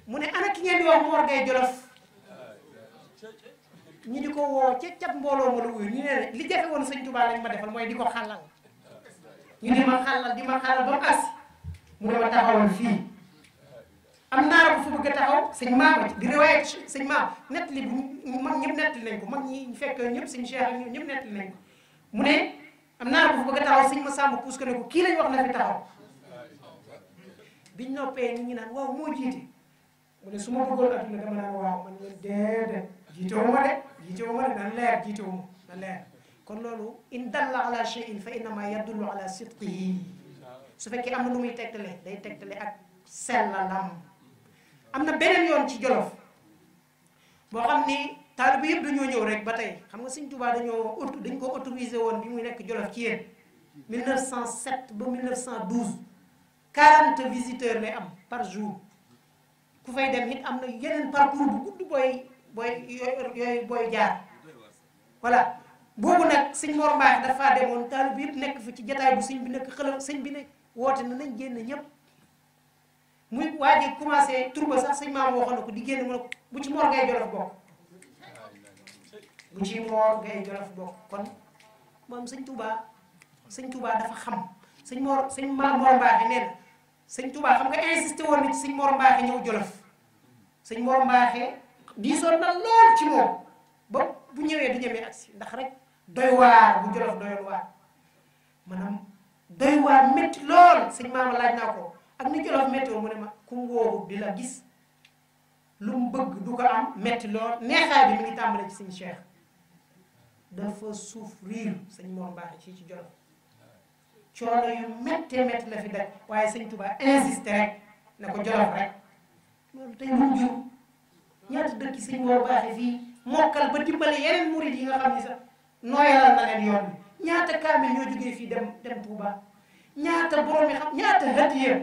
mu ne ana ki ngeen di wax Mor Gueye Jolof ñi di ko woo ca cat mbooloo ma la wuyu ñu ne li jafe woon sëñ Touba lañ ma defal mooy di ko xàllal ñu ne ma xàllal di ma xàllal ba as mu ne ma taxawal fii. am naara bu fa bëgg a taxaw sëñ maama di riwaayat sëñ maama nett li bu mag ñëpp nett nañ ko mag ñi fekk ñëpp sëñ cheikh ñoom ñëpp nett nañ ko mu ne am naara bu fa bëgg a taxaw sëñ ma sàmm puus ko ne ko kii lañ wax na fi taxaw biñ noppee nit ñi naan waaw moo jiite mu ne su ma bëggoon adduna dama naan waaw man leen déedéet jiitewu ma de jiitewu ma de nan leer jiitewu na leer kon loolu in dalla ala shay'in fa innama yadullu ala sidqihi su fekkee am na lu muy tegtale day tegtale ak sellalam am na beneen yoon ci jolof bo xamni ni taalibe yëpp dañoo rek batay xam nga seigne touba dañu ut dañ ko autoriser woon bi muy nek jolof ci yéen 1907 ba 1912 40 visiteurs lay am par jour ku fay dem hit amna yenen yeneen parcours bu gudd boy booy yoy boy jaar voilà boobu nak seigne Mor Mbaax dafa demone taalibe yëpp nekk fi ci jataay bu seigne bi nek xëlam seigne bi nek wote na nañ génn muy waa ji commencé tur ba sax sëñ maam waxoon na ko di génn mu ne ko bu ci Mor Gaye Jolof bokk bu ci Mor Gaye Jolof bokk kon moom sëñ Touba sëñ Touba dafa xam sëñ Mor sëñ maam Mor Mbaaxe neen na sëñ Touba xam nga insisté woon na ci sëñ Mor Mbaaxe ñëw Jolof sëñ Mor Mbaaxe diisoon na lool ci moom ba bu ñëwee du ñëwee si ndax rek doy waar bu Jolof doyoon waar maanaam doy waar métti lool sëñ maam laaj naa ko. ak ni jolof météo mu ne ma ku ngóobu di la gis lu mu bëgg du ko am metti lool neexaay bi mi ngi tàmbalee ci suñu cheikh dafa souffrir sëñ moom baax ci ci jolof coono yu méttee métti la fi daj waaye sëñ Tuubaa insisté rek ne ko jolof rek loolu tey lu mu jur ñaata dëkk sëñ moom baaxee fii mokkal ba dimbale yeneen murid yi nga xam ne sax nooyalal na leen yoon ñaata kaamil ñoo jógee fii dem dem Tuubaa ñaata borom yi xam ñaata hadiya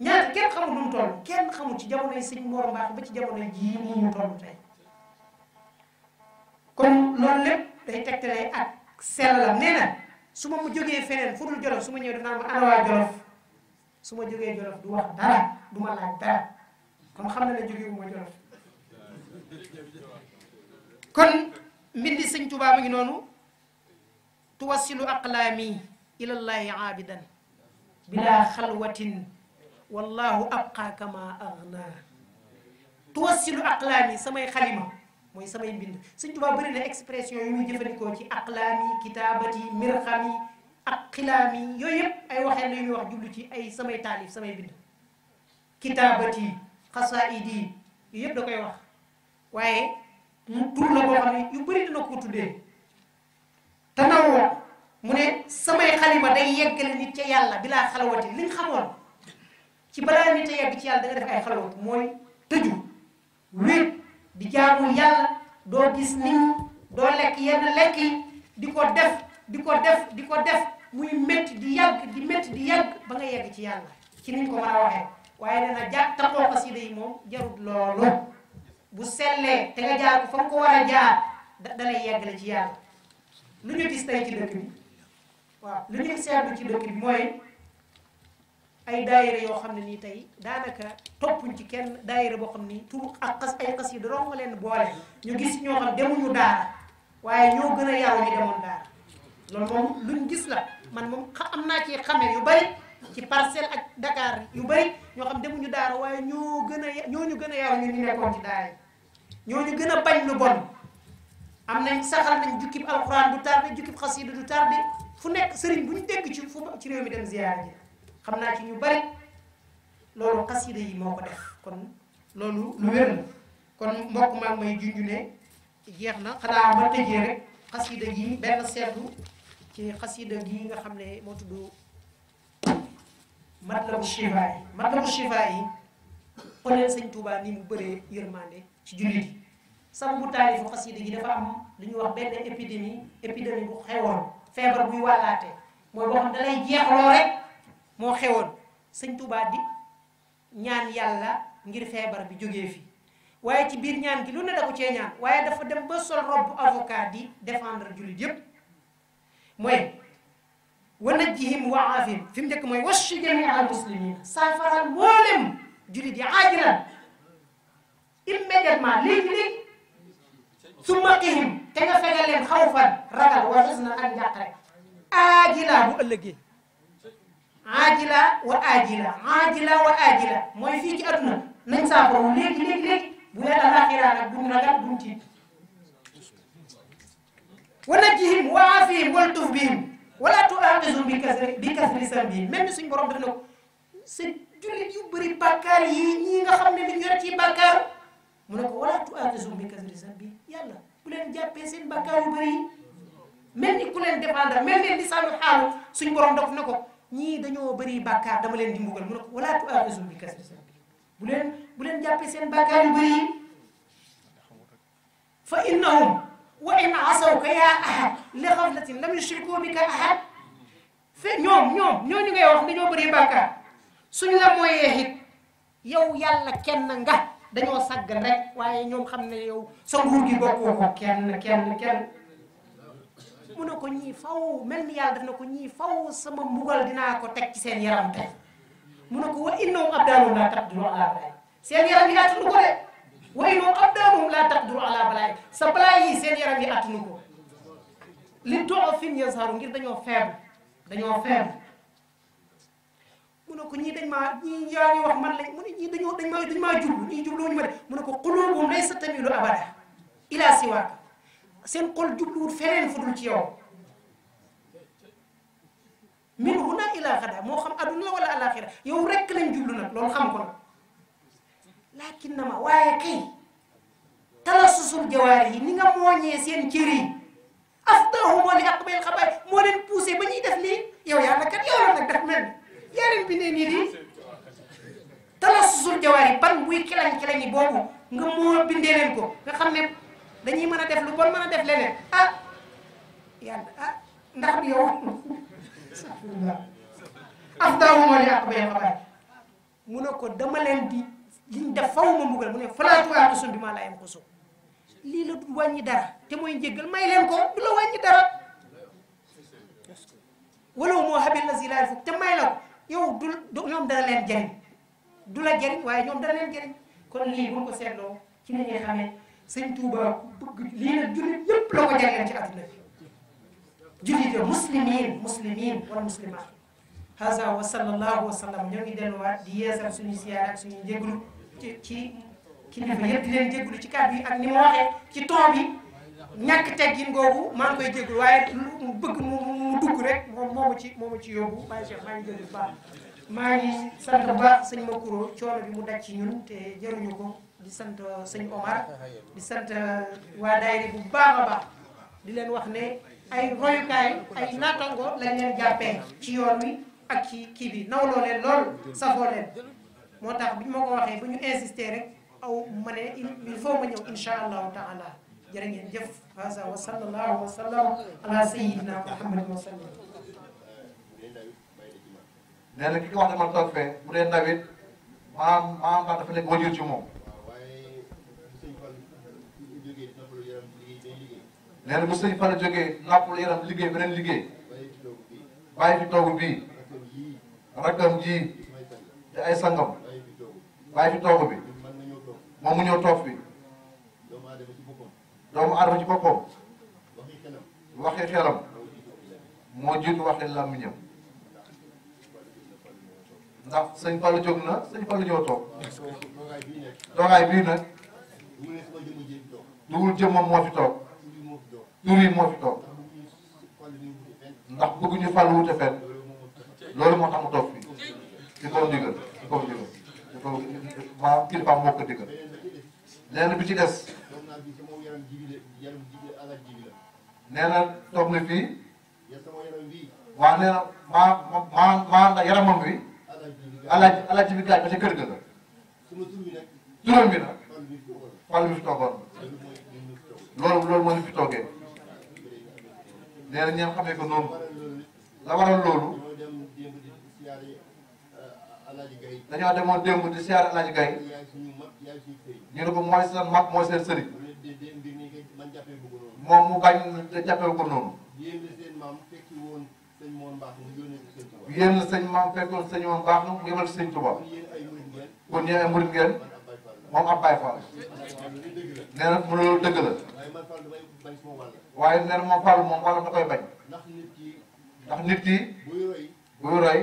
ñaata kenn xamul lu mu kenn xamul ci jamonoy sëñ Mor Mbaax ba ci jamono jii nii ñu toll tey kon loolu lépp day tegtale ak sellalam nee su ma mu jógee feneen fu dul jolof su ma ñëwee dinaa ma ana waa jolof su ma jógee jolof du wax dara du ma laaj dara kon xam na ne jógeewu ma jolof kon mbindi sëñ Tuubaa mu ngi noonu tuwassilu aqlaami ilallahi aabidan bila xalwatin wallahu abqa kama aghna tuwassilu aqlaami samay xalima mooy samay mbind Sëñ Tuubaa bëri na expression yu muy jëfandikoo ci aqlaami kitaabati mirxami ak xilaami yooyu ay waxee yu muy wax jublu ci ay samay taalif samay mbind kitaabati xasaidi yooyu yëpp da koy wax waaye mu tur la boo xam ne yu bëri dina ko tuddee tanawoo mu ne samay xalima day yeggale nit ca yàlla bilaa xalawati liñ xamoon ci balaa nit a yegg ci yàlla da nga def ay xalwat mooy tëju wéet di jaamu yàlla doo gis nit doo lekk yenn lekk yi di ko def di ko def di ko def muy métti di yàgg di métti di yàgg ba nga yegg ci yàlla ci niñ ko war a waxee waaye dana jàpp taxoo xasida yi moom jarut loolu bu te nga jaar ko fa nga ko war a jaar dalay yeggale ci yàlla lu ñu gis tey ci dëkk bi waaw lu ñu seetlu ci dëkk bi mooy ay daayira yoo xam ne nii tey daanaka toppuñ ci kenn daayira boo xam ni tur ak xas ay xas yi doroo nga leen boole ñu gis ñoo xam demuñu daara waaye ñoo gën a yaru ñu demoon daara loolu moom luñ gis la man moom am naa ci xamee yu bari ci parcelle ak Dakar yu bari ñoo xam demuñu daara waaye ñoo gën a ñoo ñu gën a yaru ñu ñu nekkoon ci daara ñoo ñu gën a bañ lu bon am nañ saxal nañ jukkib alxuraan du tardé jukkib xasida du tardé fu nekk sëriñ bu ñu dégg ci fu ci réew mi dem ziyaar ji xam naa ci ñu bari loolu xasida yi moo ko def kon loolu lu wér kon mbokk maag may junju ne jeex na xanaa ma tëjee rek xasida gi benn seetlu ci xasida gi nga xam ne moo tudd matlabu shifa yi matlabu shifa yi xoolee sëñ Touba ni mu bëree yërmande ci jullit yi sababu taalifu xasida gi dafa am lu ñuy wax benn épidémie épidémie bu xewoon feebar buy wàllaate mooy boo xam dalay jeexloo rek moo xewoon sëñ Touba di ñaan yàlla ngir feebar bi jógee fi waaye ci biir ñaan gi lu ne da cee ñaan waaye dafa dem ba sol robu avocat di défendre jullit yépp mooy wa najjihim wa aafihim fi mu njëkk mooy washi jamia al muslimina saafaral mboolem jullit yi aajiran immédiatement léegi léegi summa qihim te nga fegal leen xawfan ragal wa xisnan ak njàqare aajilaa bu ëllëgee aajila wa aajila aajila wa aajila mooy fii ci adduna nañ saafara léegi léegi léegi bu leen alaxira nag duñ ragal duñ tiit wa najjihim wa aafihim wal tuf bihim wala tuaxisum bi kasri bi kasri sambihim même suñ borom def na ko sa jullit yu bëri bàkkaar yi nga xam ne li ñu yor ci bàkkaar mu ne ko wala tuaxisum bi kasri sambihim yàlla bu leen jàppee yu bëri yi mel ni ku leen dépendre mel ni suñ borom def na ko ñii dañoo bëri bàkkaar dama leen di mbugal mu ne ko wala tu'aaxizu bi kasbi zambi bu leen bu leen jàppee seen bàkkaar yu bëri fa innahum wa in asawka yaa ahad li xaflatin lam yushriku bika ahad fe ñoom ñoom ñooñu ngay wax dañoo bëri bàkkaar la mooyee it yow yàlla kenn nga dañoo saggan rek waaye ñoom xam ne yow sa nguur gi bokkoo ko kenn kenn kenn mu ne ko ñii faw mel ni yàlla daf na ko ñii faw sama mbugal dinaa ko teg ci seen yaram tey mu ne ko wa innahum abdaanum la taqdiru ala balaay seen yaram yi attunu ko de wa innahum abdaanum la taqdiru ala balaay sa balaay yi seen yaram yi attunu ko li yasaru ngir dañoo faible dañoo faible mu ko ñii dañ maa ñii yaa wax man lañ mu ne dañoo dañ maa dañ maa jublu ñii jublu ñu ma ko qulubuhum laysa tamilu abada ila siwaka seen xol jubluwul feneen fu dul ci yow min huna ila xada mo xam aduna wala alaxira yow rek lañ jublu nak lolou xam ko nag lakin nama waaye kay talasusul jawari ni nga moñe seen ciri yi mo li aqbil khabay mo len pousser bañi def lii yow ya kat yow nak def daf mel yaa leen bindee nii di talasusul jawari ban kilañ kilañ yi nga mo bindé len ko nga xam dañuy mën a def lu bon mën a def leneen ah yàlla ah ndax bi yow afdaahuma li aqbay xabaar mu ne ko dama leen di liñ def faw ma mbugal mu ne falaa tuwaatu sun bi maa laa yam ko so lii la du wàññi dara te mooy njéggal may leen ko du la wàññi dara wala moo xamee la si laaj foofu te may la ko yow du ñoom dana leen jëriñ du la jëriñ waaye ñoom dana leen jëriñ kon lii bu ko seetloo ci la ñuy xamee sëñ Touba bëgg lii nag jullit yëpp la ko jagleen ci àdduna bi jullit yo muslimin muslimin wal muslimat haza wa sallallahu wa sallam ñoo ngi delluwaat di yeesal suñu siyaar ak suñu jéglu ci ci kilifa di leen jéglu ci kàddu yi ak ni ma waxee ci ton bi ñàkk teggin maa ngi koy jéglu waaye mu bëgg mu mu dugg rek moom moomu ci moomu ci yóbbu maa ngi maa ngi jéglu baax maa ngi sant bu baax sëñ Makuro coono bi mu daj ñun te jaruñu ko di sant uh, sëñ Omar di sant uh, waa daayira bu baax a baax di leen wax ne ay royukaay ay naatango lañ leen jàppee ci yoon wi ak ci kii bi nawloo leen lool safoo leen moo tax bi ñu ma ko waxee bu ñu insister rek aw ma ne il faut ma ñëw insha allahu taala jërë ngeen jëf hasa wa sallallahu wa sallam ala sayyidina muhammad wa sallam nee na ki ko wax ne man toog fee bu dee ndawit maam maam ba dafa nekk wajur ci moom nee na bu sëñ Fallou jógee noppalu yaram liggéey beneen liggéey bàyyi fi toogu bi rakkam ji te ay sangam bàyyi fi toogu bi moom mu ñëw toog fi doomu aadama ci boppam waxi xelam moo jiitu waxi làmmiñam ndax sëñ Fallou jóg na sëñ Fallou ñëw toog toogaay bii nag duwul jëmmam moo fi toog tur yi moo fi toog ndax bëgguñu fal wute fenn loolu moo tax mu toog fii di ko digal di ko digal di ko maanaam kilifa moo ko digal lenn bi des nee toog na fii waaw nee na maa maa maa nga yaramam wi alaaj alaaj bi gaaj ba ca kër ga la turam bi nag fal bi fi toogoon loolu loolu moo fi toogee nee na ñoom xamee ko noonu la waral loolu dañoo demoon démb di siyaar Alaaji Gay ñu ko mooy seen mag mooy seen sëriñ moom mu bañ te jàppewu ko noonu yéen la sëñ maam fekkoon sëñ moom baax na mu yëmal sëñ Tuba kon yéen ay murit ngeen mu la waaye ner moom falu moom wala mu koy bañ ndax nit ki ndax nit ki buy roy buy roy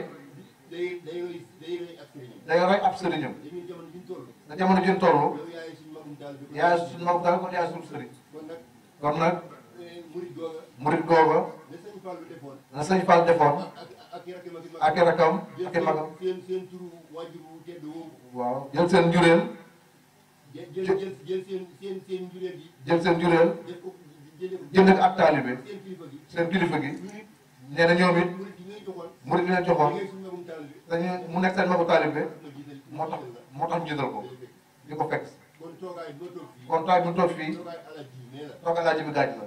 day day roy day roy ab sëriñam day roy ab sëriñam da jamono jun toll yaay suñ magum daal kon yaay suñ sëriñ kon nag eh, murit googa na sëñ Fall defoon ak i rakam ak i magam waaw jël seen njureel jël seen njureel jël seen njureel jënd ak taalibe seen kilifa gi nee na ñoom it murid bi leen joxoon dañu mu nekk seen magu taalibe moo tax moo tax ñu ko di ko fekk kon taay bu toog fii toog alaaji bi gaaj la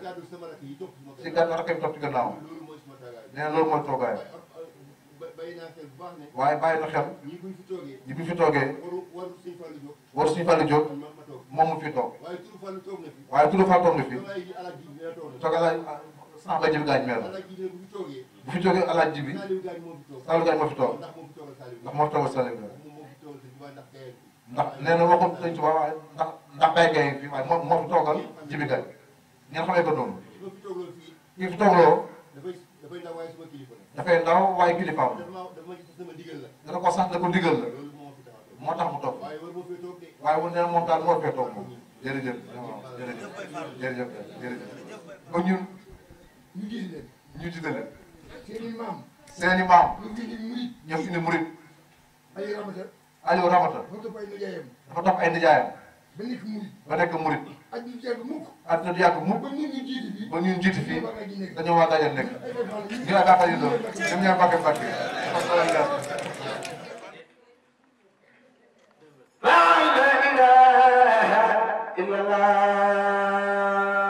si gàddu rakk yi toog ci gannaawam nee na loolu mooy toogaayam waaye bàyyi na xel ñi fi tooge war suñu fàllu jóg moom mu fi toog waaye turu fàllu toog na fi a a la jël gaañ meer bu fi toogee alaaj ji bi Saliou Gaañ moo fi toog ndax moo fi toogal Saliou ndax nee na waxul sëñ Tuubaa waaye ndax ndax béykat yi waaye moo fi toogal ji bi gaañ ngeen xamee ko noonu ki fi toogloo. dafay ndaw waaye suma kilifa la. dafay ndaw waaye kilifaam. dana ko sax na ko ndigal la. moo tax mu toog. waaye wane na moom daal moo fee toog moom. jërëjëf jërëjëf jërëjëf jërëjëf. kon ñun. ñu gis leen. ñu gis leen. seen i maam. seen i maam. ñu ngi indi murit. ñoo indi murit. Aliou Ramata. Aliou Ramata. dafa topp ay nijaayam. dafa topp ay nijaayam. ba nekk murit ba nekk murit adduna du yàgg mukk adduna du yàgg mukk ba ñun ñu jiitu fii ba ñun jiitu fii dañoo waa daje nekk ñu la dafa yu doon ñoom ñaar bàkke bàkke la ilaha illallah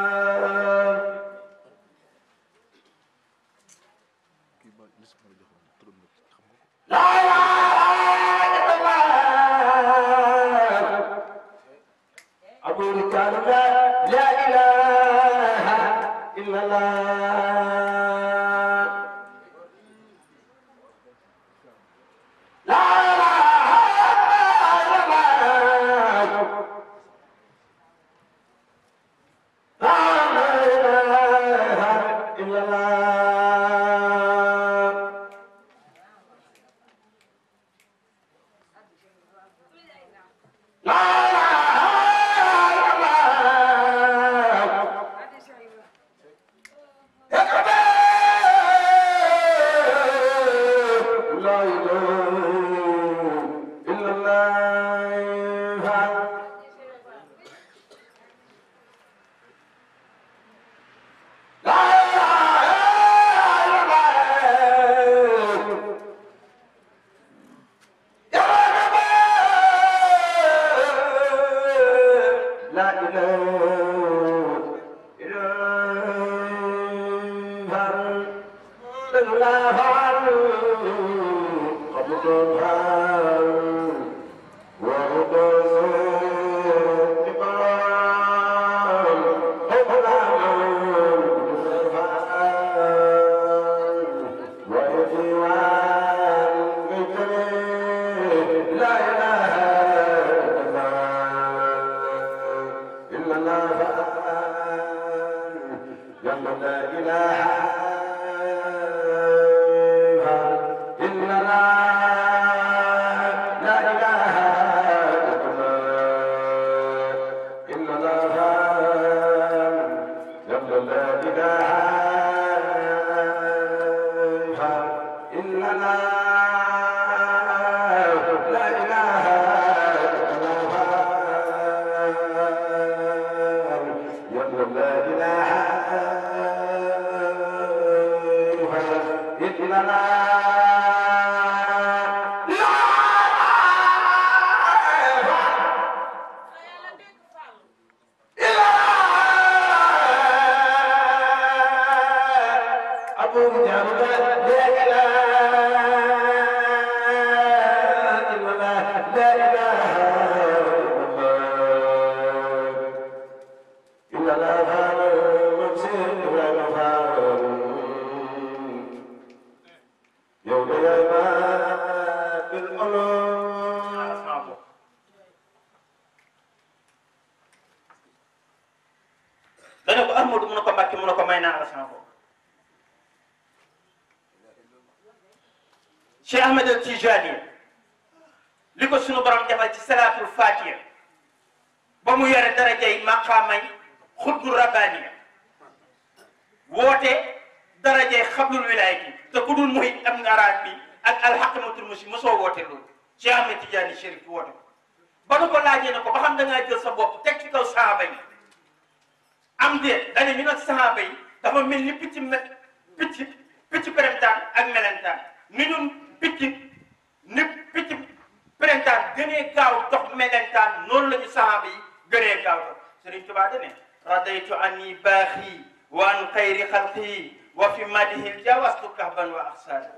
fii wa fi madihil jawastu kahban wa axsaada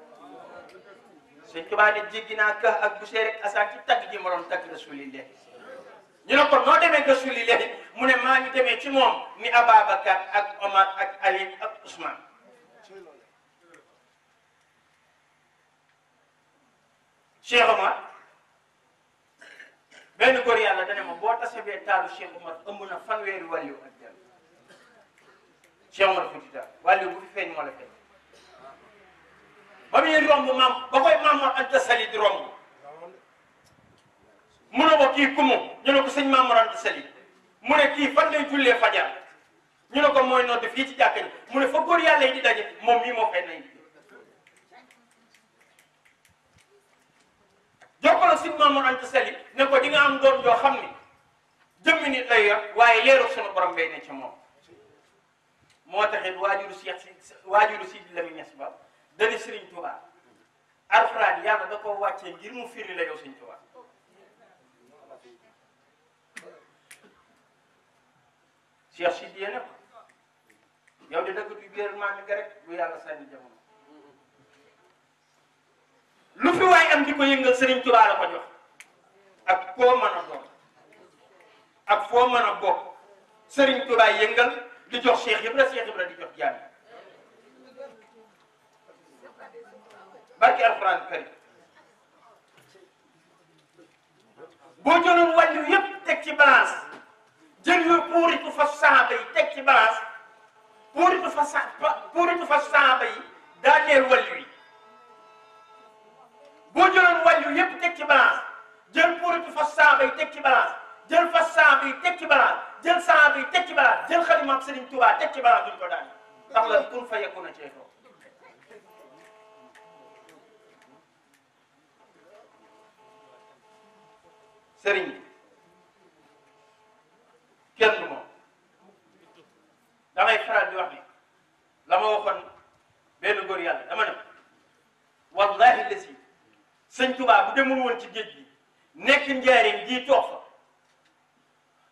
suñ tubaab ne jéggi naa kax ak busee rek asaan ci tagg ji moroom tagg rasulillah ñu ne ko noo demee rasulillah mu ne maa ngi demee ci moom ni Ababacar ak Omar ak Ali ak Ousmane Cheikh Omar benn góor yàlla dane ma boo tasebee taalu Cheikh Omar ëmb na fanweeri wàllu ak Cheikh Omar Fouti Tall wàllu bu fi feeñ moo la feeñ ba muy romb maam ba koy Maamoor Anta Sali romb mu ne ko kii kumu ñu ne ko sëñ Maamoor Anta Sali mu ne kii fan lay jullee fajar ñu ne ko mooy nodd fii ci jàkka mu ne fa góor yàlla yi di daje moom mii moo fay nay jokkoo sëñ Maamoor Anta Sali ne ko di nga am doom joo xam ni jëmmi nit lay yor waaye leeru sunu borom bay ne ci moo taxit waajuru Cheikh si waajuru Sidi Lamine dani Serigne Touba alxuraan yàlla da koo wàccee ngir mu firi la yow Serigne Touba Cheikh Sidi ko yow di dëkk du biir maami ga rek lu yàlla sànni jamono lu fi waay am di ko yëngal Serigne Touba la ko jox ak koo mën a ak foo mën a bokk Serigne Touba di jox Cheikh Ibra Cheikh Ibra di jox jaam yi barke alxuraan karim boo jëloon wàllu yëpp teg ci balance jël yooyu puuritu fas saaba yi teg ci balance puuritu fas sa puuritu fas saaba yi daa leer wàllu yi boo jëloon wàllu yëpp teg ci balance jël puuritu fas saaba yi teg ci balance jël fas saaba yi teg ci balance جل سامي تكبا جل خلي مبسرين توبا تكبا جل قداني قبل كن فيكون جيهو سرين كن مو دمائي فراد دوامي لما وخن بين غوريال لما نم والله لسي سنتوبا بدمون تجدي نكن جارين دي توفر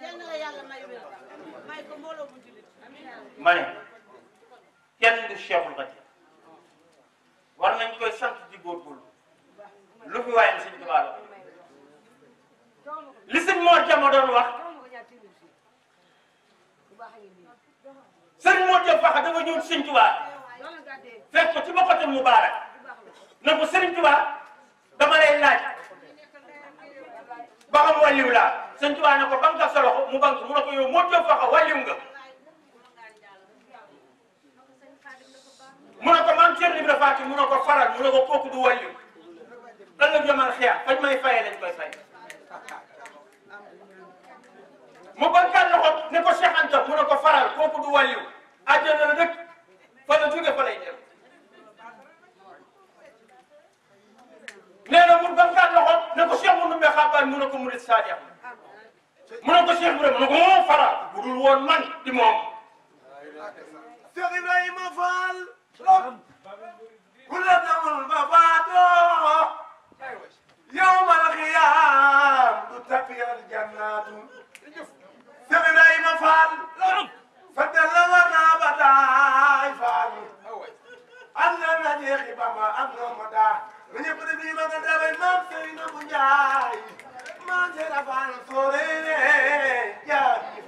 yal na yàlla may wér may ko mbooloo bu jullit ma ne kenn du Cheikhul Khadim war nañ koy sant di góorgóorlu lu fi waaye sëñ Tuubaa la li sëñ Mor Jama doon wax sëñ Mor Jama faxa dafa ñëw sëñ Tuubaa fekk ko ci boppatam mu baara na ko sëñ Tuubaa dama lay laaj ba xam wàlliw laa sëñ Tuubaa ne ko banque sa loxo mu banque ko yow moo jóg faxa wàlliw nga mu ne ko man Cheikh Ibra Faati mu ne ko faral mu ne ko kooku du wàlliw ëllëg yomal xiyaam fañ may fayee lañ koy fay mu bankaat loxo ne ko Cheikh Anta mu ne ko faral kooku du wàlliw àjjana la dëkk fa la jóge fa lay Abdoulaye mu ne ko murid saadiq mu ne ko Cheikh Ibrahima mu ne ko moo fara budul woon man di moom Cheikh Ibrahima Fall kula damul ba faatoo yawma alxiyaam du taqiyal jannaatu Cheikh Ibrahima Fall fadala wana bataay Fall am na na jeexi ba ma am na ma daa ma ñëpp di bii ma nga dawee maam Seydou Ndiaye manjera bal fooree yaa ngi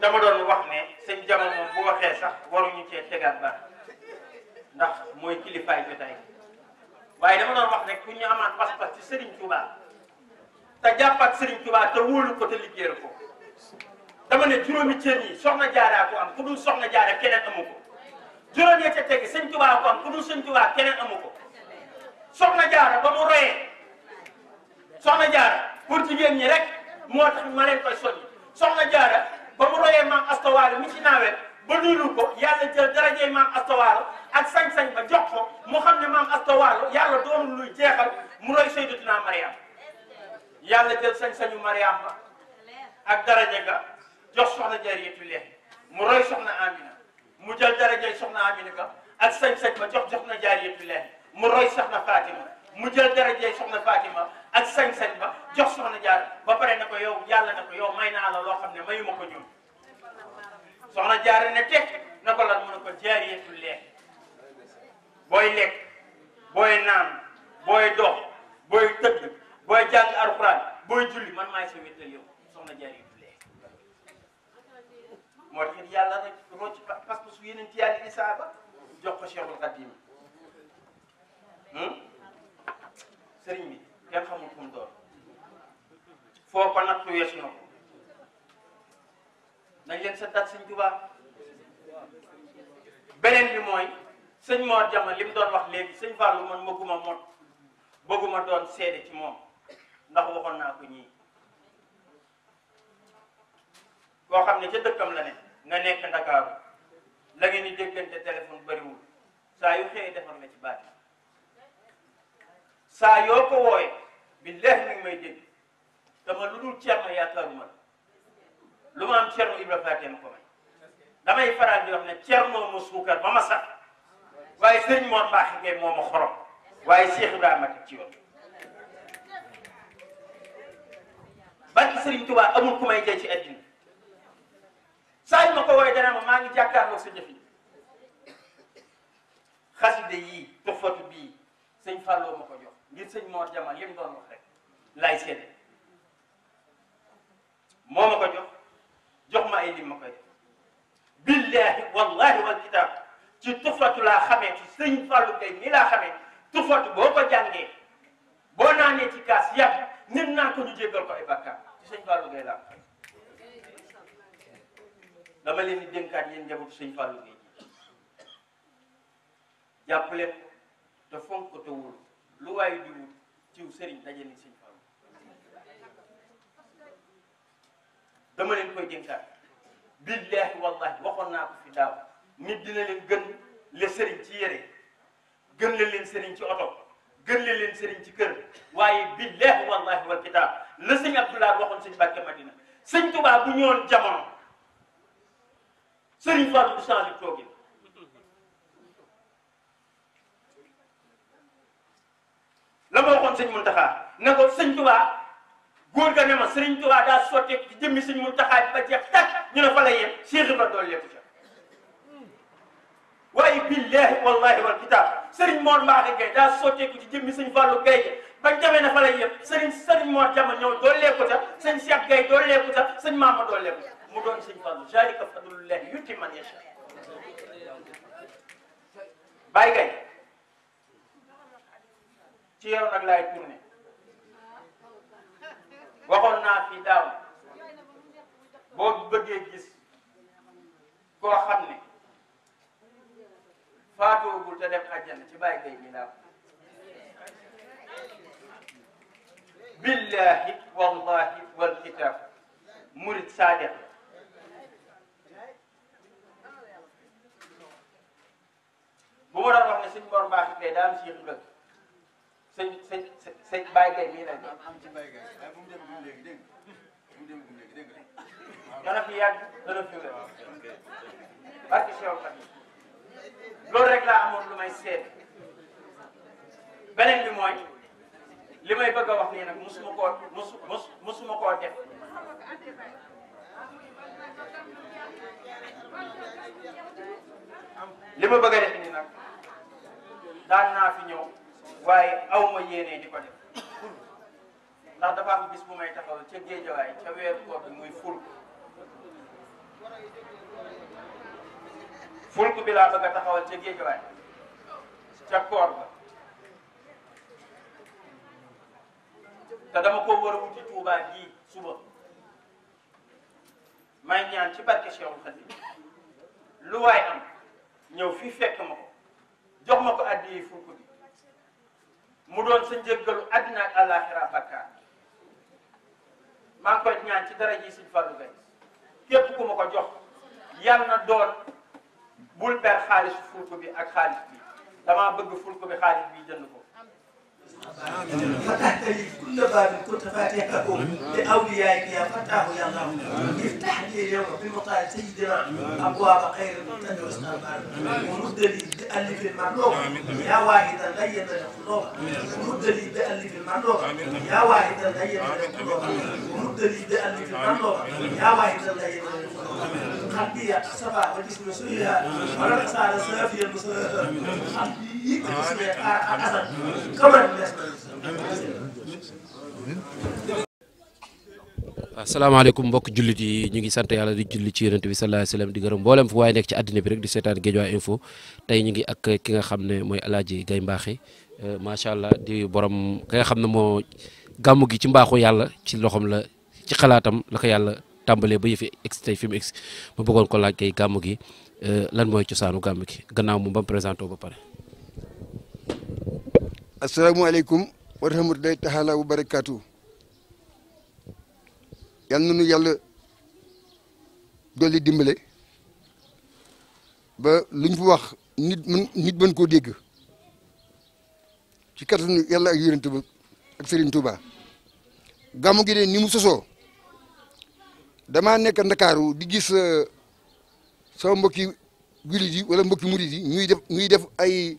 dama doon wax ne sëñ Jama moom bu waxee sax waruñu cee tegaat ba ndax mooy kilifaay jotaay waaye dama doon wax ne ku ñu amaat pas-pas ci Serigne Touba te jàppaat Serigne Touba te wóolu ko te liggéeyal ko dama ne juróomi cër yi soxna jaaraa ko am ku dul soxna jaara keneen amu ko juróom ya tegi sëñ Touba ko am ku dul sëñ Touba keneen amu ko na jaara ba mu royee soxna jaara pour jigéen ñi rek moo tax ma leen koy soññi soxna jaara ba mu royee maam astawaale mu ci naawee ba nuyu ko yàlla jël darajee maam astawaalo ak sañ-sañ ba jox ko mu xam ne maam astawaalo yàlla doonul luy jeexal mu roy sayyidatina Mariam yàlla jël sañ-sañu Mariam ba ak daraje ga jox soxna jaariyatu leen mu roy soxna Amina mu jël darajee soxna Amina ga ak sañ-sañ ba jox jox na jaariyatu leen mu roy soxna Fatima mu jël darajey soxna Fatima ak sañ ba jox soxna jaar ba pare na ko yow yàlla na ko yow may naa la loo xam ne mayu ma ko ñun soxna jaare ne teg na ko lan mu ne ko jaariyetul lekk booy lekk booy naan booy dox booy tëdd booy jàng alxuraan booy julli man maay sa wéttal yow soxna jaariyetul lekk moo tax yàlla rek rocc parce que su yeneen ci yàlla isaaba jox ko Cheikhul Xadim hmm? sëriñ bi kenn xamul fu doon foo ko nag lu nañ leen sa dat sëñ Tuubaa beneen bi mooy sëñ Mor Jama li mu doon wax léegi sëñ Fallou man bëgguma mot bëgguma doon seede ci moom ndax waxoon naa ko ñii koo xam ne ca dëkkam la ne nga nekk Ndakaaru la ngeen di déggante téléphone bariwul saa yu xëyee defar la ci baat saa yoo ko wooye billahi mi ngi may dégg dama lu dul ceerno yaakaaruma lu ma am ceerno Ibra Faty ma ko may damay faral di wax ne ceerno ma suukar ba ma sax waaye sëriñ Mor Mbaaxe Gueye moo ma xorom waaye Cheikh Ibrahima teg ci yoon barki sëriñ Tuubaa amul ku may jey ci addina saa yu ma ko wooye dana ma maa ngi jàkkaarloo sa jëf yi xaside yii tuxfatu bii sëñ Fallou ma ko jox ngir sëñ Mor Jamal li mu doon wax rek laay moo ko jox jox ma ay lim ma koy def billahi wallahi wal kitab ci tufatu laa xamee ci sëñ Fallou Gueye laa xamee tufatu boo ko jàngee boo naanee ci kaas yàq ko ñu jéggal ko ay bàkkaar ci sëñ Fallou Gueye laa ko dama leen di dénkaat yéen njabootu sëñ Fallou Gueye jàpp leen te fonk ko te lu waaye di wut ciw sëriñ daje ni sëñ Fallu dama leen koy dénkaat billaahi wallaahi waxoon naa ko fi dina leen gën le sëriñ ci yére gën la leen sëriñ ci oto gën le leen sëriñ ci kër waaye billaahi wallaahi wal kitaab la sëñ Abdoulaye waxoon sëñ Bàkke Madina sëñ Tuubaa bu ñëwoon jamono sëriñ Fallu du changé toogin la ma waxoon sëñ Muntaxa ne ko sëñ Tuubaa góor ga ne ma sëriñ Tuubaa daa sotteeku ci jëmmi sëñ Muntaxa ba jeex tàkk ñu ne fa la yem Cheikh Ibra dool lépp ca waaye billahi wallahi wal kitaab sëriñ Mor Mbaaxe Gaye daa sotteeku ci jëmmi sëñ Fallou Gaye bañ demee ne fa la yem sëriñ sëriñ Mor Jama ñëw dool lépp ca sëñ Cheikh Gaye dool lépp ca sëñ Maama dool lépp mu doon sëñ Fallou zaalika fadlullahi yu'tiihi man yashaa Baye Gaye ci yow nag laay tourné waxoon naa fi daaw boo bëggee gis koo xam ne faatoogul te dem àjjana ci bàyyi kay mi laa ko wal kitaab murid sadiq bu ma doon wax ne suñ Mor si bëgg sëñ sëñ sëñ Baye Gueye mii nag. am ci Baye Gueye waaye eh, bu mu dem gum léegi dégg nga mu dem gum léegi dégg nga. dana fi yàgg dana fi wér. barke Cheikh Fatou. loolu rek laa amoon lu may seet. beneen bi mooy li may bëgg a wax nii nag mosuma koo mosu mos mosuma koo def. li ma bëgg a def nii nag daan naa fi ñëw. waaye awma ma yéenee di ko def ndax dafa am bis bu may taxaw ca géejawaay ca weeru koor bi muy fulk fulk bi laa bëgg a taxawal ca géejawaay ca koor ba te dama ko war a wuti Tuubaa ji suba may ñaan ci barke Cheikhul Khadim lu waay am ñëw fii fekk ma ko jox ma ko addi fulk bi mu doon sa njëggalu àddina ak àllaaxira bakkaar maa ngi ñaan ci dara ji Sëñ Fallou Gueye képp ku ma ko jox yal na doon bul ber xaalis fulku bi ak xaalis bi damaa bëgg fulku bi xaalis bi jënd ko فتحت لي كل باب كنت فاتحه لأوليائك يا فتاه يا الله افتح لي اليوم بمطاع سيدنا أبواب خير المنتج واستغفار ورد لي بألف المعلومة يا واحدا لين القلوب ورد لي بألف المعلومة يا واحدا لين القلوب ورد لي بألف المعلومة يا واحدا لين قلبي صفا والجسم سويا ورقص على سافي المسافر قلبي asalaamaaleykum mbokk jullit yi ñu ngi sant yàlla di julli ci yonent bi sallallahu alayhi wasallam di gërëm mboolem fu waaye nekk ci àddina bi rek di seetaan Guédiawaye info tey ñu ngi ak ki nga xam ne mooy alaaji Gaye Mbaxe euh, macha allah di borom ki nga xam ne moo gàmm gi ci mbaaxu yàlla ci loxoom la ci xalaatam la ko yàlla tàmbalee ba yëfi ex tey fi ex ma bëggoon ko laaj kay gàmmu gi euh, lan mooy cosaanu gàmmu gi gannaaw moom ba mu ba pare. asalaamualeykum wa rahmatulahi taala wa barakaatu yal na nu yàlla dolli dimbale ba lu fu wax nit mën nit mën koo dégg ci kattanu yàlla ak yonent ba ak Serigne Touba. gàmmu gi de ni mu sosoo damaa nekk ndakaaru di gis uh, sama mbokki jullit yi wala mbokki murit yi ñuy def ñuy def ay.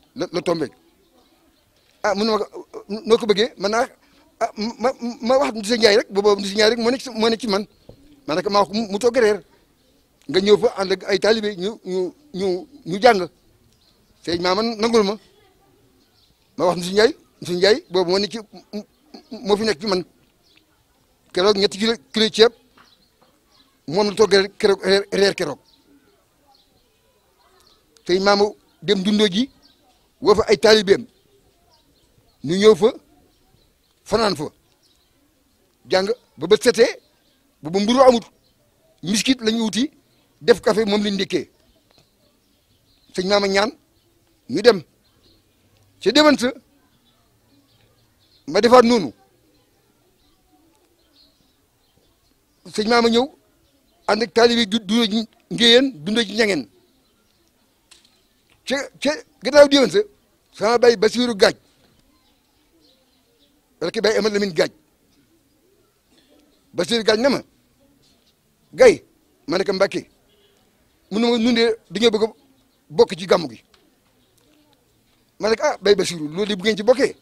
la la a ah mun na ko bëggee man naa ah, ma ma wax monsieur Ndiaye rek booba monsieur Ndiaye rek moo nekk ci man ma ne ko mu toog reer nga ñëw fa ànd ay taalibe ñu ñu ñu ñu jàng sëñ maa man nangul ma ma wax monsieur Ndiaye monsieur Ndiaye boobu moo nekk ci fi nekk ci man keroog ñetti kilo kilo ceeb moom la toog reer keroog reer keroog sëñ dem dundoo woo ay taalibeem ñu ñëw fa fanaan fa jàng ba ba setee ba ba amut miskit la ñu wuti def café moom lañ ndekkee sëñ maama ñaan ñu dem ca deman ma defaat noonu sëñ maama ñëw ànd ak taalibe du ji ngéyeen dunda ji ñangeen ca gannaaw dia sa sama bay basiru gaj, rek bay Amad Lamin gaj, basiru Gaaj na nama? gay Mana ne ko Mbàkke mun de di nga bëgg a bokk ci gàmmu gi ma ne ko kuantan, ah, bay Basiiru loolu de bu ngeen ci bokkee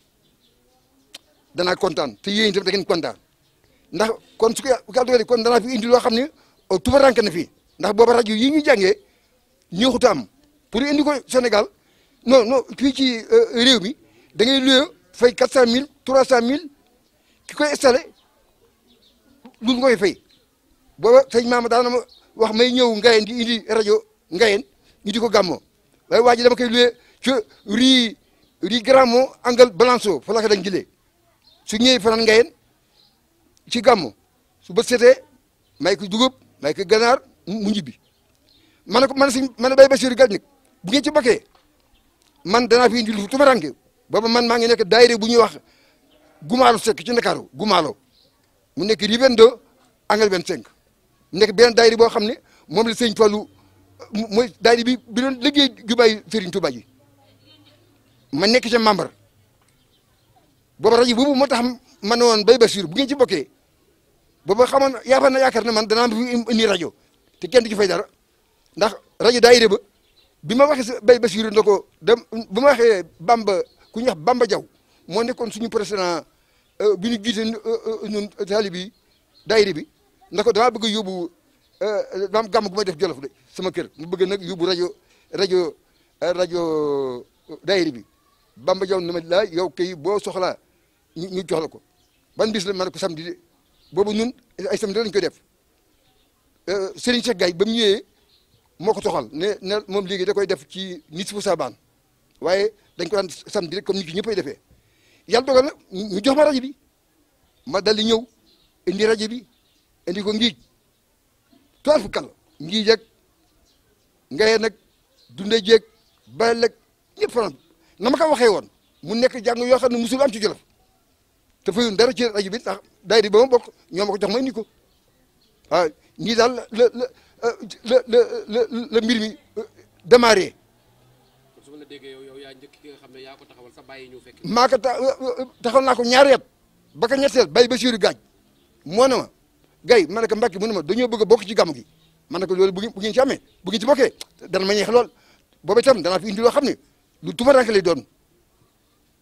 danaa kontaan te yéen itam da ngeen kontaan ndax kon su ko kàddu kon danaa fi indi loo na ndax non non fii ci euh, réew mi da ngay luye fay quatre cent mille trois cent mille ki koy installé lu ngoy fay booba sëñ maama daana ma wax may ñëw Ngayen di indi rajo Ngayen ñu di ko gàmmoo waaye waa ji dama koy luye ri ri grand mot angle balanço fa la ko dañ su ñëwee fanaan Ngayen ci gàmmo su bët seetee may ko dugub may ko ganaar mu ñibbi ma ne ko man si ma ne bay Basiir gàj ci bakkee man danaa fi indi lu tumaranke booba man maa ngi nekk daayira bu ñuy wax gumaalo sekk ci Ndakaaru gumaalo mu nekk rue 22 angle 25 nekk benn daayira boo xam ne moom la sëñ Fallou mooy daayira bi bi doon liggéey jubaay Serigne Touba ji ma nekk ca membre booba rajo boobu moo tax ma ne woon bay Basiir bu ngeen ci bokkee booba xamoon yaakaar na yaakaar na man danaa fi indi rajo te kenn du ci fay dara ndax rajo daayira ba bi ma waxee sa bay Bassirou na ko dem bi ma waxee Bamba ku ñax wax Bamba Diaw moo nekkoon suñu président euh, bi ñu jiite euh, euh, ñun taali bi daayira bi na ko damaa bëgg a yóbbu daam gàmm gu may def Jolof de sama kër mu bëgg nag yóbbu rajo rajo rajo daayira bi Bamba Diaw ne ma laa yow kay boo soxlaa ñu ñu jox la ko ban bis la ma ne ko samedi de boobu ñun ay samedi lañ koy def Serigne Cheikh Gaye ba mu ñëwee. moo ko soxal ne ne moom léegi da koy def ci nisfu saabaan waaye dañ ko daan samedi rek comme ni ko ñëppay defee yàlla dogal na ñu jox ma rajo bi ma dal di ñëw indi rajo bi indi ko ngiij toor fu kal ngiij ak ngayee nag dunde jeeg bàyyi lag ñëpp fanaan na ma ka waxee woon mu nekk jàng yoo xam ne musul am ci jolof te fayun dara ci rajo bi ndax daayira ba ma bokk ñoo ko jox ma indi ko waaw ñii daal la la la la mbir mi euh, démarré. su ma la déggee yow yaa njëkk ki nga xam taxawal sa bàyyi ñu fekk. maa ko euh, euh, taxawal naa ko ñaari at ba ka bay ba siiru gaaj moo ne ma gay ma ne ko mbàkk mu ma dañoo bëgg a bokk ci gàmm gi ma ne ko loolu bu ngeen bu ngeen ci amee bu ngeen ci bokkee dana ma lool booba itam danaa fi indi loo xam ne lu tumaranke lay doon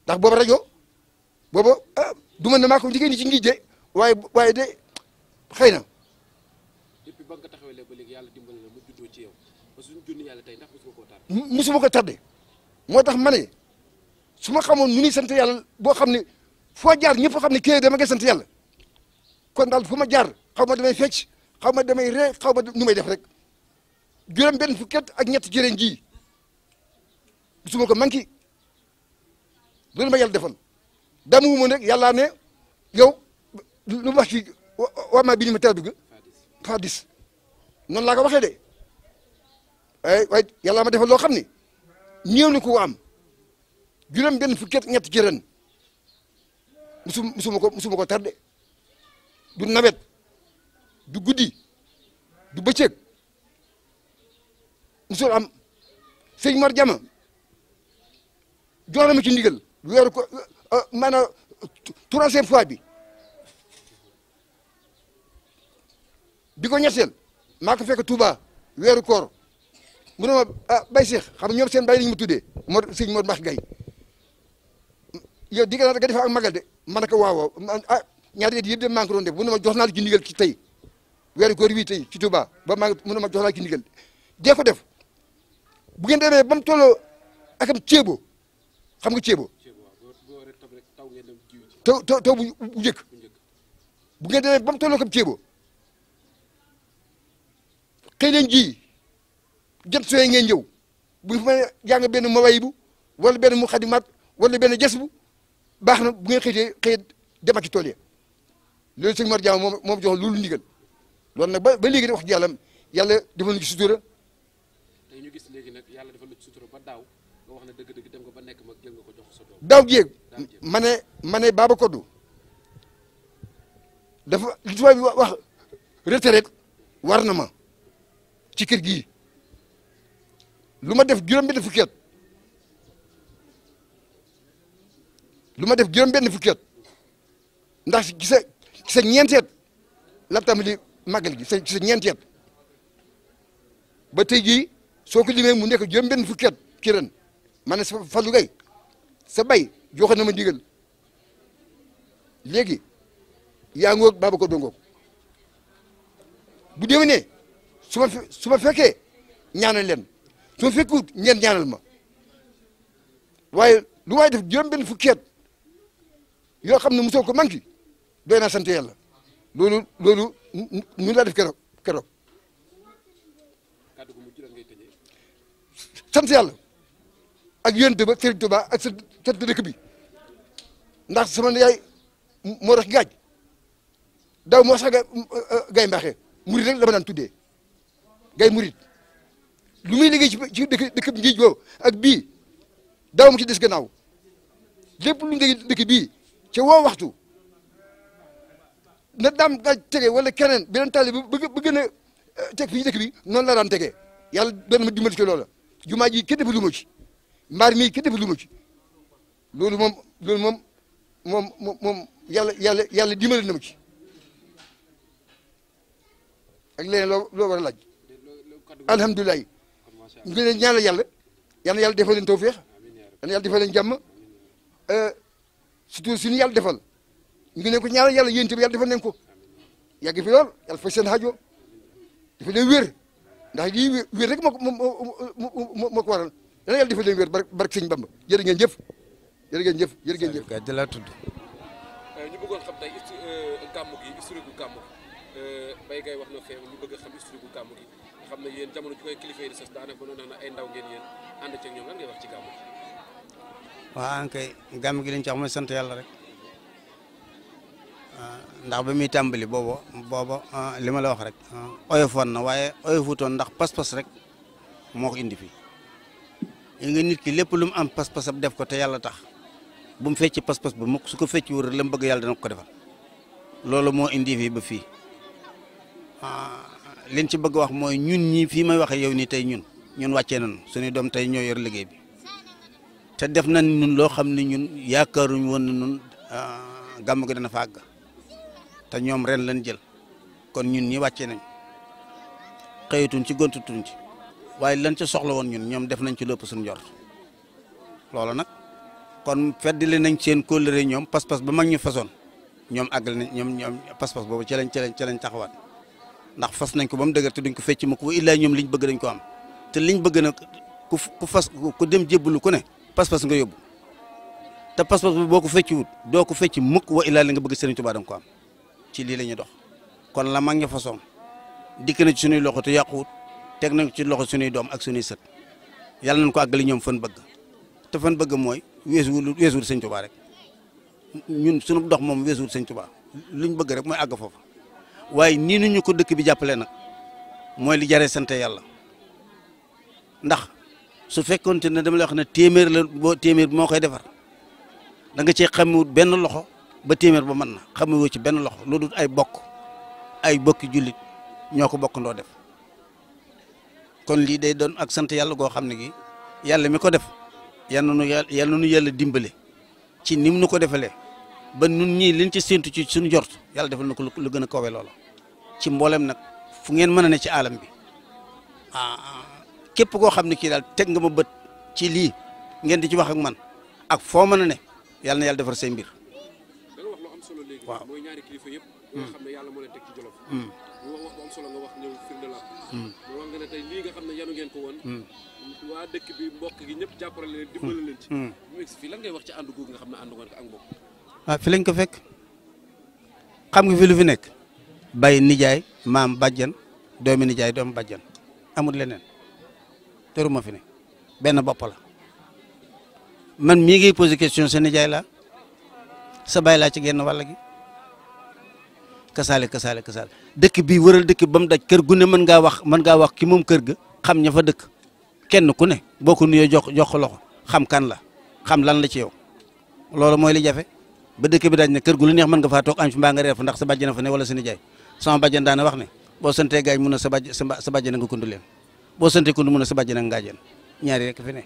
ndax booba rajo booba ah du ma ne maa ko njëkkee ni ci ngi jee waaye waaye de xëy na. ba nga taxawee ba léegi yàlla dimbali la mu juddoo ci yow parce que suñu junni yàlla ko tardé. moo tax ma ne su ma xamoon nu ñuy sant yàlla boo xam ne foo jaar ñëpp xam ne kii dama koy sant yàlla kon daal fu ma jaar xaw ma damay fecc xaw ma damay ree xaw ma nu may def rek juróom benn fukki ak ñett jëreen ji mosuma ko manqué loolu ma yàlla defoon damu ma nag yàllaa ne yow lu wax ci wa waamaa bi ma teel a dugg. Fadis. noonu laa ko waxee de ay eh, waaye ma defal loo xam ni ñëw ko am juróom benn fukki at ñett ci ren musu ko tar ko du nawet du guddi du bëccëg musul am sëñ Mor Jama jox na ma ci ndigal weeru ko euh, maanaam troisième fois bi bi ko ñetteel maa ko fekk Touba weeru koor mu ne ma ah bay Cheikh xam ñoom seen bay lañ ma tuddee moo sëñ Modou Mbax Gaye yow di nga nga defee ak magal de man ko waawoo ah ñaari yëpp de maa ngi ko doon def mu ne ma jox naa la ci ci tey weeru koor wii tey ci Touba ba maa ngi mu ma jox naa ci ndigal dee ko def bu ngeen demee ba mu tolloo akam ceebo xam nga ceebo taw taw taw bu njëkk bu ngeen demee ba mu tolloo akam ceebo xëy leen ji jot sooy ngeen ñëw bu ma jàng benn maway bu wala benn mu xadimaat wala benn ges bu baax na bu ngeen xëytee xëy dem ak ci tool ya loolu sëñ ma Jaam moom moom jox loolu ndigal loolu nag ba ba léegi wax dëgg yàlla yàlla defal na ci sutura. ñu gis léegi nag yàlla defal na ci sutura daaw nga wax ne dëgg-dëgg dem nga ba nekk mag jël nga ko jox sa doom. daaw ma ne ma ne Baba Koddu dafa li tubaab bi wax retraite war na ma. ci kër gii lu ma def juróom-benn fukki at lu ma def juróom-benn fukki at ndax ci sa ci sa ñeenti la tàmbali màggal gi ci sa ñeenti ba tey jii soo ko limee mu nekk juróom-benn fukki at ci ren ma ne sa Fallou Gueye sa bay joxe ma ndigal léegi yaa ngoog baaba ko dongoog bu déwénee suma ma su ma fekkee ñaanal leen su ma fekkuut ñaanal ma waaye lu waaye def juróom benn fukki at yoo xam ne mosoo ko manqué doy naa sant yàlla loolu loolu ñu laa def keroog keroog sant yàlla ak yonent ba Serigne Touba ak sa sa dëkk bi ndax sama yaay moo tax gaaj daaw moo sax gay mbaaxee murid rek la ma daan tuddee gay murit lu muy liggéey ci ci dëkk dëkk njiij boobu ak bii daaw mu ci des gannaaw lépp lu liggéey dëkk bii ca woo waxtu na daam daaj tege wala keneen beneen taali bi bëgg bëgg na eh, teg fii dëkk bi noonu la daan tegee yàlla doon ma dimbali ci loola jumaa ji kenn defu lu ma ci mbaar mii kenn defu lu ma ci loolu moom loolu moom moom moom yàlla yàlla na ma ci ak leneen loo loo war a alhamdulilah ñu ngi leen ñaanal yàlla yal na yàlla defal leen tawféex yal na yàlla defal leen jàmm euh, surtout suñu yàlla defal ñu ngi leen ko ñaanal yàlla yéen tamit yàlla defal nañ ko yàgg fi lool yàlla faj seen aajo dafa leen ndax lii wér rek moo ko moo moo ko waral yal na yàlla defal leen wér barke barke sëñ jëf jërë ngeen jëf jërë ngeen jëf. xam ne yéen jamono ji koy kilifa yi di sos daanaka mënoon na ay ndaw ngeen yéen ànd ci ñoom lan ngay wax ci gàmmu gi. waaw kay gàmm gi liñ ci mooy sant yàlla rek ah, ndax ba muy tàmbali boobu boobu ah, li ma la wax rek ah, oyofoon na waaye oyofutoon ndax pas-pas rek moo indi fi yi nga nit ki lépp lu mu am pas-pas ab def ko te yàlla tax bu mu fecc pas-pas ba mu su ko fecc wër la mu bëgg yàlla dana ko defal loolu moo indi fii ba fii liñ ci bëgg wax mooy ñun ñii fii may waxee yow nii tey ñun ñun wàccee nañu suñu doom tey ñoo yor liggéey bi te def na ñun loo xam ne ñun yaakaaruñ woon na ñun ah, gàmm gi dana fàgg te ñoom ren lañ jël kon ñun ñi wàccee nañ xëyatuñ ci gontutuñ ci waaye lan ca soxla woon ñun ñoom def nañ ci lépp suñu njort loolu nag kon feddali nañ seen kóllëre ñoom pas-pas ba mag ñu fasoon ñoom àggal nañ ñoom ñoom pas-pas boobu ci lañ ci lañ ci lañ taxawaat ndax fas nañ ko ba mu dëgër te duñ ko fecc ma ko illaa ñoom liñ bëgg dañ ko am te liñ bëgg na ku ku fas ku dem jébbalu ku ne pas-pas nga yóbbu te pas-pas bi boo ko fecciwut doo ko fecc mukk wa illaa li nga bëgg Sëriñ Tuubaa da nga ko am ci lii la ñuy dox kon la mag nga façon dikk na ci suñuy loxo te yàquwut teg nañ ci loxo suñuy doom ak suñuy sët yàlla nañ ko la ñoom fan bëgg te fan bëgg mooy weesuwul weesuwul Sëriñ Tuubaa rek ñun suñu dox moom weesuwul Sëriñ Tuubaa luñ bëgg rek mooy àgg foofu waaye nii ni ñu ko dëkk bi jàppale nag mooy li jare sant yàlla ndax su fekkonte ne dama lay wax ne téeméer la boo téeméer bi moo koy defar danga ce cee xamewut benn loxo ba téeméer ba mën na xamewoo ci benn loxo loolu ay bokk ay bokki jullit ñoo ko bokk ndoo def kon lii day doon ak sant yàlla goo xam ne gi yàlla mi ko def yal nu yàlla yal dimbale ci nim nu ko defalee ba nun ñi liñ ci sentu ci suñu jort yalla defal na lu gëna a lolo ci mboolem nak fu ngeen mëna a ne ci alam bi ah, képp koo xam ne kii daal teg nga ma bëtt ci li ngeen di ci wax ak man ak fo mëna a ne yalla na yalla defal sey mbir waaw mooy ñaari kilifa yëpp nga hmm. xam ne yàlla leen ci hmm. wax bu am solo nga wax la hmm. wax nga ne nga yanu ngeen ko bi mbokk gi ñëpp jappale leen dimbal leen ci mix fi lan ngay wax ci andu gog nga xam andu ngeen ak mbokk ah fi lañ ko fekk xam nga fi lu fi nekk bay nijaay maam bàjjan doomi nijaay doomu bajjan amut leneen tëru ma fi ne benn bopp la man mii ngi posé question sa nijaay la sa bay laa ci genn wàll gi kasaale kasaale kasaale dëkk bii wëral dëkk ba mu daj kër gu ne mën ngaa wax mën ngaa wax ki moom kër ga xam ña fa dëkk kenn ku ne boo ko nuyoo jox jox loxo xam kan la xam lan la ci yow loolu mooy la jafe ba dekk bi dañ ne kër gu lu neex man nga fa tok am fi mbaa nga reer ndax sa badjana fa ne wala sene jay sama bàjjan daana wax ne bo sante gaay mu na sa badjana sa badjana nga kundulen bo sante kundu mu na sa badjana nga gaajeen ñaari rek fi ne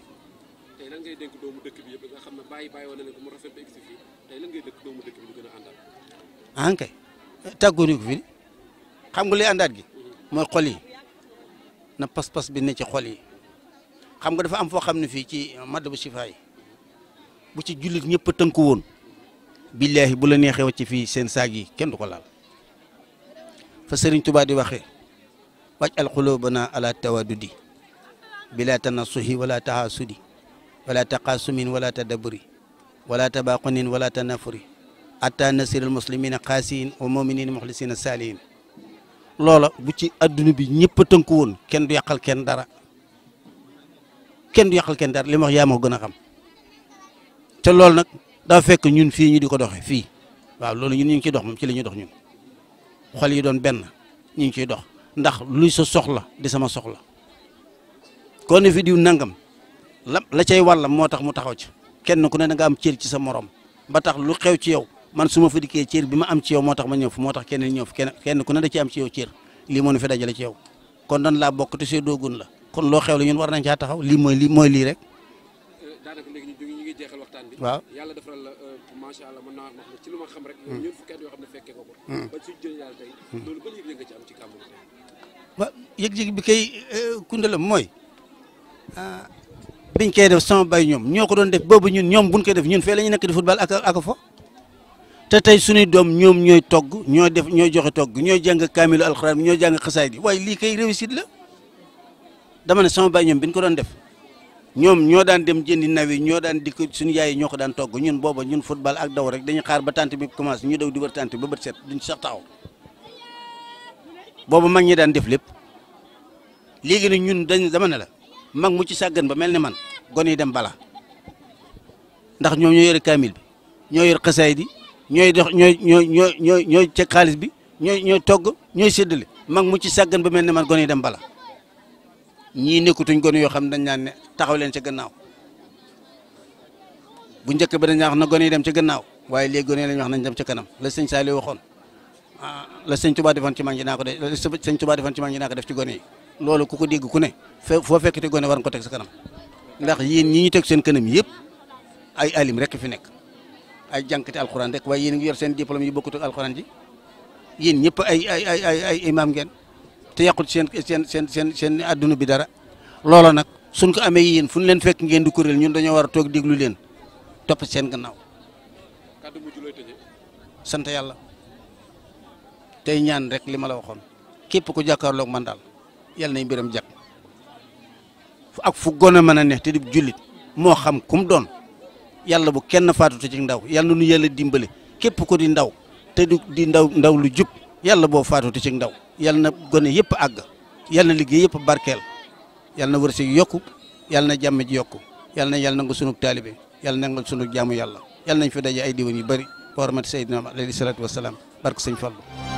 tay lan ngay dénk doomu dekk bi yeb nga xamne ne bàyyi wala ne ko mu rafet egsi fii tay lan ngay dénk doomu dekk bi lu gëna andal àndal ah, kay tàggoo ñu ko fi xam nga li andat gi moy xol yi na pas-pas bi ne ci xol yi xam nga dafa am fo xamni fi ci madd bu sifa yi bu ci julit ñepp tënku woon billaahi bu la neexee wàcc fii seen saag yi kenn du ko laal fa sëriñ Tuubaa di waxee wàcc al quluubana ala tawadudi bila tanasuhi wala tahaasudi wala taqaasumin wala tadaburi wala tabaqunin wala tanafuri atta nasir al muslimina xaasiin wa muminin muxlisina saalihin loola bu ci adduna bi ñëpp a tënku woon kenn du yàqal kenn dara kenn du yàqal kenn dara li wax yaa ma ko xam te loolu nag da fekk ñun fi ñu di doxé fi fii waaw loolu ñun ñu ngi dox moom ci la ñuy dox ñun xol yi doon ben ñu ngi ciy dox ndax luy sa soxla di sama soxla ko ne fi diw nangam la la wala motax mu taxaw ci kenn ku ne nga am ciir ci sa morom ba tax lu xew ci yow man suma fi fa ciir bima am ci yow motax ma ñew fi moo kenn ñew fi kenn ku ne da ci am ci yow ciir li mo nu fi dajale ci yow kon dan la bokk ci sey dogun la kon lo xew li ñun war nañ ci taxaw li moy li moy li rek waaw yàlla defaral la euh, macha allah mën naa wax xam rek. yow hmm. yoo xam ne fekkee ko ko. Hmm. ba suñu jëlee hmm. yëg-yëg bi. waaw yëg-yëg kay euh, kundalam mooy biñ ah, koy def sama bay ñoom ñoo ko doon def boobu ñun ñoom buñ koy def ñun fee la ñu nekk di football ak ak fo. te tey sunuy doom ñoom ñooy togg ñoo def ñooy joxe togg ñooy jàng kaamilu alxuraan ñooy jàng xasaay bi waaye lii kay réussite la dama ne sama bay ñoom biñ ko doon def. ñoom ñoo daan dem jëndi nawi ñoo daan dikk suñu yaay yi ñoo ko daan togg ñun booba ñun football ak daw rek dañu xaar ba tànt bi commencé ñu daw di wër tànt ba bët set duñ sax taxaw booba mag ñi daan def lépp léegi nag ñun dañ dama la mag mu ci sàggan ba mel ne man gone yi dem bala ndax ñoom ñoo yore kaamil bi ñoo yor xasaay di ñooy dox ñooy ñooy ñooy ñooy ñooy ceg xaalis bi ñooy ñooy togg ñooy séddale mag mu ci sàggan ba mel ne man gone dem bala ñii nekkutuñ gone yoo xam ne dañ naan ne taxaw leen ca gannaaw bu njëkk ba dañ wax na gone yi dem ca gannaaw waaye lee gone yi wax nañ dem ca kanam la sëñ Saliou waxoon ah, la sëñ Touba defoon ci mag ñi naa ko def la sëñ Touba defoon ci mag def gone yi loolu ku ko dégg ku ne foo fekkati gone war nga ko teg sa kanam ndax yéen ñi ñu teg seen kanam yëpp ay alim rek fi nekk ay jànkati alxuraan rek waaye yéen ngi yor seen diplôme yi bokkut ak alxuraan ji yéen ñëpp ay ay ay ay imam ngeen te yàqul sen sen sen sen sen aduna bi dara lolo nak suñ ko amé yeen fuñ len fekk ngeen du kurel ñun dañoo len top sen gannaaw kaddu mu julay teje sant yalla tay ñaan rek lima lawakon, la waxoon képp ku ak man dal yalla nay mbiram jak ak fu gona meena ne te di julit mo xam kum doon yalla bu kenn faatu ci ndaw yalla nu yalla dimbale kep ko di ndaw te di ndaw ndaw lu jup yàlla boo faatuti ci ndaw yàlla na gone yëpp àgg yàlla na liggéey yëpp barkeel yàlla na wërsëg yokku yal na jàmm ji yokku yàlla na yàlla nangu sunu taalibe na nangal sunu jaamu yàlla yàlla nañ fi daje ay diwan yu bëri. wa rahmatu sayyidina alayhi salaatu wa salaam barke sëñ Fallu